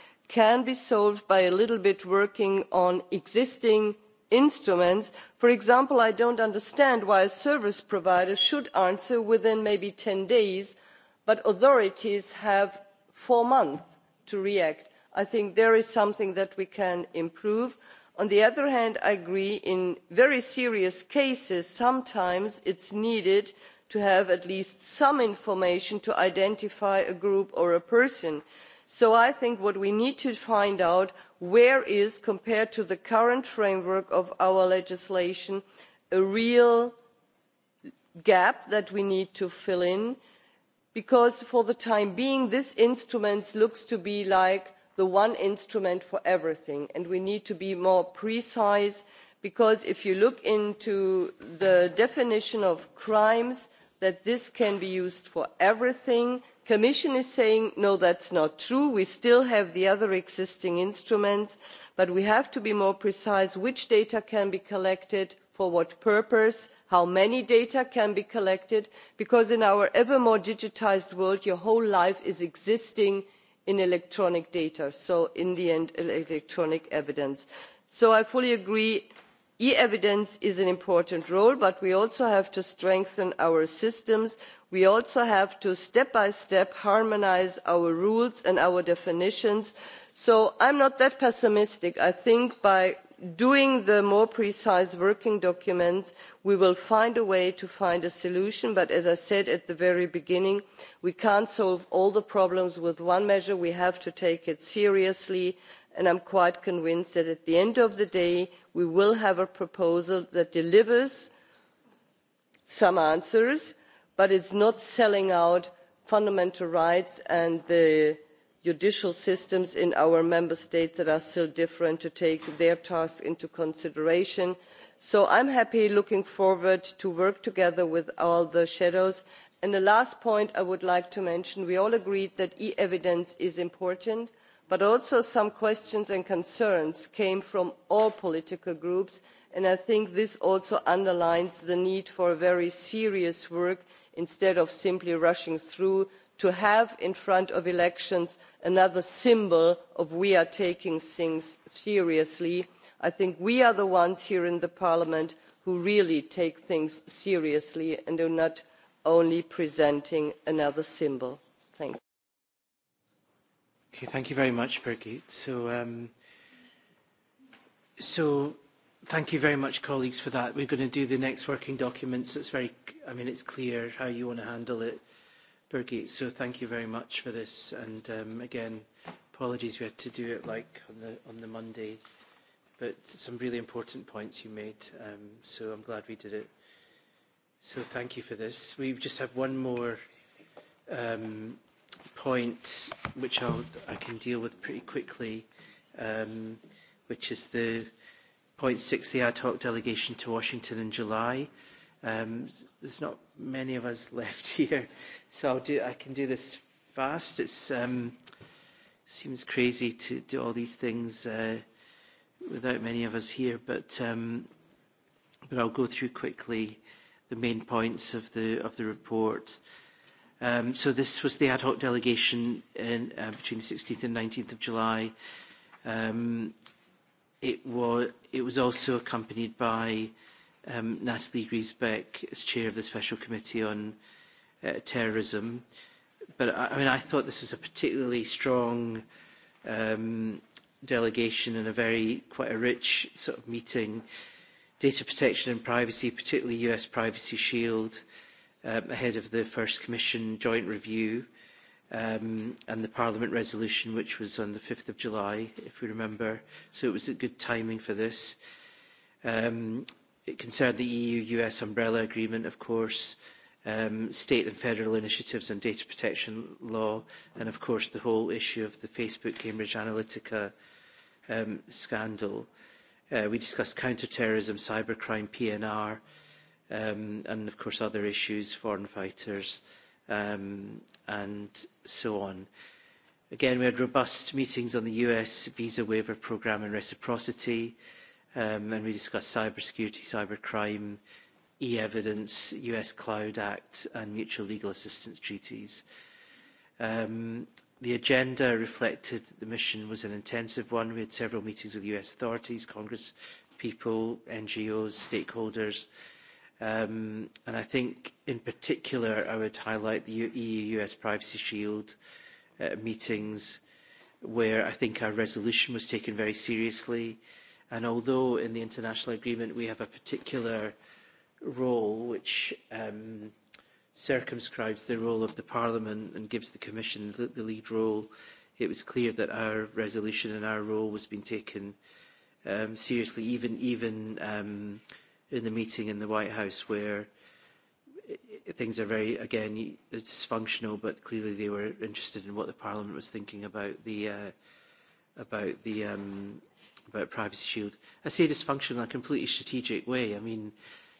can be solved by a little bit working on existing instruments. For example, I don't understand why a service provider should answer within maybe ten days, but authorities have four months to react. I think there is something that we can improve. On the other hand, I agree that in very serious cases, sometimes it is needed to have at least some information to identify a group or a person so i think what we need to find out is where is compared to the current framework of our legislation a real gap that we need to fill in because for the time being this instrument looks to be like the one instrument for everything and we need to be more precise because if you look into the definition of crimes that this can be used for everything. the commission is saying no that is not true we still have the other existing instruments but we have to be more precise which data can be collected for what purpose how many data can be collected because in our ever more digitised world your whole life is existing in electronic data so in the end electronic evidence. so i fully agree e evidence is an important role but we also have to strengthen our systems we also have to step by step harmonise our rules and our definitions so i am not that pessimistic i think by doing the more precise working documents we will find a way to find a solution but as i said at the very beginning we cannot solve all the problems with one measure we have to take it seriously and and i am quite convinced that at the end of the day we will have a proposal that delivers some answers but is not selling out fundamental rights and the judicial systems in our member states that are still different to take their task into consideration. so i am happy looking forward to working together with all the shadows. and the last point i would like to mention we all agreed that e evidence is important but also some questions and concerns came from all political groups and i think this also underlines the need for very serious work instead of simply rushing through to have in front of elections another symbol of we are taking things seriously. i think we are the ones here in the parliament who really take things seriously and are not only presenting another symbol. Okay, thank you very much, Birgit. So, um, so thank you very much, colleagues, for that. We're going to do the next working document, so it's very, I mean, it's clear how you want to handle it, Birgit. So thank you very much for this. And um, again, apologies we had to do it like on the on the Monday, but some really important points you made. Um, so I'm glad we did it. So thank you for this. We just have one more um, point, which I'll, I can deal with pretty quickly, um, which is the point six, the ad hoc delegation to Washington in July. Um, there's not many of us left here, so I'll do, I can do this fast. It's um, seems crazy to do all these things uh, without many of us here, but um, but I'll go through quickly the main points of the of the report Um, so this was the ad hoc delegation in, uh, between the 16th and 19th of July. Um, it, was, it was also accompanied by um, Natalie Griesbeck as chair of the Special Committee on uh, Terrorism. But I, I mean, I thought this was a particularly strong um, delegation and a very quite a rich sort of meeting. Data protection and privacy, particularly US Privacy Shield, uh, ahead of the first Commission joint review um, and the Parliament resolution, which was on the 5th of July, if we remember. So it was a good timing for this. Um, it concerned the EU-US umbrella agreement, of course, um, state and federal initiatives on data protection law, and of course the whole issue of the Facebook Cambridge Analytica um, scandal. Uh, we discussed counterterrorism, cybercrime, PNR, um, and of course other issues, foreign fighters, um, and so on. Again, we had robust meetings on the US visa waiver programme and reciprocity, um, and we discussed cybersecurity, cybercrime, e-evidence, US Cloud Act, and mutual legal assistance treaties. Um, the agenda reflected that the mission was an intensive one. We had several meetings with US authorities, Congress people, NGOs, stakeholders, uh, Um, and I think in particular, I would highlight the EU-US Privacy Shield uh, meetings where I think our resolution was taken very seriously. And although in the international agreement we have a particular role which um, circumscribes the role of the Parliament and gives the Commission the, the lead role, it was clear that our resolution and our role was being taken um, seriously, even even um, in the meeting in the White House where things are very, again, dysfunctional, but clearly they were interested in what the Parliament was thinking about the, uh, about the, um, about Privacy Shield. I say dysfunctional in a completely strategic way. I mean,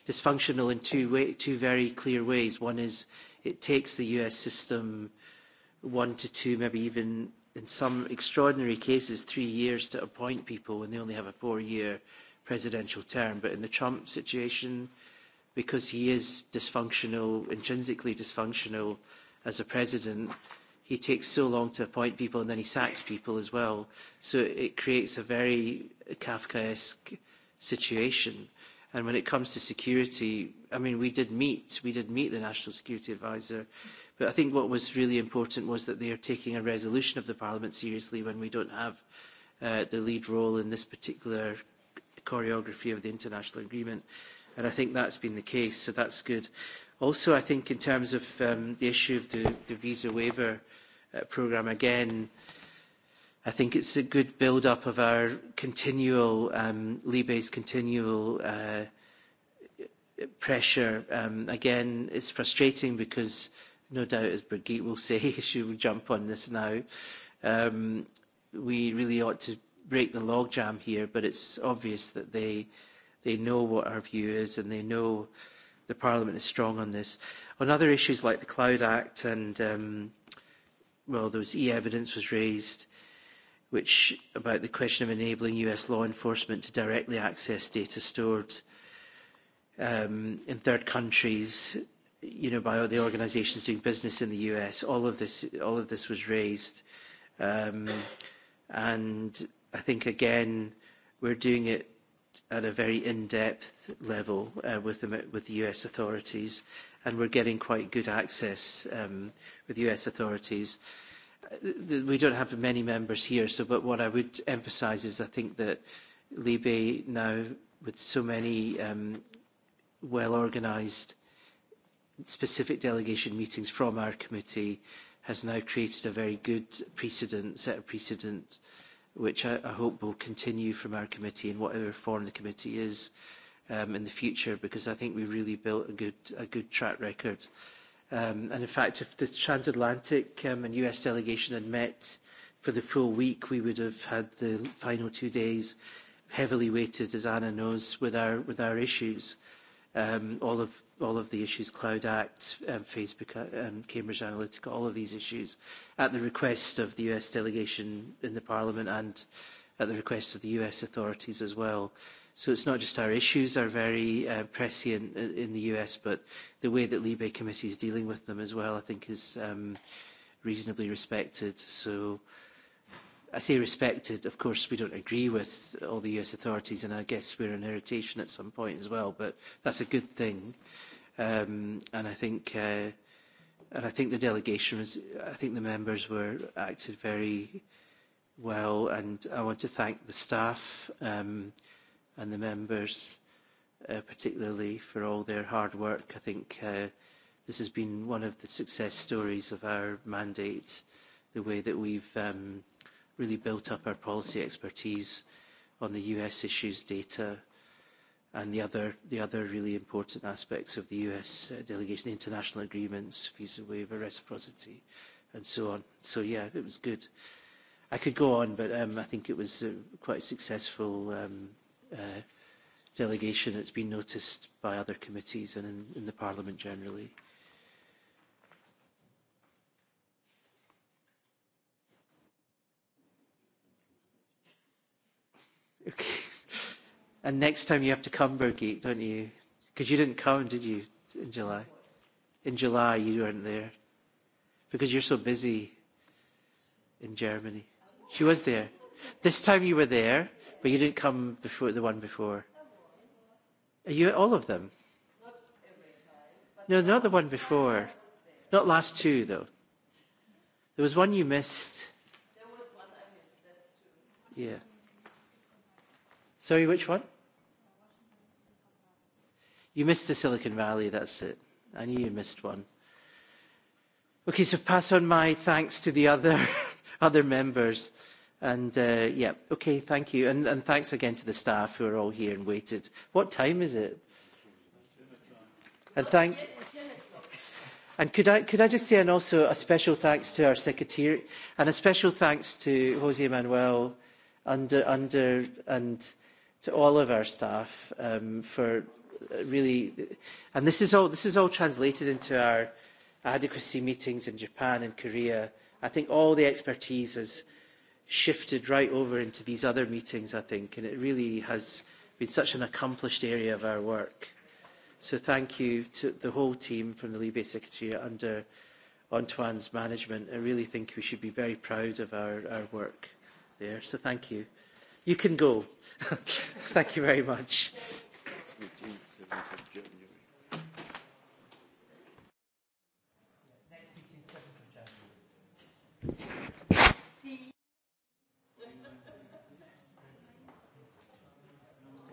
dysfunctional in two, way, two very clear ways. One is it takes the US system one to two, maybe even in some extraordinary cases, three years to appoint people when they only have a four-year presidential term, but in the Trump situation, because he is dysfunctional, intrinsically dysfunctional as a president, he takes so long to appoint people and then he sacks people as well. So it creates a very Kafkaesque situation. And when it comes to security, I mean, we did meet, we did meet the National Security Advisor, but I think what was really important was that they are taking a resolution of the Parliament seriously when we don't have uh, the lead role in this particular choreography of the international agreement. And I think that's been the case, so that's good. Also, I think in terms of um, the issue of the, the visa waiver uh, programme, again, I think it's a good build-up of our continual, um, Libe's continual uh, pressure. Um, again, it's frustrating because no doubt, as Brigitte will say, she will jump on this now. Um, we really ought to break the logjam here, but it's obvious that they, they know what our view is and they know the Parliament is strong on this. On other issues like the Cloud Act and, um, well, there was e-evidence was raised, which about the question of enabling US law enforcement to directly access data stored um, in third countries, you know, by the organisations doing business in the US. All of this, all of this was raised, um, and I think, again, we're doing it at a very in-depth level uh, with, the, with the US authorities, and we're getting quite good access um, with US authorities. We don't have many members here, so but what I would emphasise is I think that Libe now, with so many um, well-organised specific delegation meetings from our committee, has now created a very good precedent, set of precedent uh, which I, I hope will continue from our committee in whatever form the committee is um, in the future, because I think we really built a good, a good track record. Um, and in fact, if the transatlantic um, and US delegation had met for the full week, we would have had the final two days heavily weighted, as Anna knows, with our, with our issues. Um, all of all of the issues, Cloud Act, um, Facebook, um, Cambridge Analytica, all of these issues, at the request of the US delegation in the Parliament and at the request of the US authorities as well. So it's not just our issues are very uh, prescient in the US, but the way that Libe Committee is dealing with them as well, I think, is um, reasonably respected. So I say respected, of course, we don't agree with all the US authorities, and I guess we're an irritation at some point as well, but that's a good thing. Uh, Um, and I think, uh, and I think the delegation was, I think the members were acted very well, and I want to thank the staff um, and the members uh, particularly for all their hard work. I think uh, this has been one of the success stories of our mandate, the way that we've um, really built up our policy expertise on the US issues data and the other, the other really important aspects of the US uh, delegation, international agreements, visa waiver, reciprocity, and so on. So yeah, it was good. I could go on, but um, I think it was uh, quite a successful um, uh, delegation. It's been noticed by other committees and in, in the Parliament generally. Okay. And next time you have to come, Birgit, don't you? Because you didn't come, did you, in July? In July, you weren't there. Because you're so busy in Germany. She was there. This time you were there, but you didn't come before the one before. Are you at all of them? No, not the one before. Not last two, though. There was one you missed. There was one I missed, that's true. Yeah. Sorry, which one? You missed the Silicon Valley, that's it. I knew you missed one. Okay, so pass on my thanks to the other, other members. And uh, yeah, okay, thank you. And, and thanks again to the staff who are all here and waited. What time is it? And thank. And could I, could I just say, and also a special thanks to our secretary, and a special thanks to Jose Manuel, under, under, and to all of our staff um, for really, and this is all this is all translated into our adequacy meetings in Japan and Korea. I think all the expertise has shifted right over into these other meetings. I think, and it really has been such an accomplished area of our work. So thank you to the whole team from the Libe Secretary under Antoine's management. I really think we should be very proud of our, our work there. So thank you. You can go. Thank you very much.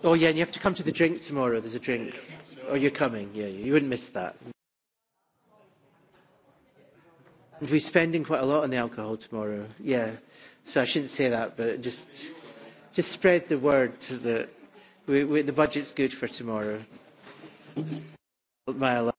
Oh, yeah, and you have to come to the drink tomorrow. There's a drink. Oh, you're coming. Yeah, you wouldn't miss that. And we're spending quite a lot on the alcohol tomorrow. Yeah. So I shouldn't say that, but just. Just spread the word that we, we, the budget's good for tomorrow. My